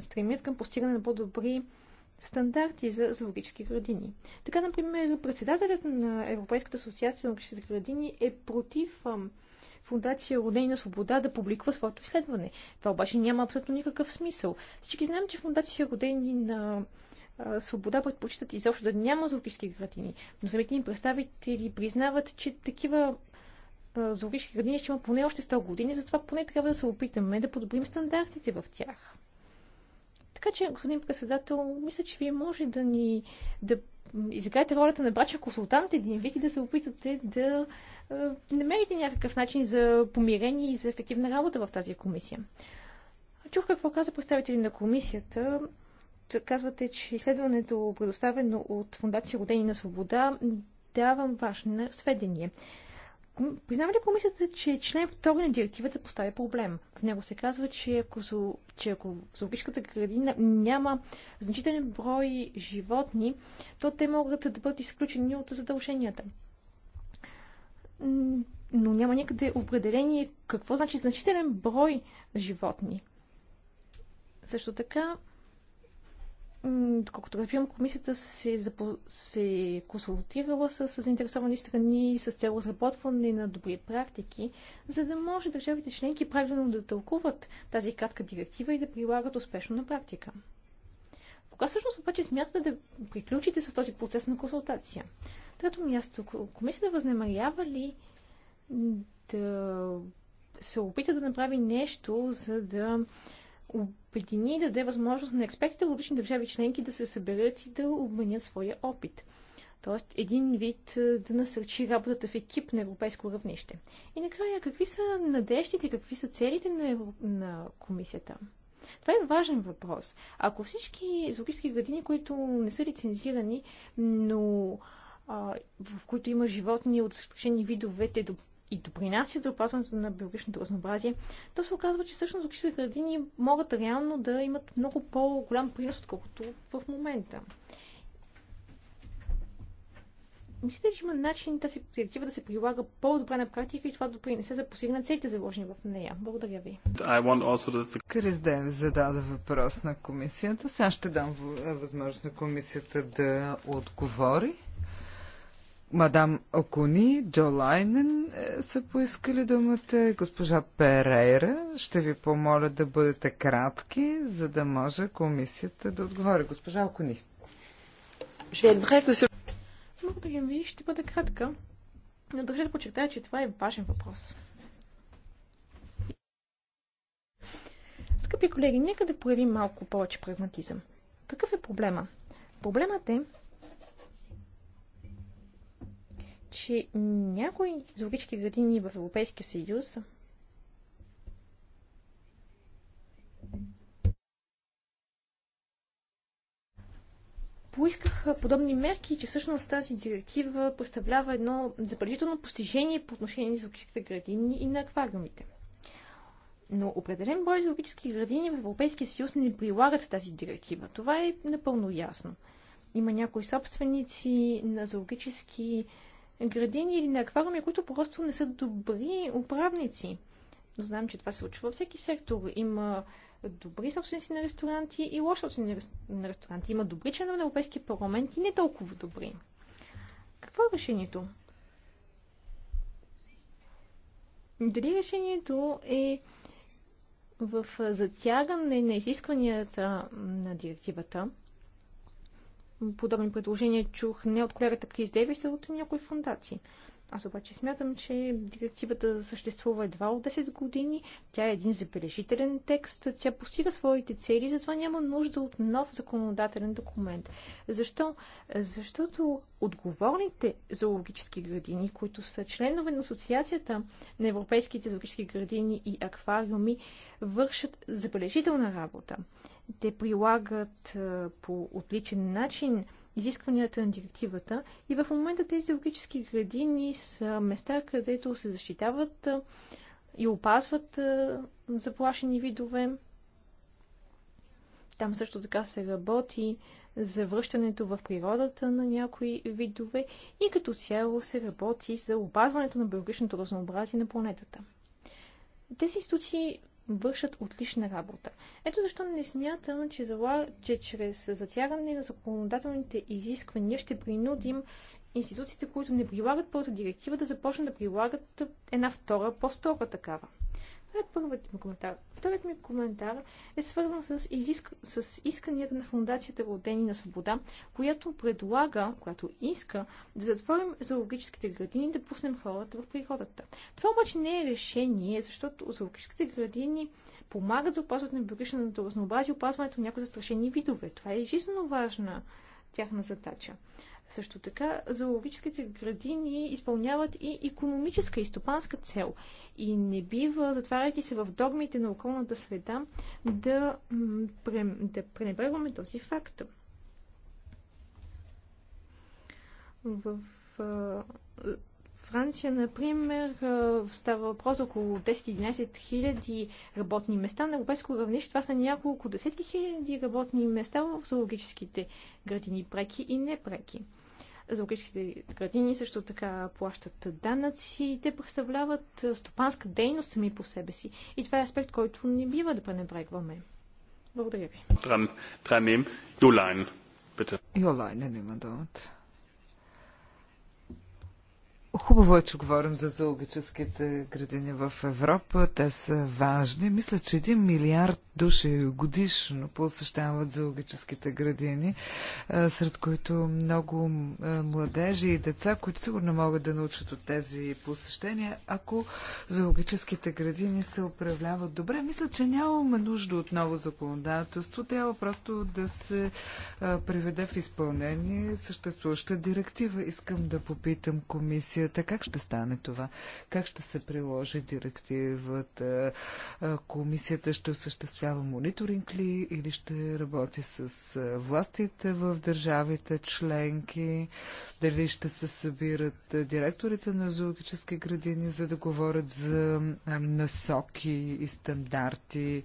стремят към постигане на по-добри стандарти за зоологически градини. Така, например, председателят на Европейската асоциация на зоологическите градини е против Фундация Родени на свобода да публикува своето изследване. Това обаче няма абсолютно никакъв смисъл. Всички знаем, че Фундация Родени на свобода предпочитат изобщо да няма зоологически градини. Но самите им представители признават, че такива зоологически градини ще има поне още 100 години, затова поне трябва да се опитаме да подобрим стандартите в тях. Така че, господин председател, мисля, че вие може да ни да изиграете ролята на брача консултант един вид и да се опитате да е, намерите някакъв начин за помирение и за ефективна работа в тази комисия. Чух какво каза представители на комисията. Казвате, че изследването, предоставено от Фундация Родени на свобода, давам важни сведения. Признава ли комисията, че член 2 на директивата поставя проблем? В него се казва, че ако, че ако в зоологическата градина няма значителен брой животни, то те могат да бъдат изключени от задълженията. Но няма някъде определение какво значи значителен брой животни. Също така, доколкото разбирам, комисията се, запо... се консултирала с, с заинтересовани страни с цел разработване на добри практики, за да може държавите членки правилно да тълкуват тази кратка директива и да прилагат успешно на практика. Кога всъщност обаче смятате да приключите с този процес на консултация? Трето място, комисията възнемарява ли да се опита да направи нещо, за да обедини и даде възможност на експертите от различни държави членки да се съберат и да обменят своя опит. Тоест, един вид е, да насърчи работата в екип на европейско равнище. И накрая, какви са надеждите, какви са целите на, Евро... на комисията? Това е важен въпрос. Ако всички зоологически градини, които не са лицензирани, но а, в които има животни от същени видове, те и допринасят за опазването на биологичното разнообразие, то се оказва, че всъщност учителите градини могат реално да имат много по-голям принос, отколкото в момента. Мислите че има начин тази директива да се прилага по-добре на практика и това да допринесе за постигане целите заложени в нея? Благодаря ви. Крис Дев зададе въпрос на комисията. Сега ще дам възможност на комисията да отговори. Мадам Окуни, Джо Лайнен е, са поискали думата и госпожа Перейра. Ще ви помоля да бъдете кратки, за да може комисията да отговори. Госпожа Окуни. Е Благодаря ви, ще бъда кратка. Но държа да подчертая, че това е важен въпрос. Скъпи колеги, нека да проявим малко повече прагматизъм. Какъв е проблема? Проблемът е, че някои зоологически градини в Европейския съюз Поисках подобни мерки, че всъщност тази директива представлява едно забележително постижение по отношение на зоологическите градини и на аквариумите. Но определен брой зоологически градини в Европейския съюз не прилагат тази директива. Това е напълно ясно. Има някои собственици на зоологически градини, градини или на аквариуми, които просто не са добри управници. Но знам, че това се случва във всеки сектор. Има добри собственици на ресторанти и лоши собственици на ресторанти. Има добри членове на Европейския парламент и не толкова добри. Какво е решението? Дали решението е в затягане на изискванията на директивата, подобни предложения чух не от колегата Крис Девис, а от някои фундации. Аз обаче смятам, че директивата съществува едва от 10 години. Тя е един забележителен текст. Тя постига своите цели, затова няма нужда от нов законодателен документ. Защо? Защото отговорните зоологически градини, които са членове на Асоциацията на европейските зоологически градини и аквариуми, вършат забележителна работа те прилагат по отличен начин изискванията на директивата и в момента тези зоологически градини са места, където се защитават и опазват заплашени видове. Там също така се работи за връщането в природата на някои видове и като цяло се работи за опазването на биологичното разнообразие на планетата. Тези институции вършат отлична работа. Ето защо не смятам, че, зала, че чрез затягане на законодателните изисквания ще принудим институциите, които не прилагат първата директива, да започнат да прилагат една втора, по-строга такава. Това е първият ми коментар. Вторият ми коментар е свързан с, изиск... с исканията на Фундацията Родени на свобода, която предлага, която иска да затворим зоологическите градини и да пуснем хората в природата. Това обаче не е решение, защото зоологическите градини помагат за опазването на биологичното разнообразие и опазването на някои застрашени видове. Това е жизненно важна тяхна задача. Също така, зоологическите градини изпълняват и економическа и стопанска цел. И не бива, затваряйки се в догмите на околната среда, да, да пренебрегваме този факт. В Франция, например, става въпрос за около 10-11 хиляди работни места. На европейско равнище това са няколко десетки хиляди работни места в зоологическите градини, преки и непреки. Зоологическите градини също така плащат данъци и те представляват стопанска дейност сами по себе си. И това е аспект, който не бива да пренебрегваме. Благодаря ви. Прам, Юлайн, Юлайн, не има думата. Хубаво е, че говорим за зоологическите градини в Европа. Те са важни. Мисля, че един милиард души годишно посещават зоологическите градини, сред които много младежи и деца, които сигурно могат да научат от тези посещения, ако зоологическите градини се управляват добре. Мисля, че нямаме нужда от ново законодателство. Трябва просто да се приведе в изпълнение съществуваща директива. Искам да попитам комисията комисията. Как ще стане това? Как ще се приложи директивата? Комисията ще осъществява мониторинг ли или ще работи с властите в държавите членки? Дали ще се събират директорите на зоологически градини, за да говорят за насоки и стандарти?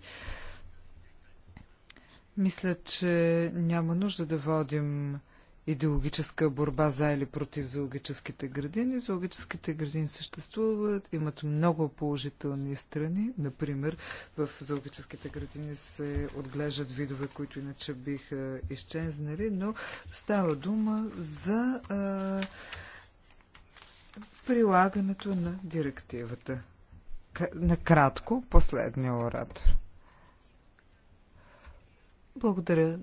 Мисля, че няма нужда да водим идеологическа борба за или против зоологическите градини. Зоологическите градини съществуват, имат много положителни страни. Например, в зоологическите градини се отглеждат видове, които иначе биха изчезнали, но става дума за а, прилагането на директивата. Накратко, последния оратор. Благодаря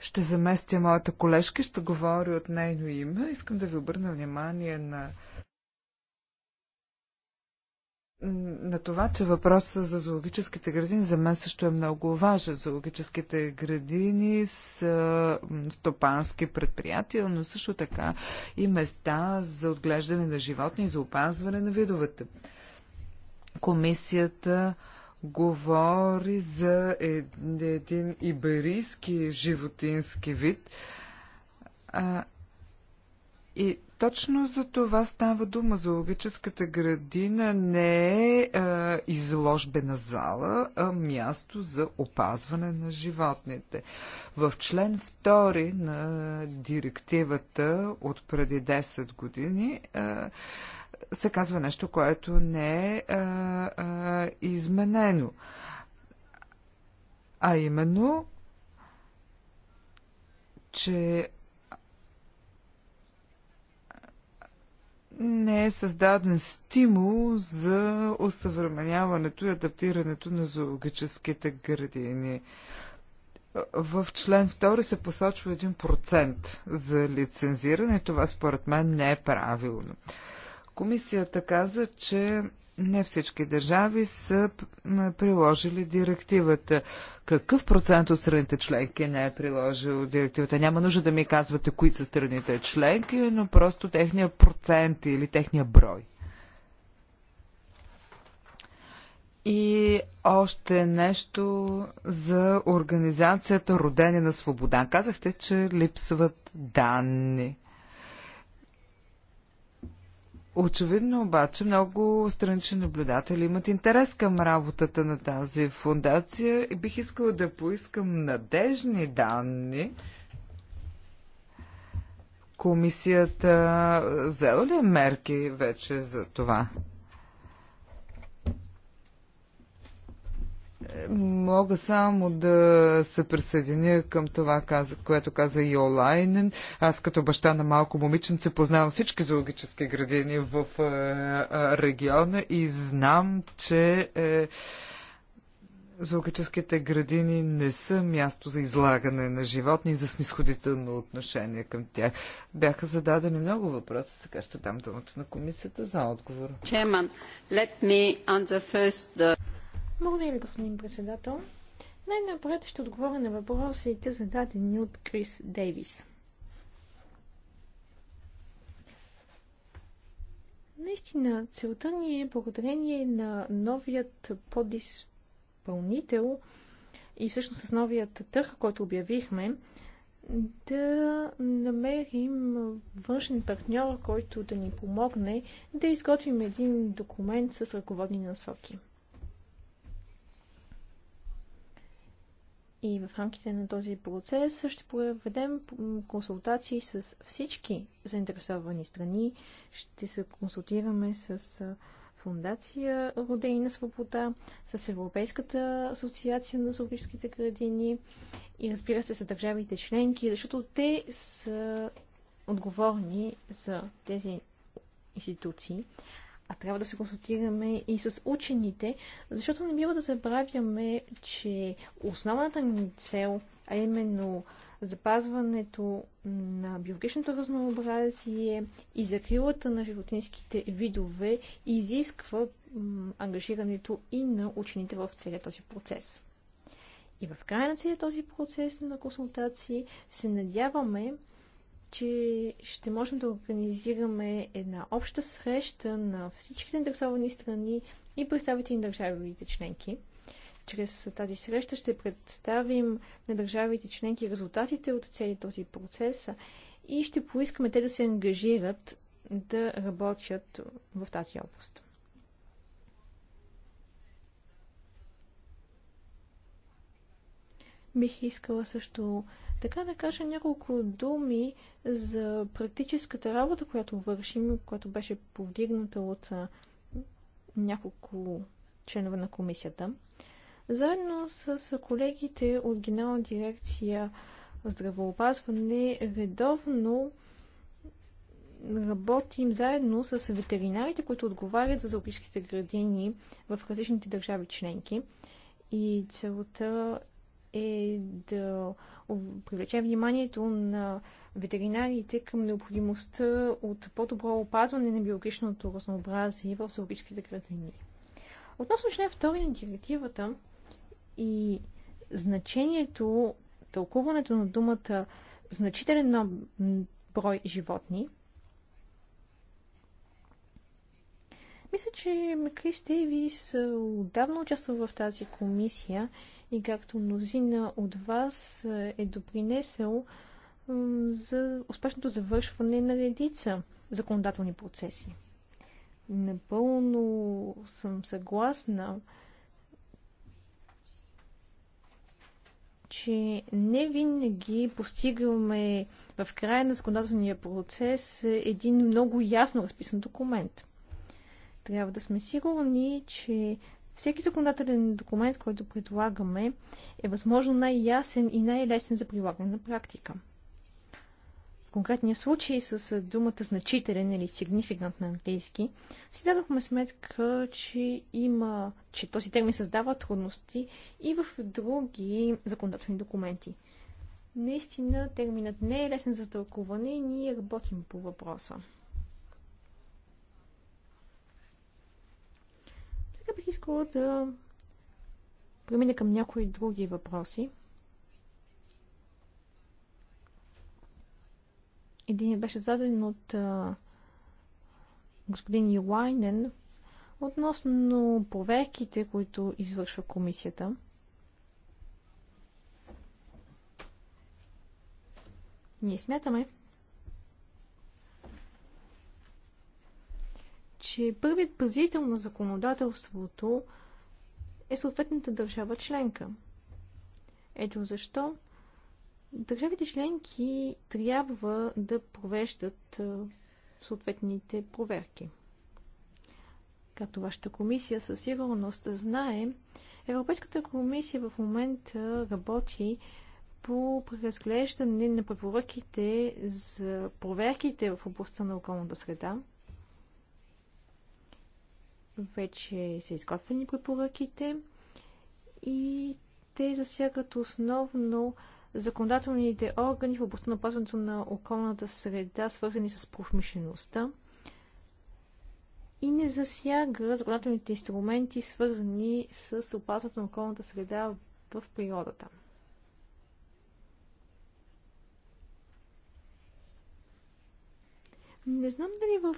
Ще заместя моята колежка, ще говори от нейно име. Искам да ви обърна внимание на на това, че въпросът за зоологическите градини за мен също е много важен. Зоологическите градини са стопански предприятия, но също така и места за отглеждане на животни и за опазване на видовете. Комисията говори за един иберийски животински вид. А, и точно за това става дума. Зоологическата градина не е а, изложбена зала, а място за опазване на животните. В член 2 на директивата от преди 10 години а, се казва нещо, което не е а, а, изменено. А именно, че не е създаден стимул за осъвременяването и адаптирането на зоологическите градини. В член 2 се посочва 1% за лицензиране. Това според мен не е правилно. Комисията каза, че не всички държави са приложили директивата. Какъв процент от страните членки не е приложил директивата? Няма нужда да ми казвате кои са страните членки, но просто техния процент или техния брой. И още нещо за организацията Родени на свобода. Казахте, че липсват данни. Очевидно обаче много странични наблюдатели имат интерес към работата на тази фундация и бих искала да поискам надежни данни. Комисията взела ли е мерки вече за това? Мога само да се присъединя към това, което каза Йолайнен. Аз като баща на малко момиченце познавам всички зоологически градини в е, е, региона и знам, че е, зоологическите градини не са място за излагане на животни и за снисходително отношение към тях. Бяха зададени много въпроси, сега ще дам думата на комисията за отговор. Благодаря ви, господин председател. Най-напред ще отговоря на въпросите, зададени от Крис Дейвис. Наистина, целта ни е благодарение на новият подизпълнител и всъщност с новият търг, който обявихме, да намерим външен партньор, който да ни помогне да изготвим един документ с ръководни насоки. И в рамките на този процес ще проведем консултации с всички заинтересовани страни. Ще се консултираме с Фундация Родени на свобода, с Европейската асоциация на зоологическите градини и разбира се с държавите членки, защото те са отговорни за тези институции а трябва да се консултираме и с учените, защото не бива да забравяме, че основната ни цел, а именно запазването на биологичното разнообразие и закрилата на животинските видове изисква ангажирането и на учените в целия този процес. И в края на целия този процес на консултации се надяваме че ще можем да организираме една обща среща на всички заинтересовани страни и представители на държавите членки. Чрез тази среща ще представим на държавите членки резултатите от цели този процес и ще поискаме те да се ангажират да работят в тази област. Бих искала също така да кажа няколко думи за практическата работа, която вършим, която беше повдигната от няколко членове на комисията. Заедно с колегите от Генерална дирекция здравеопазване редовно работим заедно с ветеринарите, които отговарят за зоологическите градини в различните държави членки. И целта е да привлече вниманието на ветеринарите към необходимостта от по-добро опазване на биологичното разнообразие в зоологическите градини. Относно член 2 на директивата и значението, тълкуването на думата значителен брой животни, мисля, че Крис Дейвис отдавна участва в тази комисия и както мнозина от вас е, е допринесъл за успешното завършване на редица законодателни процеси. Напълно съм съгласна, че не винаги постигаме в края на законодателния процес един много ясно разписан документ. Трябва да сме сигурни, че всеки законодателен документ, който предлагаме, е възможно най-ясен и най-лесен за прилагане на практика. В конкретния случай с думата значителен или сигнификант на английски, си дадохме сметка, че има, че този термин създава трудности и в други законодателни документи. Наистина терминът не е лесен за тълкуване и ние работим по въпроса. Сега бих искала да премина към някои други въпроси. Един беше зададен от а, господин Юлайнен относно проверките, които извършва комисията. Ние смятаме, че първият пазител на законодателството е съответната държава членка. Ето защо държавите членки трябва да провеждат съответните проверки. Както вашата комисия със сигурност знае, Европейската комисия в момента работи по преразглеждане на препоръките за проверките в областта на околната среда – вече са изготвени препоръките и те засягат основно законодателните органи в областта на опазването на околната среда, свързани с промишлеността и не засяга законодателните инструменти, свързани с опазването на околната среда в природата. Не знам дали в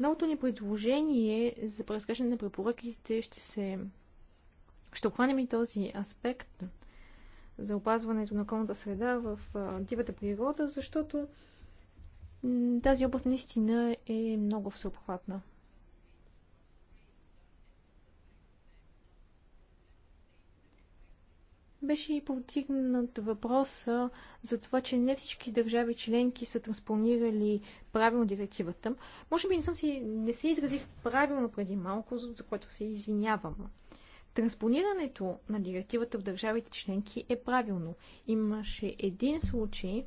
Новото ни предложение за преразглеждане на препоръките ще се... ще обхванем и този аспект за опазването на околната среда в дивата природа, защото тази област наистина е много всеобхватна. Беше и повдигнат въпроса за това, че не всички държави членки са транспонирали правилно директивата. Може би не, съм си, не се изразих правилно преди малко, за което се извинявам. Транспонирането на директивата в държавите членки е правилно. Имаше един случай,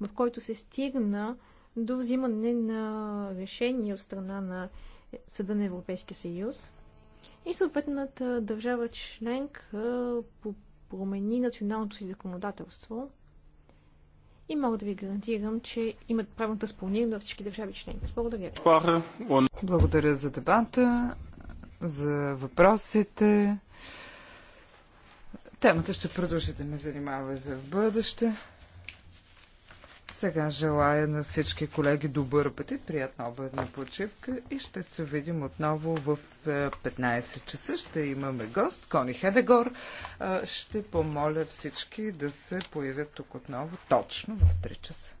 в който се стигна до взимане на решение от страна на Съда на Европейския съюз – и съответната държава членка промени националното си законодателство и мога да ви гарантирам, че имат правилно спълнение на всички държави членки. Благодаря. Благодаря за дебата, за въпросите. Темата ще продължи да ме занимава и за в бъдеще. Сега желая на всички колеги добър апетит, приятна обедна почивка и ще се видим отново в 15 е, часа. Ще имаме гост, Кони Хедегор. Е, ще помоля всички да се появят тук отново точно в 3 часа.